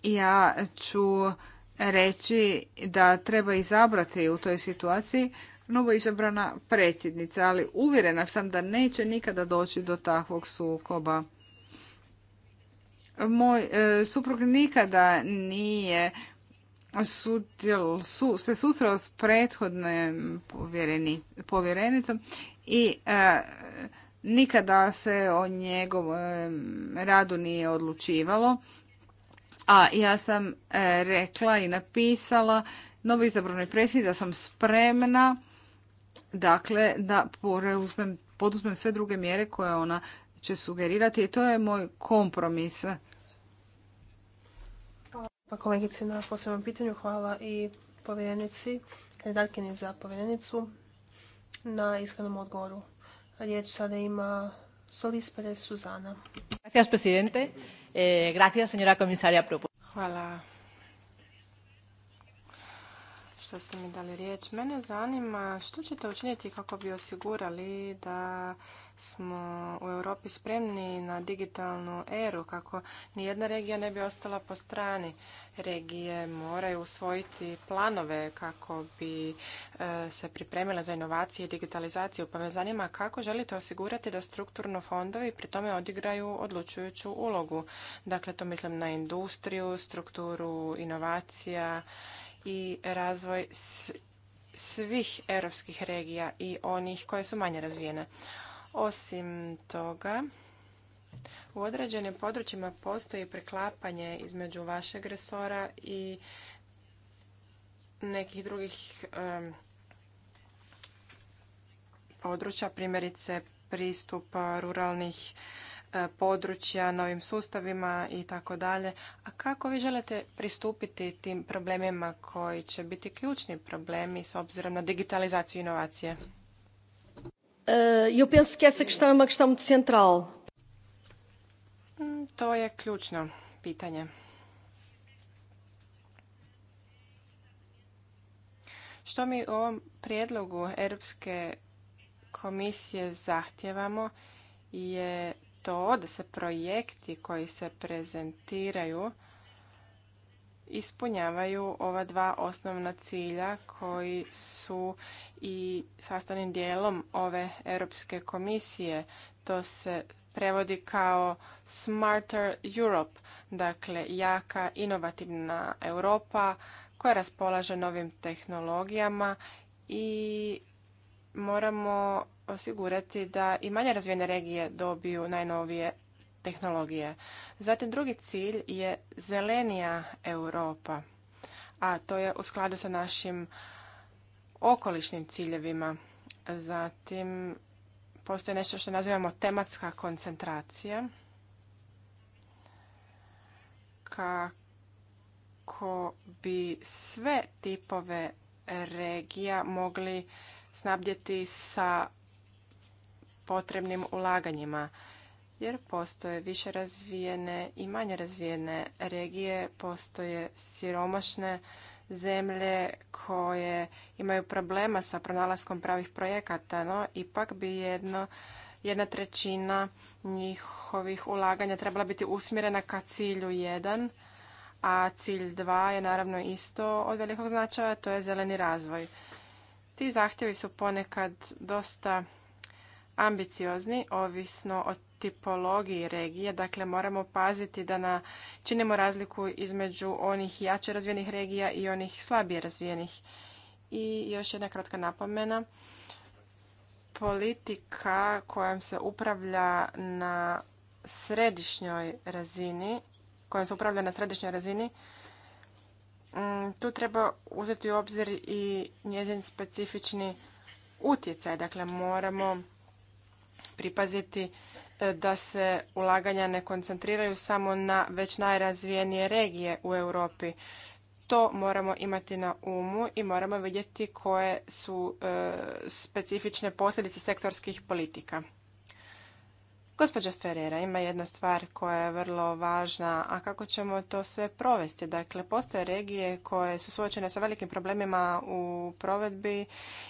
ja ću reći da treba izabrati u toj situaciji novo izabrana predsjednica, ali uvjerena sam da neće nikada doći do takvog sukoba. Moj e, suprug nikada nije su, se susreo s prethodnim povjerenicom i e, nikada se o njegovom e, radu nije odlučivalo a ja sam e, rekla i napisala novo izabranoj presidi da sam spremna dakle da poreuzmem, poduzmem sve druge mjere koje ona će sugerirati i to je moj kompromis. pa kolegici na posebnom pitanju. Hvala i povjerenici, kandidatkini za povjerenicu na iskrenom odgovoru. Riječ sada ima Solis Perez Suzana. Gracias, presidente. Eh, gracias, señora comisaria. Hvala što ste mi dali riječ. Mene zanima što ćete učiniti kako bi osigurali da smo u Europi spremni na digitalnu eru kako nijedna regija ne bi ostala po strani. Regije moraju usvojiti planove kako bi e, se pripremile za inovacije i digitalizaciju. Pa me zanima kako želite osigurati da strukturno fondovi pri tome odigraju odlučujuću ulogu. Dakle, to mislim na industriju, strukturu inovacija i razvoj svih europskih regija i onih koje su manje razvijene. Osim toga, u određenim područjima postoji preklapanje između vašeg resora i nekih drugih područja, primjerice pristup ruralnih e, područja, novim sustavima i tako dalje. A kako vi želite pristupiti tim problemima koji će biti ključni problemi s obzirom na digitalizaciju inovacije? Eh, eu penso que essa questão é uma questão muito central. Mm, to je ključno pitanje. Što mi u ovom prijedlogu Europske komisije zahtjevamo je to da se projekti koji se prezentiraju ispunjavaju ova dva osnovna cilja koji su i sastavnim dijelom ove Europske komisije. To se prevodi kao Smarter Europe, dakle jaka inovativna Europa koja raspolaže novim tehnologijama i moramo osigurati da i manje razvijene regije dobiju najnovije tehnologije. Zatim drugi cilj je zelenija Europa, a to je u skladu sa našim okolišnim ciljevima. Zatim postoji nešto što nazivamo tematska koncentracija kako bi sve tipove regija mogli snabdjeti sa potrebnim ulaganjima jer postoje više razvijene i manje razvijene regije, postoje siromašne zemlje koje imaju problema sa pronalaskom pravih projekata, no ipak bi jedno jedna trećina njihovih ulaganja trebala biti usmjerena ka cilju 1, a cilj dva je naravno isto od velikog značaja, to je zeleni razvoj. Ti zahtjevi su ponekad dosta ambiciozni, ovisno od tipologiji regije, dakle moramo paziti da na, činimo razliku između onih jače razvijenih regija i onih slabije razvijenih. I još jedna kratka napomena. Politika kojom se upravlja na središnjoj razini, kojom se upravlja na središnjoj razini, mm, tu treba uzeti u obzir i njezin specifični utjecaj. Dakle, moramo pripaziti da se ulaganja ne koncentriraju samo na već najrazvijenije regije u Europi. To moramo imati na umu i moramo vidjeti koje su e, specifične posljedice sektorskih politika. Gospođa Ferreira, ima jedna stvar koja je vrlo važna, a kako ćemo to sve provesti? Dakle, postoje regije koje su suočene sa velikim problemima u provedbi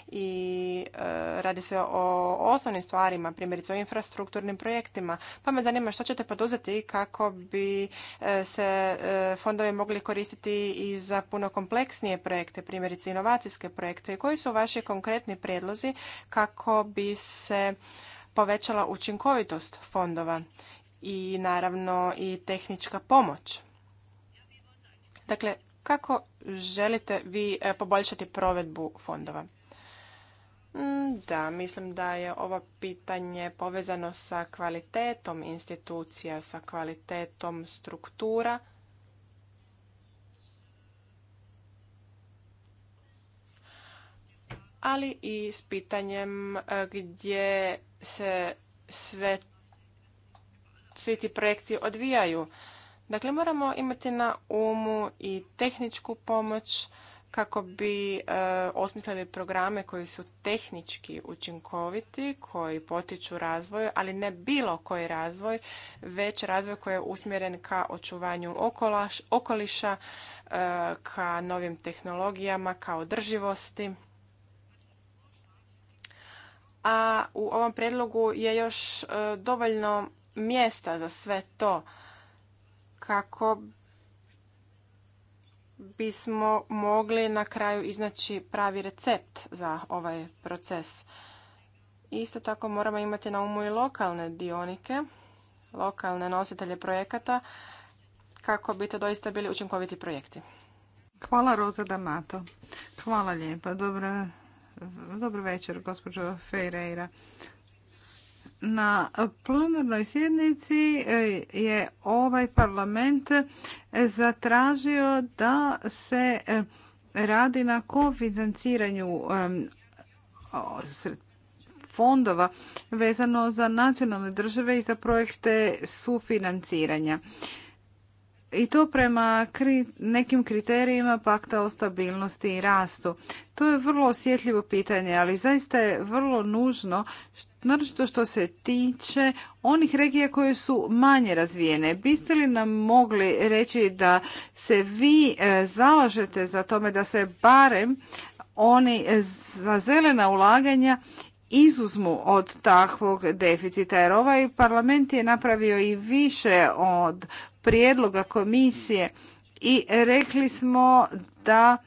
i e, radi se o osnovnim stvarima, primjerice o infrastrukturnim projektima. Pa me zanima što ćete poduzeti kako bi e, se e, fondovi mogli koristiti i za puno kompleksnije projekte, primjerice inovacijske projekte. Koji su vaši konkretni prijedlozi kako bi se povećala učinkovitost fondova i naravno i tehnička pomoć. Dakle, kako želite vi e, poboljšati provedbu fondova? Mm, da, mislim da je ovo pitanje povezano sa kvalitetom institucija, sa kvalitetom struktura ali i s pitanjem e, gdje se sve svi ti projekti odvijaju. Dakle, moramo imati na umu i tehničku pomoć kako bi e, osmislili programe koji su tehnički učinkoviti, koji potiču razvoj, ali ne bilo koji razvoj, već razvoj koji je usmjeren ka očuvanju okolaš, okoliša, e, ka novim tehnologijama, ka održivosti a u ovom predlogu je još e, dovoljno mjesta za sve to kako bismo mogli na kraju iznaći pravi recept za ovaj proces. Isto tako moramo imati na umu i lokalne dionike, lokalne nositelje projekata, kako bi to doista bili učinkoviti projekti. Hvala Roza D'Amato. Hvala lijepa. Dobro dobro večer, gospođo Ferreira. Na plenarnoj sjednici eh, je ovaj parlament eh, zatražio da se eh, radi na kofinanciranju fondova vezano za nacionalne države i za projekte sufinanciranja i to prema nekim kriterijima pakta o stabilnosti i rastu. To je vrlo osjetljivo pitanje, ali zaista je vrlo nužno, naročito što se tiče onih regija koje su manje razvijene. Biste li nam mogli reći da se vi e, zalažete za tome da se barem oni e, za zelena ulaganja izuzmu od takvog deficita, jer ovaj parlament je napravio i više od prijedloga komisije i rekli smo da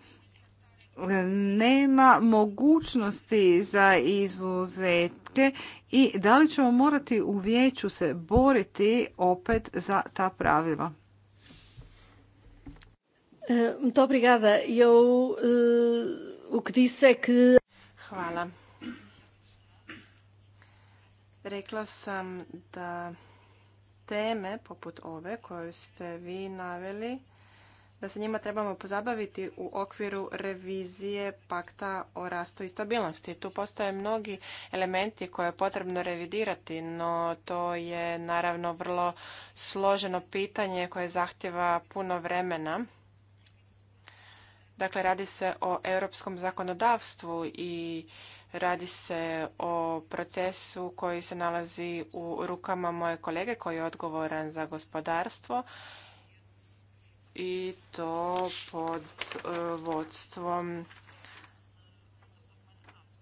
nema mogućnosti za izuzetke i da li ćemo morati u vijeću se boriti opet za ta pravila. Hvala. Rekla sam da teme poput ove koje ste vi naveli, da se njima trebamo pozabaviti u okviru revizije pakta o rastu i stabilnosti. Tu postoje mnogi elementi koje je potrebno revidirati, no to je naravno vrlo složeno pitanje koje zahtjeva puno vremena. Dakle, radi se o europskom zakonodavstvu i Radi se o procesu koji se nalazi u rukama moje kolege koji je odgovoran za gospodarstvo i to pod e, vodstvom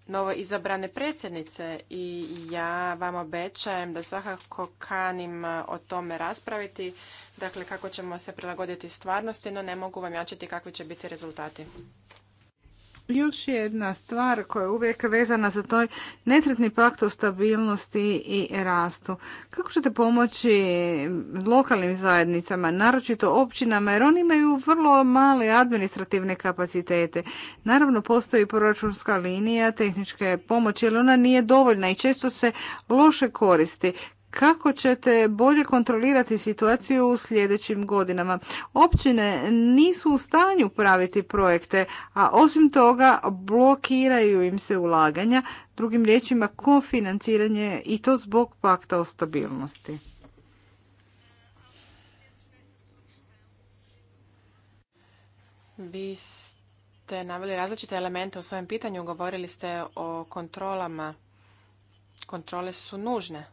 novo izabrane predsjednice i ja vam obećajem da svakako kanim e, o tome raspraviti, dakle kako ćemo se prilagoditi stvarnosti, no ne mogu vam jačiti kakvi će biti rezultati. Još jedna stvar koja je uvijek vezana za toj netretni pakt o stabilnosti i rastu. Kako ćete pomoći lokalnim zajednicama, naročito općinama, jer oni imaju vrlo male administrativne kapacitete. Naravno, postoji proračunska linija tehničke pomoći, ali ona nije dovoljna i često se loše koristi kako ćete bolje kontrolirati situaciju u sljedećim godinama. Općine nisu u stanju praviti projekte, a osim toga blokiraju im se ulaganja, drugim riječima kofinanciranje i to zbog pakta o stabilnosti. Vi ste naveli različite elemente u svojem pitanju, govorili ste o kontrolama. Kontrole su nužne.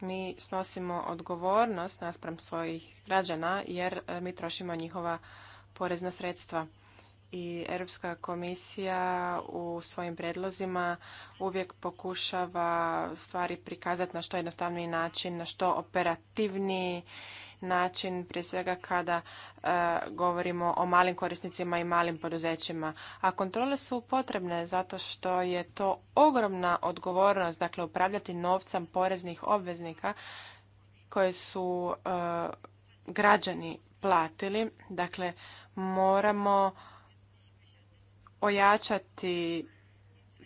mi snosimo odgovornost naspram svojih građana jer e, mi trošimo njihova porezna sredstva i Europska komisija u svojim predlozima uvijek pokušava stvari prikazati na što jednostavniji način, na što operativniji način, prije svega kada e, govorimo o malim korisnicima i malim poduzećima. A kontrole su potrebne zato što je to ogromna odgovornost, dakle upravljati novcem poreznih obveznika koje su e, građani platili. Dakle, moramo ojačati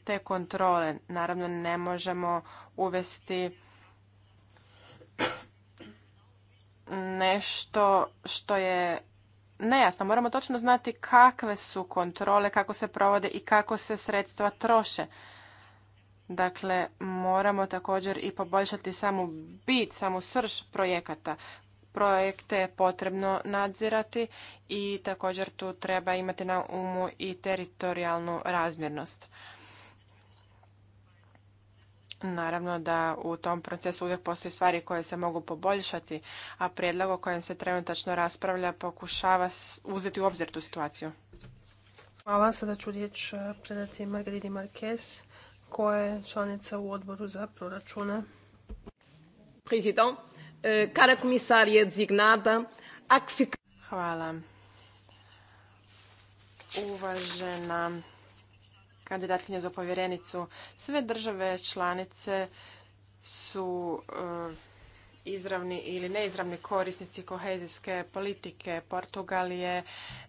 te kontrole. Naravno, ne možemo uvesti nešto što je nejasno. Moramo točno znati kakve su kontrole, kako se provode i kako se sredstva troše. Dakle, moramo također i poboljšati samu bit, samu srž projekata. Projekte je potrebno nadzirati i također tu treba imati na umu i teritorijalnu razmjernost. Naravno da u tom procesu uvijek postoje stvari koje se mogu poboljšati, a prijedlog o kojem se trenutačno raspravlja pokušava uzeti u obzir tu situaciju. Hvala, sada ću riječ eh, predati Margaridi Marques, koja je članica u odboru za proračune. Eh, Hvala. Uvažena kandidatkinja za povjerenicu. Sve države članice su e, izravni ili neizravni korisnici kohezijske politike. Portugal je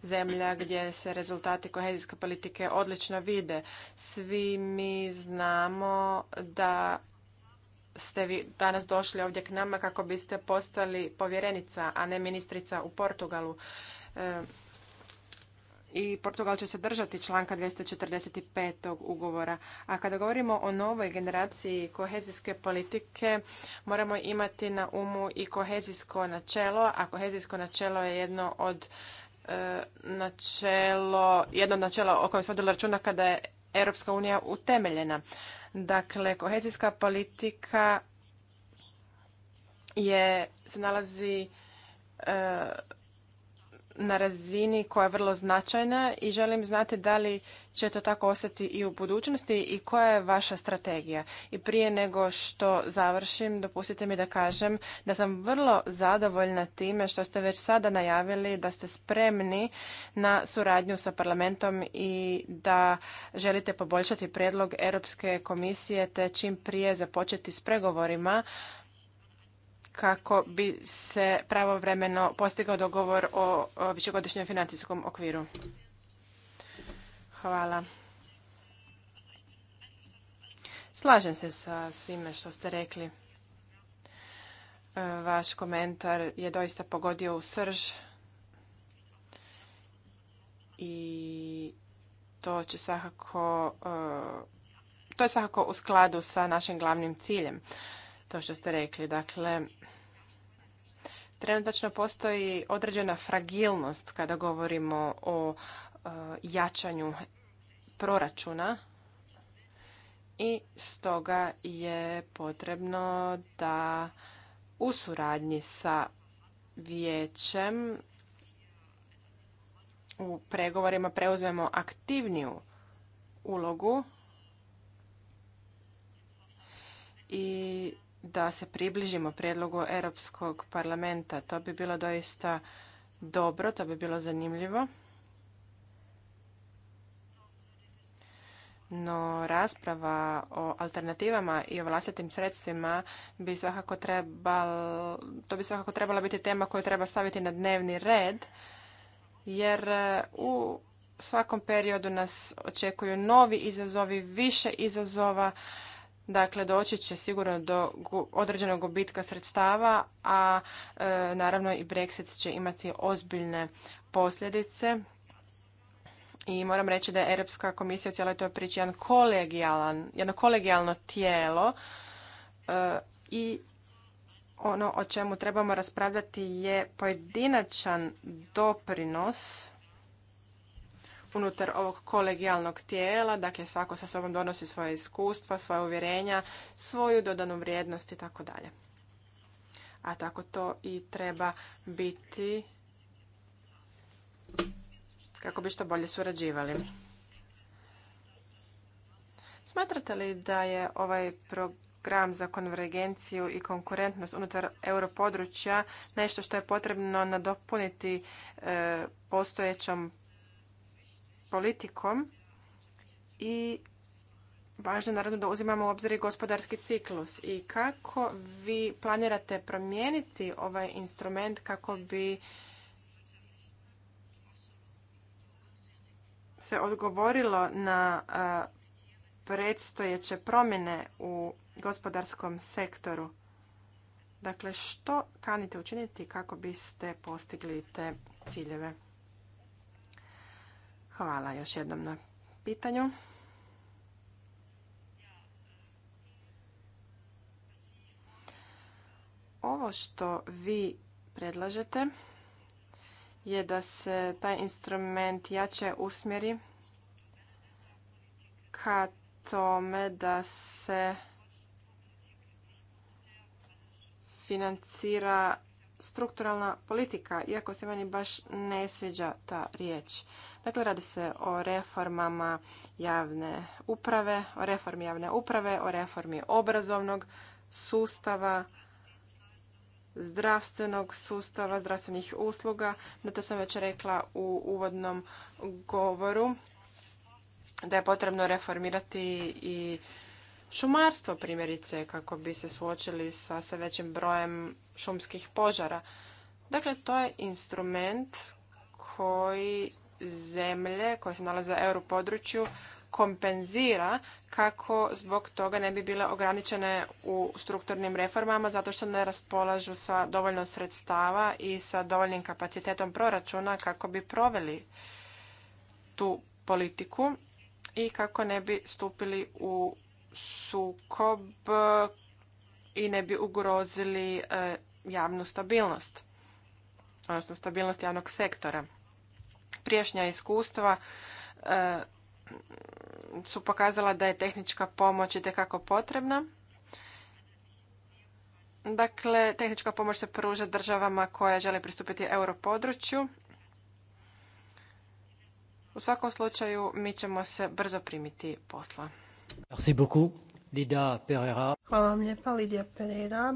zemlja gdje se rezultati kohezijske politike odlično vide. Svi mi znamo da ste vi danas došli ovdje k nama kako biste postali povjerenica, a ne ministrica u Portugalu. E, i Portugal će se držati članka 245. ugovora. A kada govorimo o novoj generaciji kohezijske politike, moramo imati na umu i kohezijsko načelo, a kohezijsko načelo je jedno od e, načelo, jedno od načela o kojem se vodilo računa kada je Europska unija utemeljena. Dakle, kohezijska politika je, se nalazi e, na razini koja je vrlo značajna i želim znati da li će to tako ostati i u budućnosti i koja je vaša strategija. I prije nego što završim, dopustite mi da kažem da sam vrlo zadovoljna time što ste već sada najavili da ste spremni na suradnju sa parlamentom i da želite poboljšati predlog Europske komisije te čim prije započeti s pregovorima kako bi se pravovremeno postigao dogovor o višegodišnjem financijskom okviru. Hvala. Slažem se sa svime što ste rekli. E, vaš komentar je doista pogodio u srž i to će svakako e, to je svakako u skladu sa našim glavnim ciljem to što ste rekli. Dakle, trenutačno postoji određena fragilnost kada govorimo o e, jačanju proračuna i stoga je potrebno da u suradnji sa vijećem u pregovorima preuzmemo aktivniju ulogu i da se približimo prijedlogu Europskog parlamenta. To bi bilo doista dobro, to bi bilo zanimljivo. No rasprava o alternativama i o vlastitim sredstvima bi svakako trebala, to bi svakako trebala biti tema koju treba staviti na dnevni red, jer e, u svakom periodu nas očekuju novi izazovi, više izazova, Dakle, doći će sigurno do određenog gubitka sredstava, a e, naravno i Brexit će imati ozbiljne posljedice. I moram reći da je Europska komisija u cijeloj toj priči kolegijalan, jedno kolegijalno tijelo e, i ono o čemu trebamo raspravljati je pojedinačan doprinos unutar ovog kolegijalnog tijela, dakle svako sa sobom donosi svoje iskustva, svoje uvjerenja, svoju dodanu vrijednost i tako dalje. A tako to i treba biti kako bi što bolje surađivali. Smatrate li da je ovaj program za konvergenciju i konkurentnost unutar europodručja nešto što je potrebno nadopuniti e, postojećom politikom i važno je naravno da uzimamo u obzir gospodarski ciklus i kako vi planirate promijeniti ovaj instrument kako bi se odgovorilo na predstojeće promjene u gospodarskom sektoru. Dakle, što kanite učiniti kako biste postigli te ciljeve? Hvala još jednom na pitanju. Ovo što vi predlažete je da se taj instrument jače usmjeri ka tome da se financira strukturalna politika, iako se meni baš ne sviđa ta riječ. Dakle, radi se o reformama javne uprave, o reformi javne uprave, o reformi obrazovnog sustava, zdravstvenog sustava, zdravstvenih usluga. Da to sam već rekla u uvodnom govoru da je potrebno reformirati i šumarstvo primjerice kako bi se suočili sa sve većim brojem šumskih požara. Dakle, to je instrument koji zemlje koje se nalaze u europodručju kompenzira kako zbog toga ne bi bile ograničene u strukturnim reformama zato što ne raspolažu sa dovoljno sredstava i sa dovoljnim kapacitetom proračuna kako bi proveli tu politiku i kako ne bi stupili u sukob i ne bi ugrozili e, javnu stabilnost, odnosno stabilnost javnog sektora. Prijašnja iskustva e, su pokazala da je tehnička pomoć itekako potrebna. Dakle, tehnička pomoć se pruža državama koje žele pristupiti europodručju. U svakom slučaju mi ćemo se brzo primiti posla. Hvala vam lijepa, Lidija Pereira,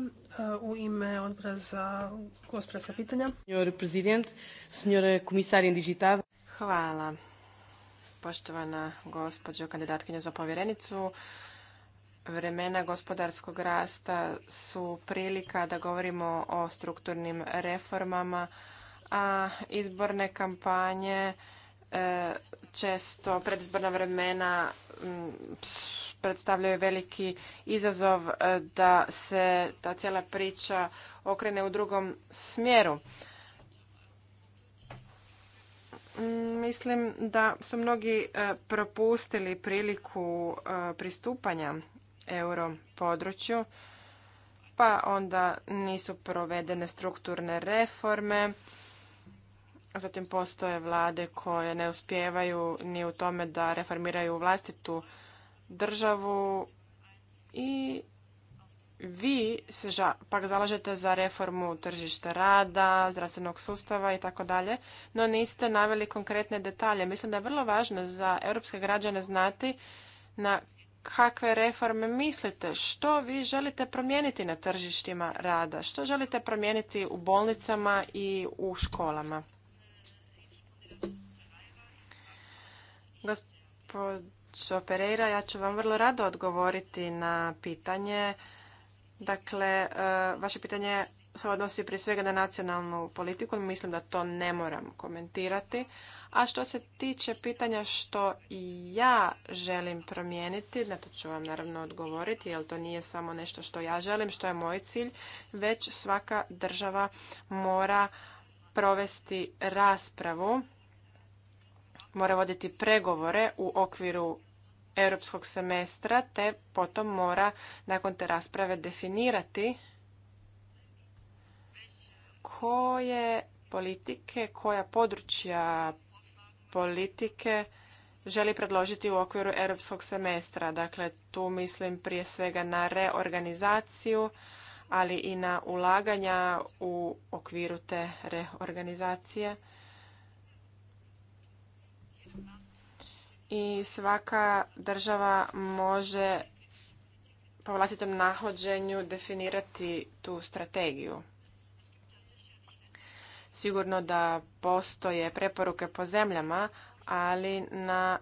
uh, u ime odbora za gospodarska pitanja. Hvala, poštovana gospođo kandidatkinja za povjerenicu. Vremena gospodarskog rasta su prilika da govorimo o strukturnim reformama, a izborne kampanje e, često predizborna vremena su predstavljaju veliki izazov e, da se ta cijela priča okrene u drugom smjeru. Mislim da su mnogi e, propustili priliku e, pristupanja euro području, pa onda nisu provedene strukturne reforme. Zatim postoje vlade koje ne uspijevaju ni u tome da reformiraju vlastitu državu i vi se pak zalažete za reformu tržišta rada, zdravstvenog sustava i tako dalje, no niste naveli konkretne detalje. Mislim da je vrlo važno za europske građane znati na kakve reforme mislite, što vi želite promijeniti na tržištima rada, što želite promijeniti u bolnicama i u školama. Gospod Pereira, ja ću vam vrlo rado odgovoriti na pitanje. Dakle, e, vaše pitanje se odnosi prije svega na nacionalnu politiku, mislim da to ne moram komentirati. A što se tiče pitanja što i ja želim promijeniti, na to ću vam naravno odgovoriti, jer to nije samo nešto što ja želim, što je moj cilj, već svaka država mora provesti raspravu mora voditi pregovore u okviru europskog semestra te potom mora nakon te rasprave definirati koje politike, koja područja politike želi predložiti u okviru europskog semestra. Dakle, tu mislim prije svega na reorganizaciju, ali i na ulaganja u okviru te reorganizacije. i svaka država može po vlastitom nahođenju definirati tu strategiju. Sigurno da postoje preporuke po zemljama, ali na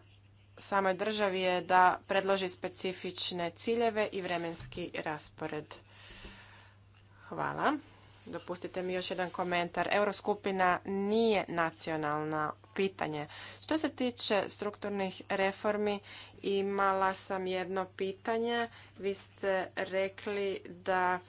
samoj državi je da predloži specifične ciljeve i vremenski raspored. Hvala. Dopustite mi još jedan komentar. Euroskupina nije nacionalna pitanje. Što se tiče strukturnih reformi, imala sam jedno pitanje. Vi ste rekli da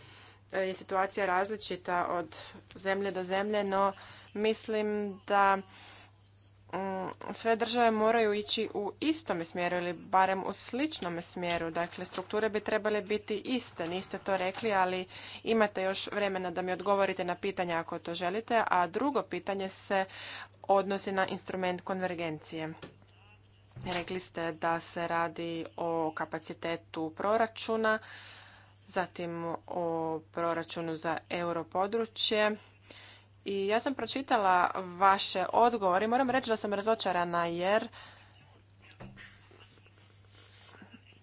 je situacija različita od zemlje do zemlje, no mislim da mm, sve države moraju ići u istome smjeru ili barem u sličnom smjeru. Dakle, strukture bi trebale biti iste. Niste to rekli, ali imate još vremena da mi odgovorite na pitanje ako to želite. A drugo pitanje se odnosi na instrument konvergencije. Rekli ste da se radi o kapacitetu proračuna, zatim o proračunu za europodručje. I ja sam pročitala vaše odgovore i moram reći da sam razočarana jer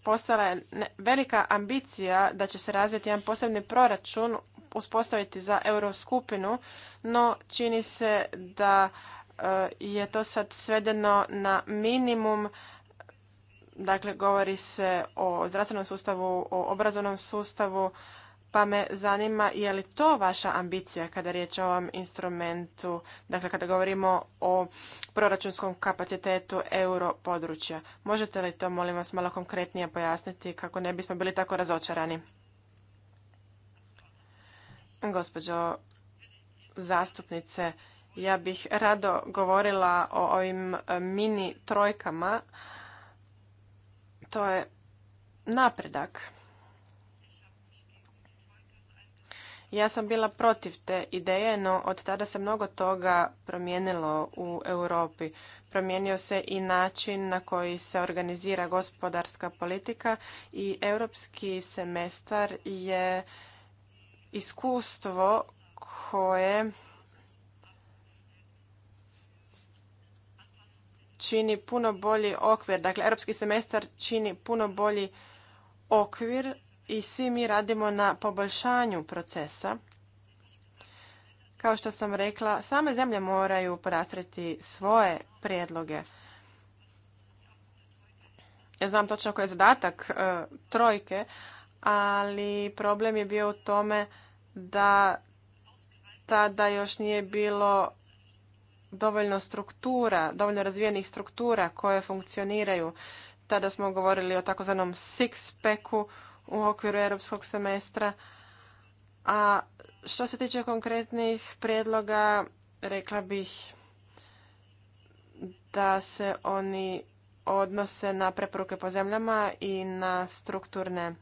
postala je velika ambicija da će se razviti jedan posebni proračun uspostaviti za euroskupinu, no čini se da Eh, je to sad svedeno na minimum. Dakle, govori se o zdravstvenom sustavu, o obrazovnom sustavu, pa me zanima je li to vaša ambicija kada je riječ o ovom instrumentu, dakle kada govorimo o proračunskom kapacitetu euro područja. Možete li to, molim vas, malo konkretnije pojasniti kako ne bismo bili tako razočarani? Gospođo zastupnice, ja bih rado govorila o ovim e, mini trojkama. To je napredak. Ja sam bila protiv te ideje, no od tada se mnogo toga promijenilo u Europi. Promijenio se i način na koji se organizira gospodarska politika i europski semestar je iskustvo koje čini puno bolji okvir. Dakle, europski semestar čini puno bolji okvir i svi mi radimo na poboljšanju procesa. Kao što sam rekla, same zemlje moraju podastriti svoje prijedloge. Ja znam točno koji je zadatak e, trojke, ali problem je bio u tome da tada još nije bilo dovoljno struktura, dovoljno razvijenih struktura koje funkcioniraju. Tada smo govorili o takozvanom six packu u okviru europskog semestra. A što se tiče konkretnih prijedloga, rekla bih da se oni odnose na preporuke po zemljama i na strukturne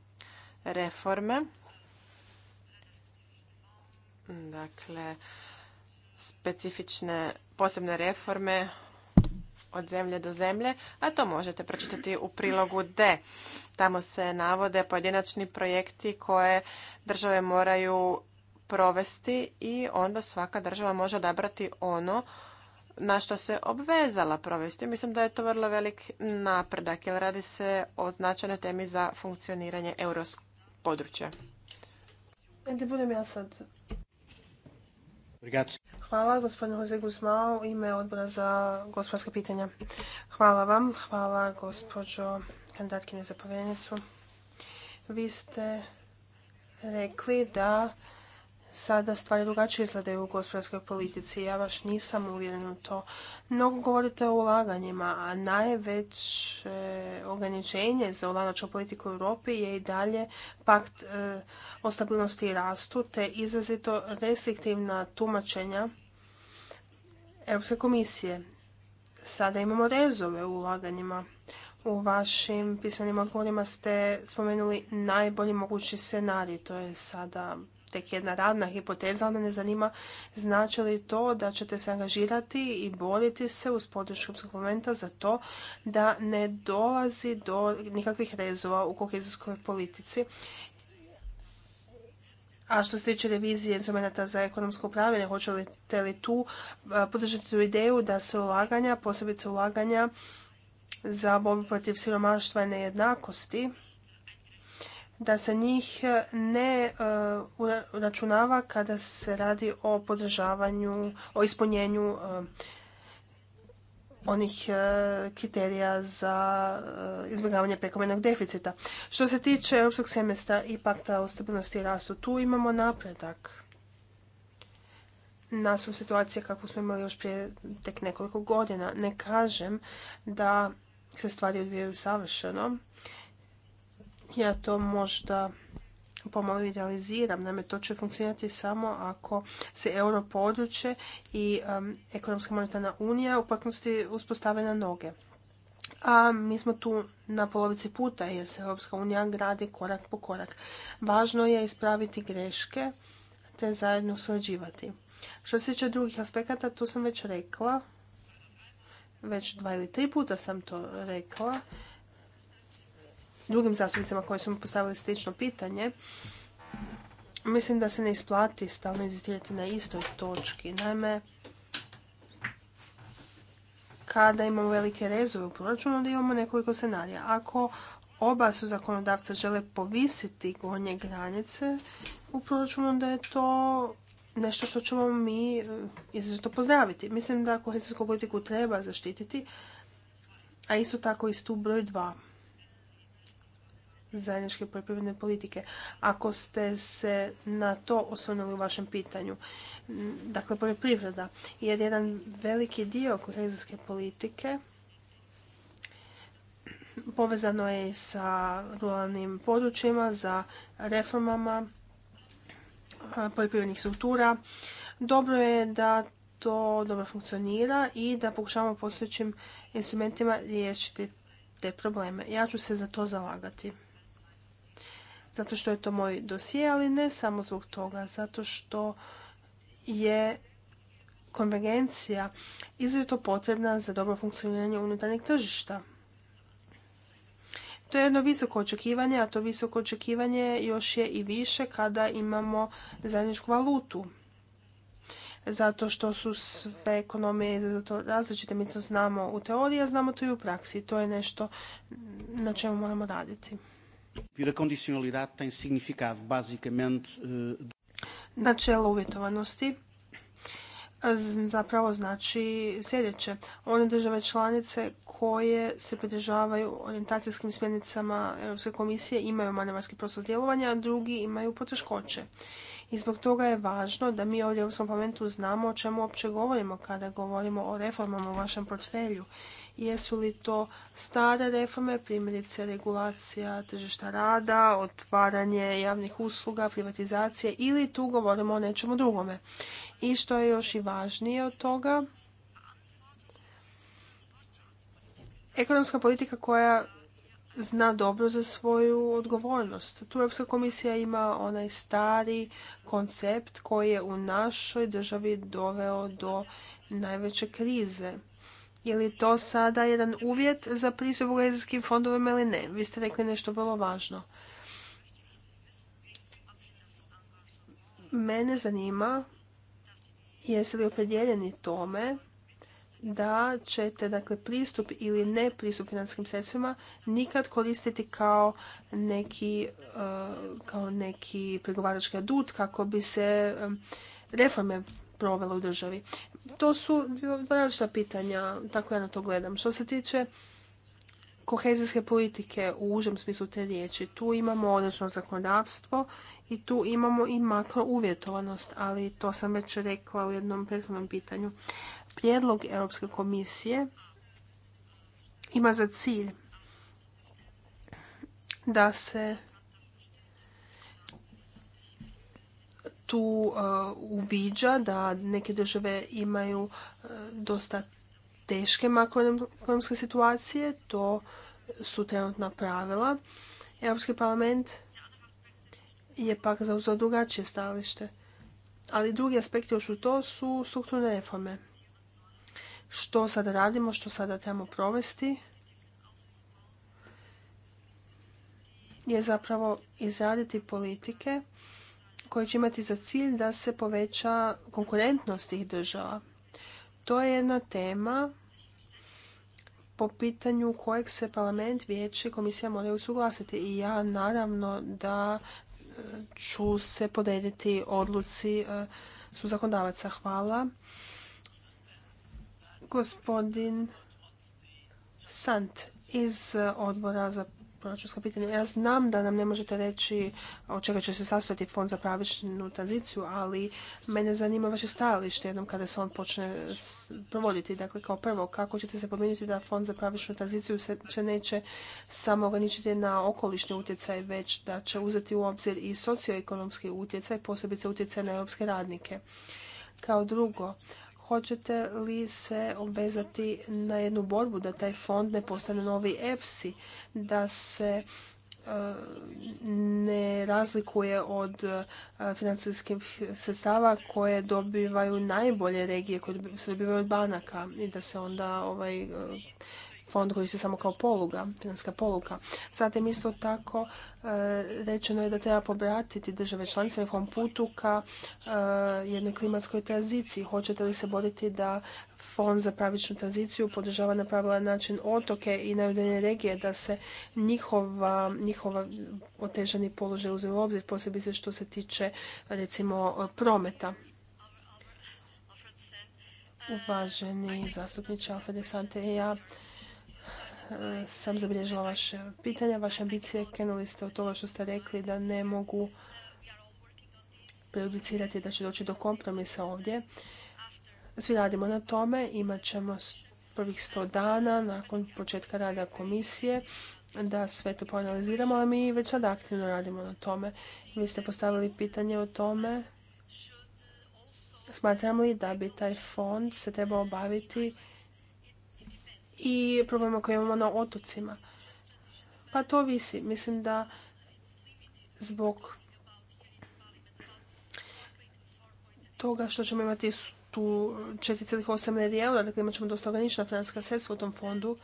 reforme. Dakle, specifične posebne reforme od zemlje do zemlje, a to možete pročitati u prilogu D. Tamo se navode pojedinačni projekti koje države moraju provesti i onda svaka država može odabrati ono na što se obvezala provesti. Mislim da je to vrlo velik napredak, jer radi se o značajnoj temi za funkcioniranje europskog područja. E, da budem ja sad Hvala gospodinu Jose Guzmao u ime odbora za gospodarske pitanja. Hvala vam, hvala gospođo kandidatkine za povjerenicu. Vi ste rekli da sada stvari drugačije izgledaju u gospodarskoj politici. Ja baš nisam uvjeren u to. Mnogo govorite o ulaganjima, a najveće ograničenje za ulagačku politiku u Europi je i dalje pakt e, o stabilnosti i rastu te izrazito restriktivna tumačenja Europske komisije. Sada imamo rezove u ulaganjima. U vašim pismenim odgovorima ste spomenuli najbolji mogući scenarij, to je sada tek jedna radna hipoteza, ona ne zanima znači li to da ćete se angažirati i boriti se uz podršku za to da ne dolazi do nikakvih rezova u kohezijskoj politici. A što se tiče revizije instrumenta za ekonomsko upravljanje, hoćete li tu podržati tu ideju da se ulaganja, posebice ulaganja za borbu protiv siromaštva i nejednakosti, da se njih e, ne e, uračunava kada se radi o podržavanju, o ispunjenju e, onih kriterija za izbjegavanje prekomjernog deficita. Što se tiče europskog semestra i pakta o stabilnosti i rastu, tu imamo napredak. smo situacije kakvu smo imali još prije tek nekoliko godina. Ne kažem da se stvari odvijaju savršeno, ja to možda pomalo idealiziram. Naime, to će funkcionirati samo ako se euro područje i ekonomska monetarna unija u potpunosti uspostave na noge. A mi smo tu na polovici puta jer se Europska unija gradi korak po korak. Važno je ispraviti greške te zajedno surađivati. Što se tiče drugih aspekata, to sam već rekla, već dva ili tri puta sam to rekla, drugim zastupnicama koji su mi postavili slično pitanje, mislim da se ne isplati stalno inzistirati na istoj točki. Naime, kada imamo velike rezove u proračunu, onda imamo nekoliko scenarija. Ako oba su zakonodavca žele povisiti gornje granice u proračunu, onda je to nešto što ćemo mi eh, izuzetno pozdraviti. Mislim da kohezijsku politiku treba zaštititi, a isto tako i stup broj dva zajedničke poljoprivredne politike. Ako ste se na to osvrnuli u vašem pitanju, dakle poljoprivreda, jer jedan veliki dio kohezijske politike povezano je sa ruralnim područjima, za reformama poljoprivrednih struktura. Dobro je da to dobro funkcionira i da pokušavamo postojećim instrumentima riješiti te probleme. Ja ću se za to zalagati zato što je to moj dosije, ali ne samo zbog toga, zato što je konvergencija izvjeto potrebna za dobro funkcioniranje unutarnjeg tržišta. To je jedno visoko očekivanje, a to visoko očekivanje još je i više kada imamo zajedničku valutu. Zato što su sve ekonomije zato različite, mi to znamo u teoriji, a znamo to i u praksi. To je nešto na čemu moramo raditi. Eh, Načelo uvjetovanosti zapravo znači sljedeće. One države članice koje se pridržavaju orientacijskim smjernicama Europske komisije imaju manevarski prostor djelovanja, a drugi imaju poteškoće. I zbog toga je važno da mi ovdje u Europskom parlamentu znamo o čemu uopće govorimo kada govorimo o reformama u vašem portfelju Jesu li to stare reforme, primjerice regulacija tržišta rada, otvaranje javnih usluga, privatizacije ili tu govorimo o nečemu drugome. I što je još i važnije od toga, ekonomska politika koja zna dobro za svoju odgovornost. Tu Europska komisija ima onaj stari koncept koji je u našoj državi doveo do najveće krize. Je li to sada jedan uvjet za pristup kohezijskim fondovima ili ne? Vi ste rekli nešto vrlo važno. Mene zanima jeste li opredjeljeni tome da ćete dakle, pristup ili ne pristup financijskim sredstvima nikad koristiti kao neki, eh, kao neki pregovarački adut kako bi se eh, reforme provele u državi to su različita pitanja, tako ja na to gledam. Što se tiče kohezijske politike u užem smislu te riječi, tu imamo određeno zakonodavstvo i tu imamo i makrouvjetovanost, ali to sam već rekla u jednom prethodnom pitanju. Prijedlog Europske komisije ima za cilj da se tu e, uviđa da neke države imaju e, dosta teške makroekonomske situacije, to su trenutna pravila. Europski parlament je pak zauzeo drugačije stalište. Ali drugi aspekt još u to su strukturne reforme. Što sada radimo, što sada trebamo provesti, je zapravo izraditi politike koje će imati za cilj da se poveća konkurentnost tih država. To je jedna tema po pitanju kojeg se parlament, vijeće i komisija moraju usuglasiti. I ja naravno da e, ću se podediti odluci e, su zakondavaca. Hvala. Gospodin Sant iz odbora za proračunska pitanja. Ja znam da nam ne možete reći od čega će se sastojati fond za pravičnu tranziciju, ali mene zanima vaše stajalište jednom kada se on počne provoditi. Dakle, kao prvo, kako ćete se pominuti da fond za pravičnu tranziciju se neće samo ograničiti na okolišni utjecaj, već da će uzeti u obzir i socioekonomski utjecaj, posebice utjecaj na europske radnike. Kao drugo, Hoćete li se obvezati na jednu borbu da taj fond ne postane novi EFSI, da se e, ne razlikuje od e, financijskih sredstava koje dobivaju najbolje regije koje se dobivaju od banaka i da se onda ovaj e, fond koji se samo kao poluga, finanska poluga. Zatim isto tako e, rečeno je da treba pobratiti države članice na putu ka e, jednoj klimatskoj tranziciji. Hoćete li se boriti da Fond za pravičnu tranziciju podržava na pravilan način otoke i navedene regije da se njihova, njihova otežani položaj uzme u obzir, posebice što se tiče recimo prometa. Uvaženi zastupniče Alfred Sante, ja Eh, sam zabilježila vaše pitanja, vaše ambicije. Krenuli ste od toga što ste rekli da ne mogu prejudicirati da će doći do kompromisa ovdje. Svi radimo na tome, imat ćemo prvih sto dana nakon početka rada komisije da sve to poanaliziramo, ali mi već sada aktivno radimo na tome. Vi ste postavili pitanje o tome smatram li da bi taj fond se trebao baviti i problema koje imamo na otocima. Pa to visi. Mislim da zbog toga što ćemo imati tu 4,8 milijardi eura, dakle imat ćemo dosta ograničena financijska sredstva u tom fondu,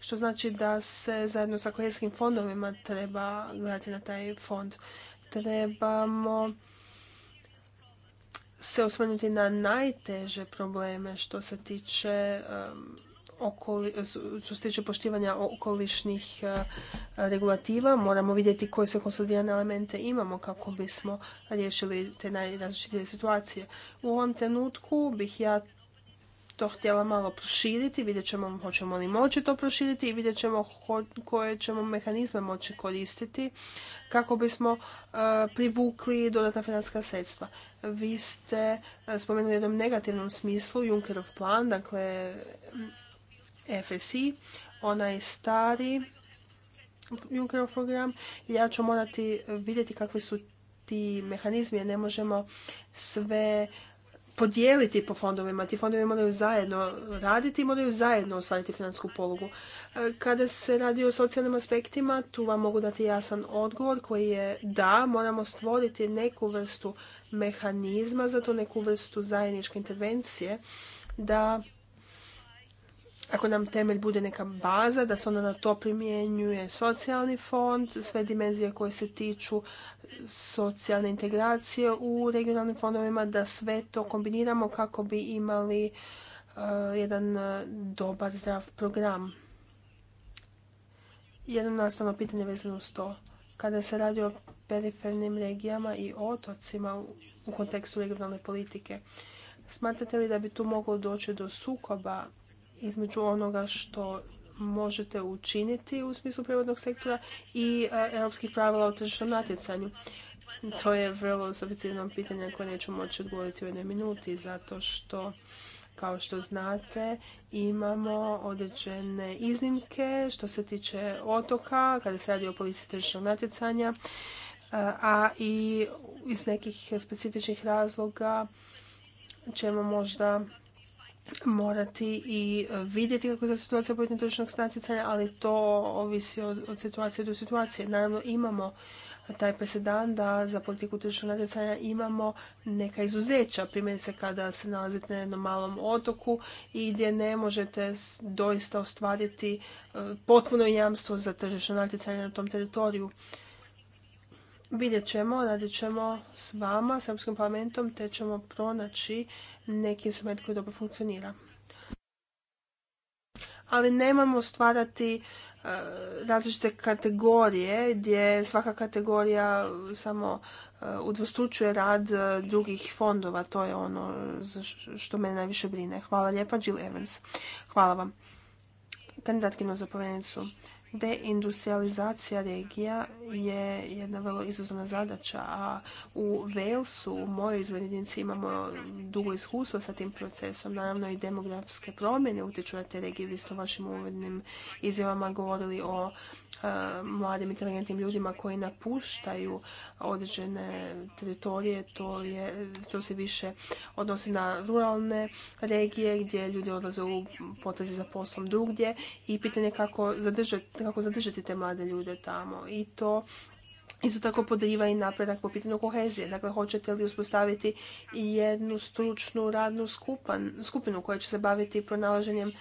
što znači da se zajedno sa kohezijskim fondovima treba gledati na taj fond. Trebamo se osvrnuti na najteže probleme što se tiče što se tiče poštivanja okolišnih e, regulativa. Moramo vidjeti koje se konsolidirane elemente imamo kako bismo riješili te najrazličitije situacije. U ovom trenutku bih ja to htjela malo proširiti, vidjet ćemo hoćemo li moći to proširiti i vidjet ćemo koje ćemo mehanizme moći koristiti kako bismo e, privukli dodatna financijska sredstva. Vi ste e, spomenuli u jednom negativnom smislu Junckerov plan, dakle FSI, onaj stari Junckerov program. Ja ću morati vidjeti kakvi su ti mehanizmi jer ne možemo sve podijeliti po fondovima. Ti fondovi moraju zajedno raditi i moraju zajedno ostvariti financijsku polugu. E, kada se radi o socijalnim aspektima, tu vam mogu dati jasan odgovor koji je da, moramo stvoriti neku vrstu mehanizma, za to neku vrstu zajedničke intervencije da ako nam temelj bude neka baza, da se onda na to primjenjuje socijalni fond, sve dimenzije koje se tiču socijalne integracije u regionalnim fondovima, da sve to kombiniramo kako bi imali e, jedan e, dobar zdrav program. Jedno nastavno pitanje vezano s to. Kada se radi o perifernim regijama i otocima u kontekstu regionalne politike, smatrate li da bi tu moglo doći do sukoba između onoga što možete učiniti u smislu privatnog sektora i e, europskih pravila o tržišnom natjecanju? To je vrlo sofisticirano pitanje koje neću moći odgovoriti u jednoj minuti zato što kao što znate, imamo određene iznimke što se tiče otoka, kada se radi o policiji tržišnog natjecanja, e, a i iz nekih specifičnih razloga ćemo možda morati i vidjeti kako je situacija pojedinog tržišnog natjecanja, ali to ovisi od, situacije do situacije. Naravno imamo taj presedan da za politiku tržišnog natjecanja imamo neka izuzeća, primjerice kada se nalazite na jednom malom otoku i gdje ne možete doista ostvariti e, potpuno jamstvo za tržišno natjecanje na tom teritoriju. Vidjet ćemo, radit ćemo s vama, s Europskim parlamentom, te ćemo pronaći neki instrument koji dobro funkcionira. Ali nemojmo stvarati e, različite kategorije gdje svaka kategorija samo e, udvostručuje rad e, drugih fondova. To je ono što mene najviše brine. Hvala lijepa, Jill Evans. Hvala vam. Kandidatkinu za povjerenicu. Deindustrializacija regija je jedna vrlo izazovna zadaća, a u Walesu, u mojoj jedinici imamo dugo iskustvo sa tim procesom. Naravno i demografske promjene utječu na te regije. Vi ste u vašim uvodnim izjavama govorili o E, mladim inteligentnim ljudima koji napuštaju određene teritorije, to, je, to se više odnosi na ruralne regije gdje ljudi odlaze u potrazi za poslom drugdje i pitanje kako zadržati, kako zadržati te mlade ljude tamo. I to Isto tako podriva i napredak po pitanju kohezije. Dakle, hoćete li uspostaviti jednu stručnu radnu skupinu koja će se baviti pronalaženjem e,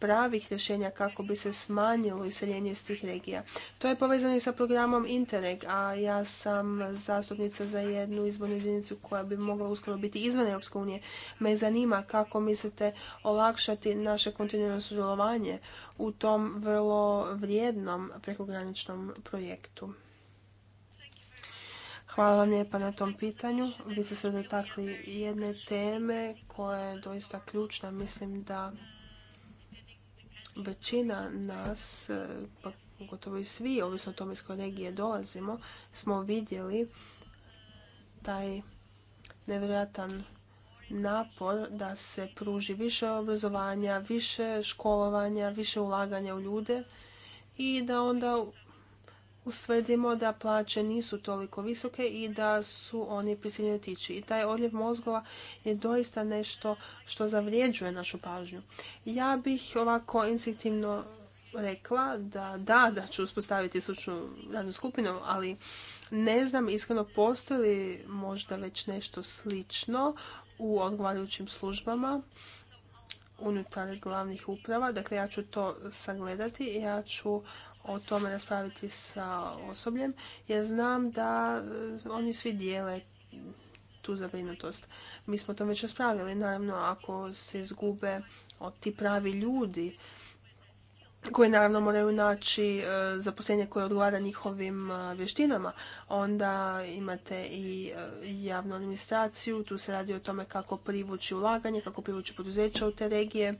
pravih rješenja kako bi se smanjilo iseljenje iz tih regija. To je povezano i sa programom Interreg, a ja sam zastupnica za jednu izbornu jedinicu koja bi mogla uskoro biti izvan Europske unije. Me zanima kako mislite olakšati naše kontinuirano sudjelovanje u tom vrlo vrijednom prekograničnom projektu. Hvala vam lijepa na tom pitanju. Vi ste se dotakli jedne teme koja je doista ključna. Mislim da većina nas, e, pa gotovo i svi, ovisno o tome iz koje regije dolazimo, smo vidjeli taj nevjerojatan napor da se pruži više obrazovanja, više školovanja, više ulaganja u ljude i da onda usvrdimo da plaće nisu toliko visoke i da su oni prisiljeni otići. I taj odljev mozgova je doista nešto što zavrijeđuje našu pažnju. Ja bih ovako instinktivno rekla da da, da ću uspostaviti slučnu radnu skupinu, ali ne znam iskreno postoji li možda već nešto slično u odgovarajućim službama unutar glavnih uprava. Dakle, ja ću to sagledati i ja ću o tome raspraviti sa osobljem, jer znam da e, oni svi dijele tu zabrinutost. Mi smo to već raspravili. naravno ako se izgube ti pravi ljudi, koji naravno moraju naći e, zaposlenje koje odgovara njihovim e, vještinama. Onda imate i javnu administraciju, tu se radi o tome kako privući ulaganje, kako privući poduzeća u te regije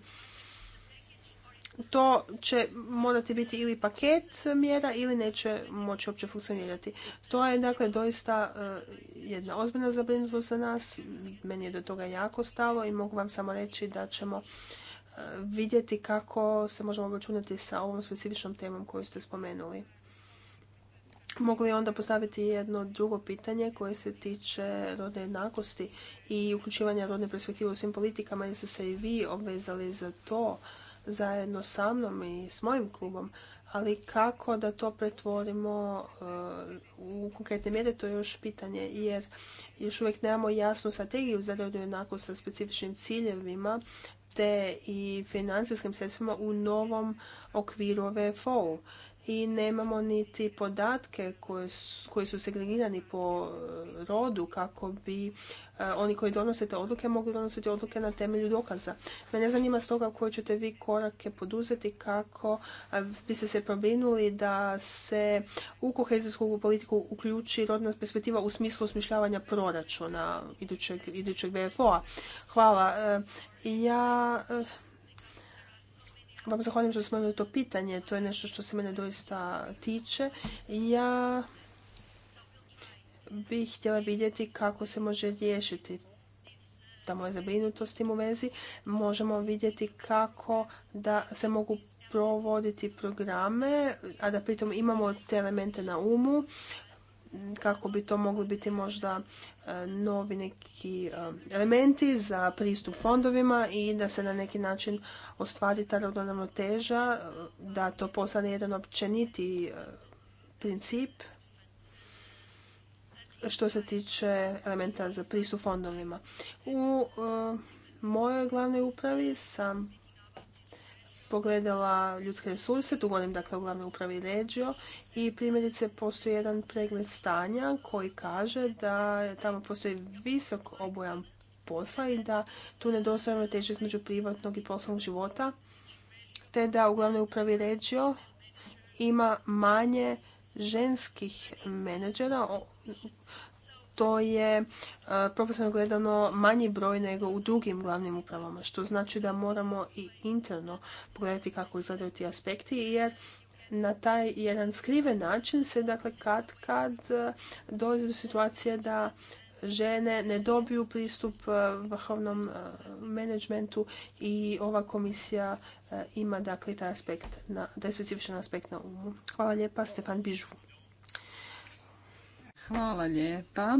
to će morati biti ili paket mjera ili neće moći uopće funkcionirati. To je dakle doista e, jedna ozbiljna zabrinutost za nas. Meni je do toga jako stalo i mogu vam samo reći da ćemo e, vidjeti kako se možemo obračunati sa ovom specifičnom temom koju ste spomenuli. Mogu li onda postaviti jedno drugo pitanje koje se tiče rodne jednakosti i uključivanja rodne perspektive u svim politikama Jeste se i vi obvezali za to zajedno sa mnom i s mojim klubom, ali kako da to pretvorimo e, u konkretne mjere, to je još pitanje, jer još uvijek nemamo jasnu strategiju za rodnu jednakost sa specifičnim ciljevima, te i financijskim sredstvima u novom okviru VFO-u i nemamo niti podatke koji su segregirani po e, rodu kako bi e, oni koji donose odluke mogli donositi odluke na temelju dokaza. Mene zanima stoga koje ćete vi korake poduzeti kako e, biste se probinuli da se u kohezijsku politiku uključi rodna perspektiva u smislu osmišljavanja proračuna idućeg, idućeg BFO-a. Hvala. Ja vam pa zahvaljujem što smo to pitanje. To je nešto što se mene doista tiče. Ja bih htjela vidjeti kako se može riješiti ta moja zabrinutost s tim u vezi. Možemo vidjeti kako da se mogu provoditi programe, a da pritom imamo te elemente na umu kako bi to mogli biti možda e, novi neki e, elementi za pristup fondovima i da se na neki način ostvari ta teža e, da to postane jedan općeniti princip što se tiče elementa za pristup fondovima. U mojoj glavnoj upravi sam pogledala ljudske resurse, tu govorim dakle u glavnoj upravi Regio i primjerice postoji jedan pregled stanja koji kaže da tamo postoji visok obojam posla i da tu nedostaje teže između privatnog i poslovnog života, te da u glavnoj upravi Regio ima manje ženskih menadžera to je e, proporcionalno gledano manji broj nego u drugim glavnim upravama, što znači da moramo i interno pogledati kako izgledaju ti aspekti, jer na taj jedan skriven način se dakle kad kad e, dolazi do situacije da žene ne dobiju pristup e, vrhovnom menadžmentu i ova komisija ima dakle taj aspekt, na, taj specifičan aspekt na umu. Hvala lijepa, Stefan Bižu. Hvala lijepa.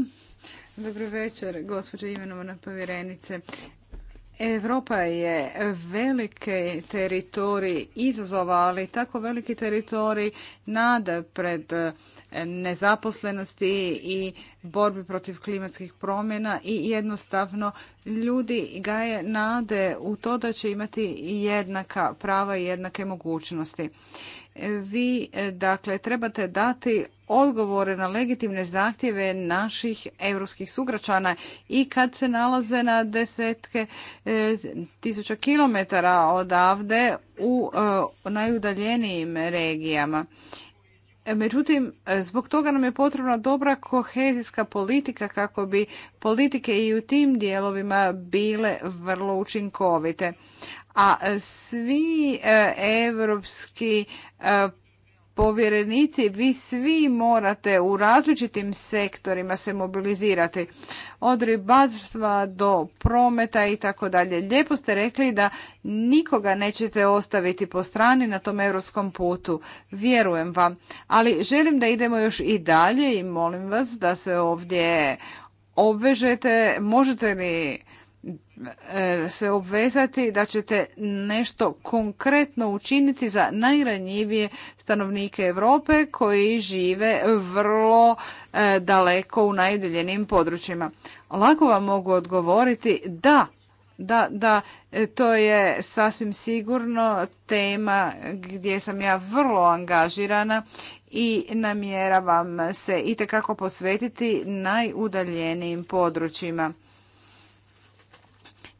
Dobro večer, gospođo imenovana povjerenice. Europa je velike teritorij izazova, ali tako veliki teritorij nada pred eh, nezaposlenosti i borbi protiv klimatskih promjena i jednostavno ljudi gaje nade u to da će imati jednaka prava i jednake mogućnosti vi e, dakle trebate dati odgovore na legitimne zahtjeve naših europskih sugrađana i kad se nalaze na desetke e, tisuća kilometara odavde u e, najudaljenijim regijama. E, međutim, zbog toga nam je potrebna dobra kohezijska politika kako bi politike i u tim dijelovima bile vrlo učinkovite a svi europski e, povjerenici, vi svi morate u različitim sektorima se mobilizirati. Od ribarstva do prometa i tako dalje. Lijepo ste rekli da nikoga nećete ostaviti po strani na tom europskom putu. Vjerujem vam. Ali želim da idemo još i dalje i molim vas da se ovdje obvežete. Možete li E, se obvezati da ćete nešto konkretno učiniti za najranjivije stanovnike Europe koji žive vrlo e, daleko u najudaljenim područjima. Lako vam mogu odgovoriti da, da, da, e, to je sasvim sigurno tema gdje sam ja vrlo angažirana i namjeravam se itekako posvetiti najudaljenijim područjima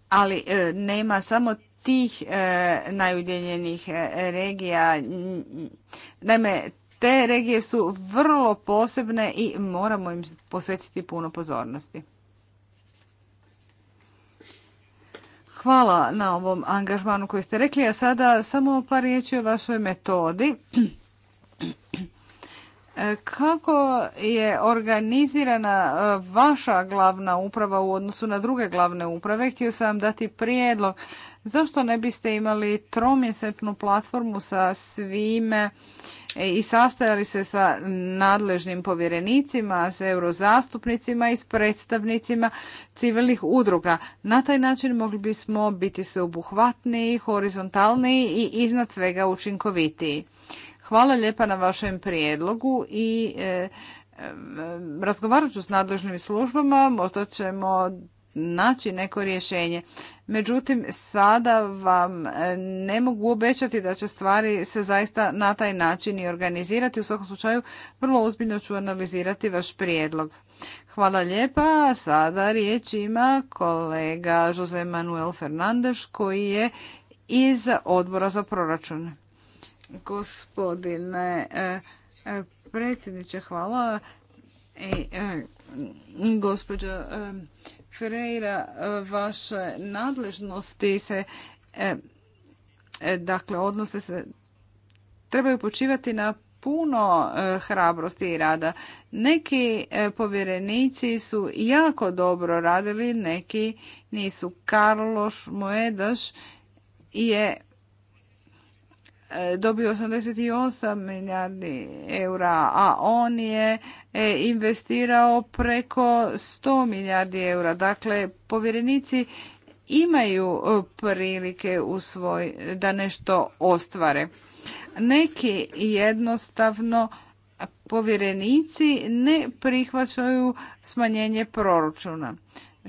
ali e, nema samo tih e, najudjeljenih e, regija. Naime, te regije su vrlo posebne i moramo im posvetiti puno pozornosti. Hvala na ovom angažmanu koji ste rekli, a sada samo par riječi o vašoj metodi. Kako je organizirana e, vaša glavna uprava u odnosu na druge glavne uprave? Htio sam vam dati prijedlog. Zašto ne biste imali tromjesečnu platformu sa svime e, i sastajali se sa nadležnim povjerenicima, s eurozastupnicima i s predstavnicima civilnih udruga? Na taj način mogli bismo biti sveobuhvatniji, horizontalniji i iznad svega učinkovitiji. Hvala lijepa na vašem prijedlogu i e, e, razgovarat ću s nadležnim službama, možda ćemo naći neko rješenje. Međutim, sada vam e, ne mogu obećati da će stvari se zaista na taj način i organizirati. U svakom slučaju, vrlo ozbiljno ću analizirati vaš prijedlog. Hvala lijepa. Sada riječ ima kolega Jose Manuel Fernandez koji je iz odbora za proračun. Gospodine e, e, predsjedniče, hvala. I, e, gospođo Freira, vaše nadležnosti se, dakle, odnose se, trebaju počivati na puno hrabrosti i rada. Neki povjerenici su jako dobro radili, neki nisu. Karloš Moedaš je E, dobio 88 milijardi eura, a on je e, investirao preko 100 milijardi eura. Dakle, povjerenici imaju e, prilike u svoj, da nešto ostvare. Neki jednostavno povjerenici ne prihvaćaju smanjenje proračuna.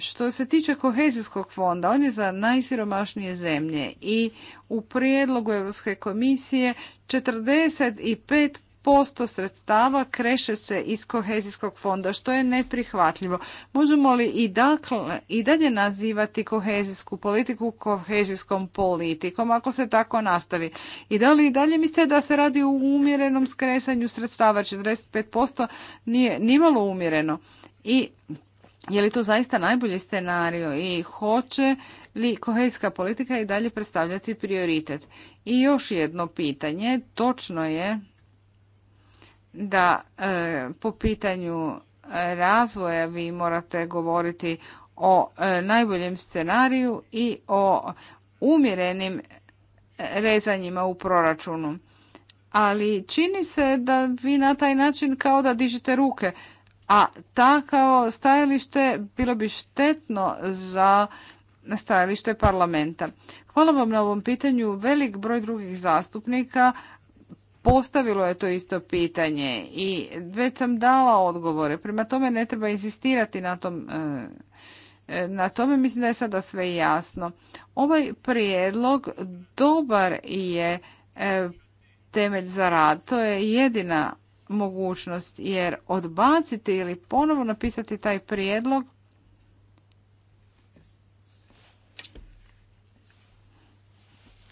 Što se tiče kohezijskog fonda, on je za najsiromašnije zemlje i u prijedlogu Europske komisije 45 posto sredstava kreše se iz kohezijskog fonda, što je neprihvatljivo. Možemo li i, dakle, i dalje nazivati kohezijsku politiku kohezijskom politikom, ako se tako nastavi? I da li i dalje mislite da se radi o umjerenom skresanju sredstava? 45% nije nimalo umjereno. I je li to zaista najbolji scenario i hoće li kohejska politika i dalje predstavljati prioritet? I još jedno pitanje, točno je da e, po pitanju razvoja vi morate govoriti o e, najboljem scenariju i o umjerenim rezanjima u proračunu. Ali čini se da vi na taj način kao da dižete ruke a kao stajalište bilo bi štetno za stajalište parlamenta. Hvala vam na ovom pitanju. Velik broj drugih zastupnika postavilo je to isto pitanje i već sam dala odgovore. Prema tome ne treba insistirati na tom e, e, na tome mislim da je sada sve jasno. Ovaj prijedlog dobar je e, temelj za rad. To je jedina mogućnost jer odbaciti ili ponovo napisati taj prijedlog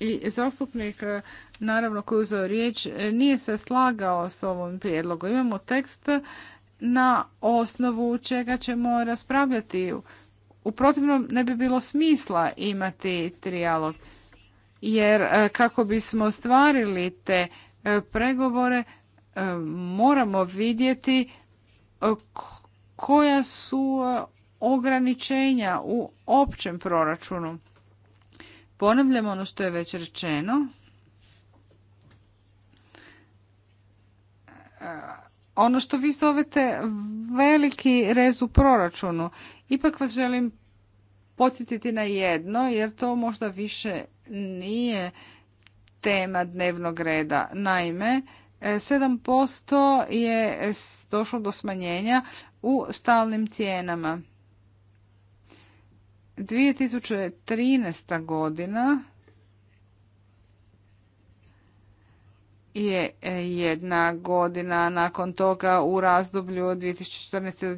i zastupnik e, naravno koji uzeo riječ e, nije se slagao s ovom prijedlogom. Imamo tekst na osnovu čega ćemo raspravljati. U protivnom ne bi bilo smisla imati trijalog. Jer e, kako bismo stvarili te pregovore E, moramo vidjeti e, koja su e, ograničenja u općem proračunu. Ponavljamo ono što je već rečeno. Ono što vi zovete veliki rez u proračunu, ipak vas želim podsjetiti na jedno, jer to možda više nije tema dnevnog reda. Naime, 7% je došlo do smanjenja u stalnim cijenama. 2013. godina je jedna godina nakon toga u razdoblju od 2014. do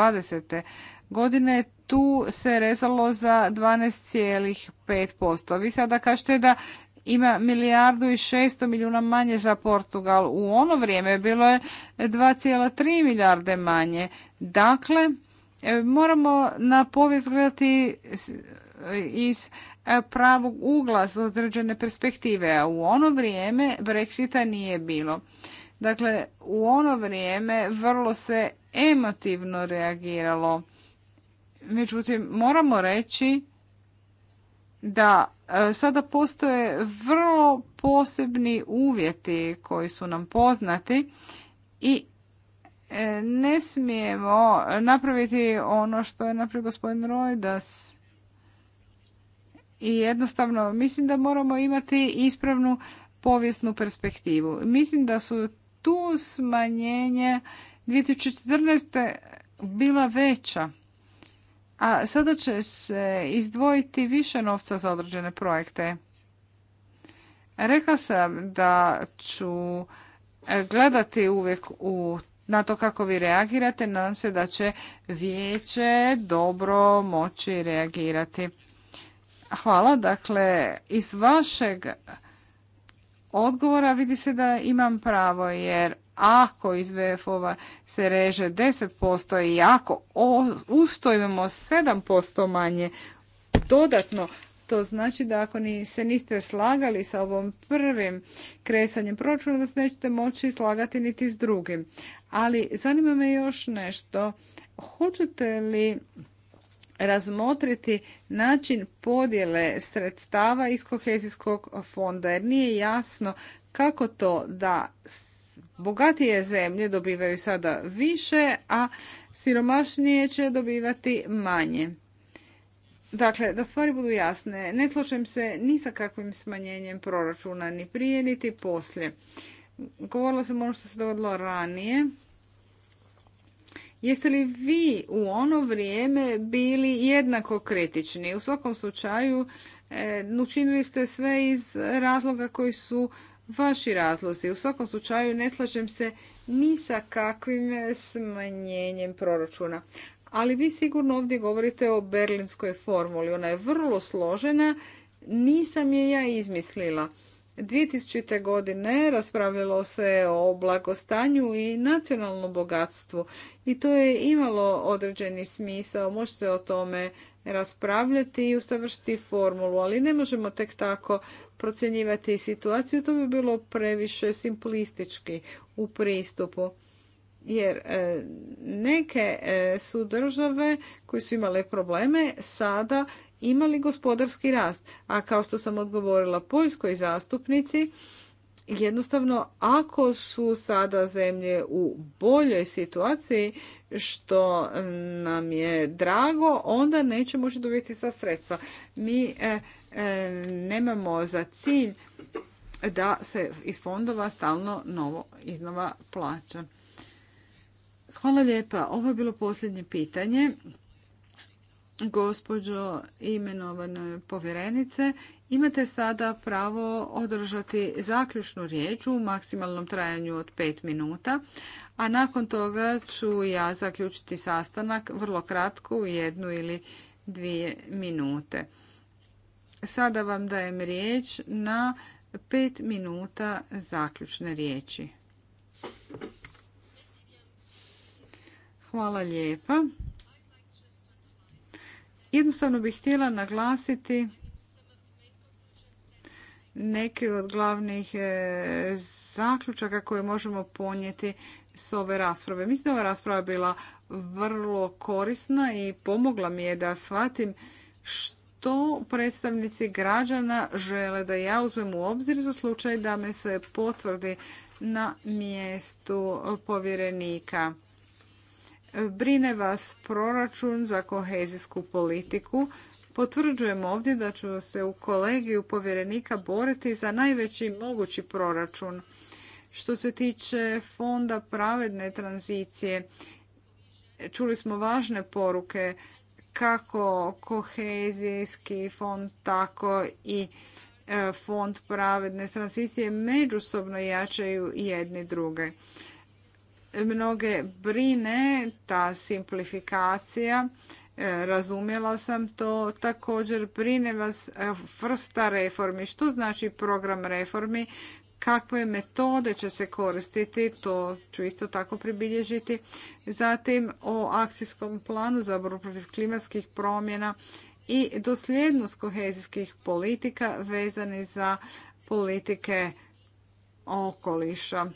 2020. godine tu se rezalo za 12,5%. Vi sada kažete da ima milijardu i šesto milijuna manje za Portugal. U ono vrijeme bilo je 2,3 milijarde manje. Dakle, e, moramo na povijest gledati e, iz e, pravog ugla s određene perspektive, a u ono vrijeme Brexita nije bilo. Dakle, u ono vrijeme vrlo se emotivno reagiralo. Međutim, moramo reći da e, sada postoje vrlo posebni uvjeti koji su nam poznati i e, ne smijemo napraviti ono što je napravio gospodin Rojdas. I jednostavno mislim da moramo imati ispravnu povijesnu perspektivu. Mislim da su tu smanjenje 2014. bila veća a sada će se izdvojiti više novca za određene projekte. Rekla sam da ću e, gledati uvijek u, na to kako vi reagirate. Nadam se da će vijeće dobro moći reagirati. Hvala. Dakle, iz vašeg odgovora vidi se da imam pravo jer ako iz VF-ova se reže 10% i ako ustojimo 7% manje dodatno, to znači da ako ni, se niste slagali sa ovom prvim kresanjem proračuna, da se nećete moći slagati niti s drugim. Ali zanima me još nešto. Hoćete li razmotriti način podjele sredstava iz kohezijskog fonda jer nije jasno kako to da bogatije zemlje dobivaju sada više, a siromašnije će dobivati manje. Dakle, da stvari budu jasne, ne slučajem se ni sa kakvim smanjenjem proračuna, ni prije, niti poslije. Govorila sam ono što se dogodilo ranije. Jeste li vi u ono vrijeme bili jednako kritični? U svakom slučaju, e, učinili ste sve iz razloga koji su vaši razlozi. U svakom slučaju ne slažem se ni sa kakvim smanjenjem proračuna. Ali vi sigurno ovdje govorite o berlinskoj formuli. Ona je vrlo složena, nisam je ja izmislila. 2000. godine raspravljalo se o blagostanju i nacionalnom bogatstvu i to je imalo određeni smisao. se o tome raspravljati i usavršiti formulu, ali ne možemo tek tako procjenjivati situaciju. To bi bilo previše simplistički u pristupu. Jer e, neke e, su države koje su imale probleme sada imali gospodarski rast. A kao što sam odgovorila poljskoj zastupnici, jednostavno ako su sada zemlje u boljoj situaciji, što nam je drago, onda neće moći dobiti ta sredstva. Mi e, e, nemamo za cilj da se iz fondova stalno novo iznova plaća. Hvala lijepa. Ovo je bilo posljednje pitanje gospođo imenovane povjerenice, imate sada pravo održati zaključnu riječ u maksimalnom trajanju od 5 minuta, a nakon toga ću ja zaključiti sastanak vrlo kratko u jednu ili dvije minute. Sada vam dajem riječ na 5 minuta zaključne riječi. Hvala lijepa. Jednostavno bih htjela naglasiti neke od glavnih e, zaključaka koje možemo ponijeti s ove rasprave. Mislim da ova rasprava bila vrlo korisna i pomogla mi je da shvatim što predstavnici građana žele da ja uzmem u obzir za slučaj da me se potvrdi na mjestu povjerenika. Brine vas proračun za kohezijsku politiku. Potvrđujem ovdje da ću se u kolegiju povjerenika boriti za najveći mogući proračun. Što se tiče fonda pravedne tranzicije, čuli smo važne poruke kako kohezijski fond, tako i e, fond pravedne tranzicije međusobno jačaju jedni druge mnoge brine ta simplifikacija. E, razumjela sam to. Također brine vas e, vrsta reformi. Što znači program reformi? kakve metode će se koristiti, to ću isto tako pribilježiti. Zatim o akcijskom planu za borbu protiv klimatskih promjena i dosljednost kohezijskih politika vezani za politike okoliša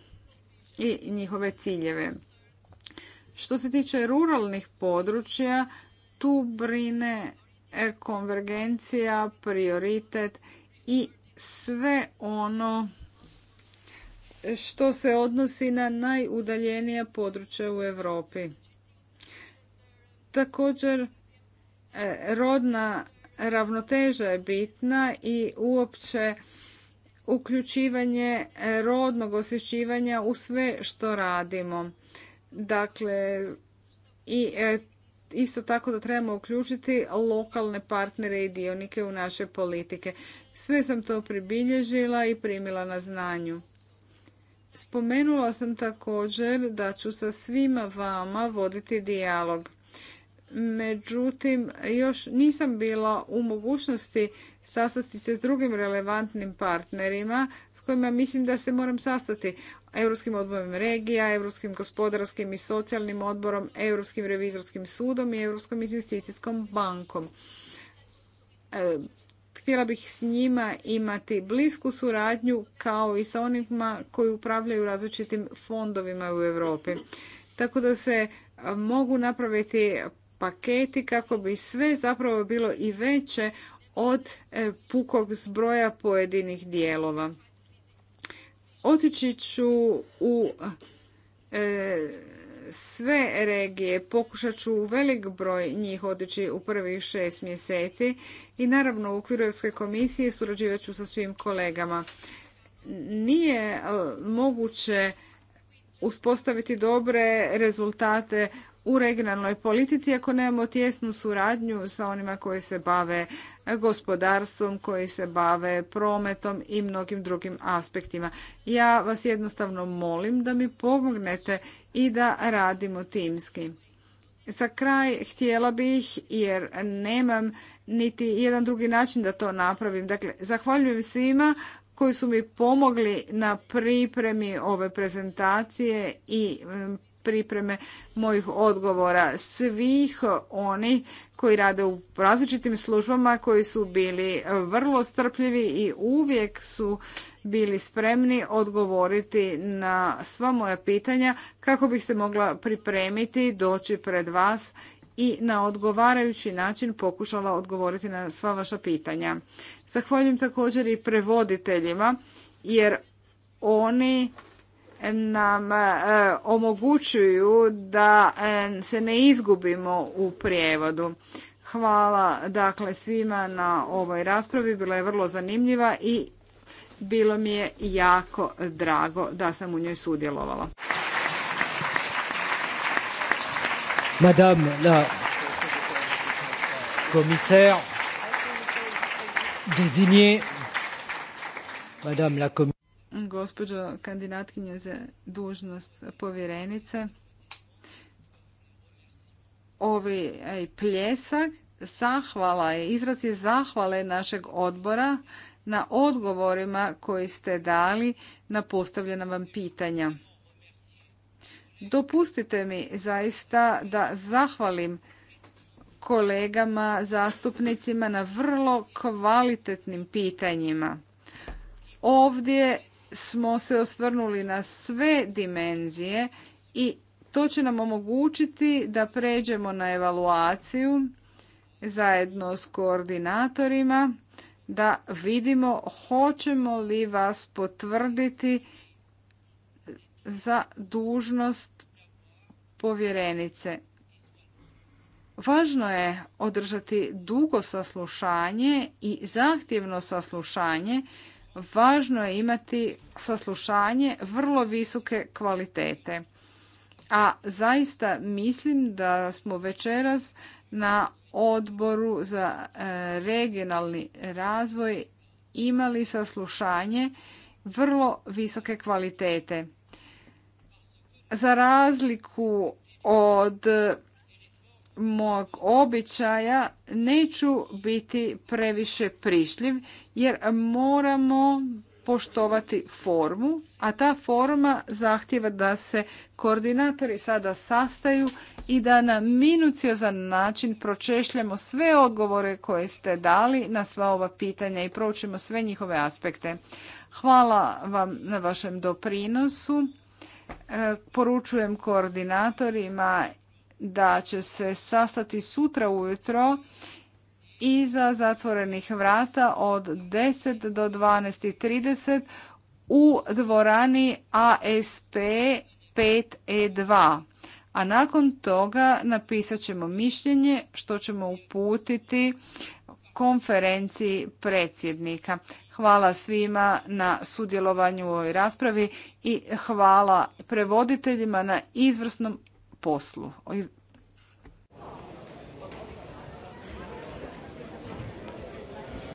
i njihove ciljeve. Što se tiče ruralnih područja, tu brine konvergencija, prioritet i sve ono što se odnosi na najudaljenija područja u Europi. Također, e, rodna ravnoteža je bitna i uopće uključivanje e, rodnog osvješćivanja u sve što radimo. Dakle, i e, isto tako da trebamo uključiti lokalne partnere i dionike u naše politike. Sve sam to pribilježila i primila na znanju. Spomenula sam također da ću sa svima vama voditi dijalog međutim još nisam bila u mogućnosti sastati se s drugim relevantnim partnerima s kojima mislim da se moram sastati. Europskim odborom regija, Europskim gospodarskim i socijalnim odborom, Europskim revizorskim sudom i Europskom investicijskom bankom. E, htjela bih s njima imati blisku suradnju kao i sa onima koji upravljaju različitim fondovima u Europi. Tako da se e, mogu napraviti paketi kako bi sve zapravo bilo i veće od e, pukog zbroja pojedinih dijelova. Otići ću u e, sve regije, pokušat ću u velik broj njih otići u prvih šest mjeseci i naravno u okviru komisiji komisije surađivat ću sa svim kolegama. Nije e, moguće uspostaviti dobre rezultate u regionalnoj politici ako nemamo tjesnu suradnju sa onima koji se bave gospodarstvom, koji se bave prometom i mnogim drugim aspektima. Ja vas jednostavno molim da mi pomognete i da radimo timski. Za kraj htjela bih, jer nemam niti jedan drugi način da to napravim. Dakle, zahvaljujem svima koji su mi pomogli na pripremi ove prezentacije i pripreme mojih odgovora svih oni koji rade u različitim službama koji su bili vrlo strpljivi i uvijek su bili spremni odgovoriti na sva moja pitanja kako bih se mogla pripremiti doći pred vas i na odgovarajući način pokušala odgovoriti na sva vaša pitanja. Zahvaljujem također i prevoditeljima jer oni nam e, omogućuju da e, se ne izgubimo u prijevodu. Hvala dakle svima na ovoj raspravi, bila je vrlo zanimljiva i bilo mi je jako drago da sam u njoj sudjelovala. Madame la commissaire désignée, Madame la gospođo kandidatkinjo za dužnost povjerenice. ovaj pljesak zahvala je, izraz je zahvale našeg odbora na odgovorima koji ste dali na postavljena vam pitanja. Dopustite mi zaista da zahvalim kolegama, zastupnicima na vrlo kvalitetnim pitanjima. Ovdje smo se osvrnuli na sve dimenzije i to će nam omogućiti da pređemo na evaluaciju zajedno s koordinatorima da vidimo hoćemo li vas potvrditi za dužnost povjerenice. Važno je održati dugo saslušanje i zahtjevno saslušanje važno je imati saslušanje vrlo visoke kvalitete. A zaista mislim da smo večeras na odboru za e, regionalni razvoj imali saslušanje vrlo visoke kvalitete. Za razliku od mog običaja neću biti previše prišljiv jer moramo poštovati formu, a ta forma zahtjeva da se koordinatori sada sastaju i da na minuciozan način pročešljamo sve odgovore koje ste dali na sva ova pitanja i proučimo sve njihove aspekte. Hvala vam na vašem doprinosu. E, poručujem koordinatorima da će se sastati sutra ujutro iza zatvorenih vrata od 10 do 12.30 u dvorani ASP 5E2. E A nakon toga napisat ćemo mišljenje što ćemo uputiti konferenciji predsjednika. Hvala svima na sudjelovanju u ovoj raspravi i hvala prevoditeljima na izvrsnom poslu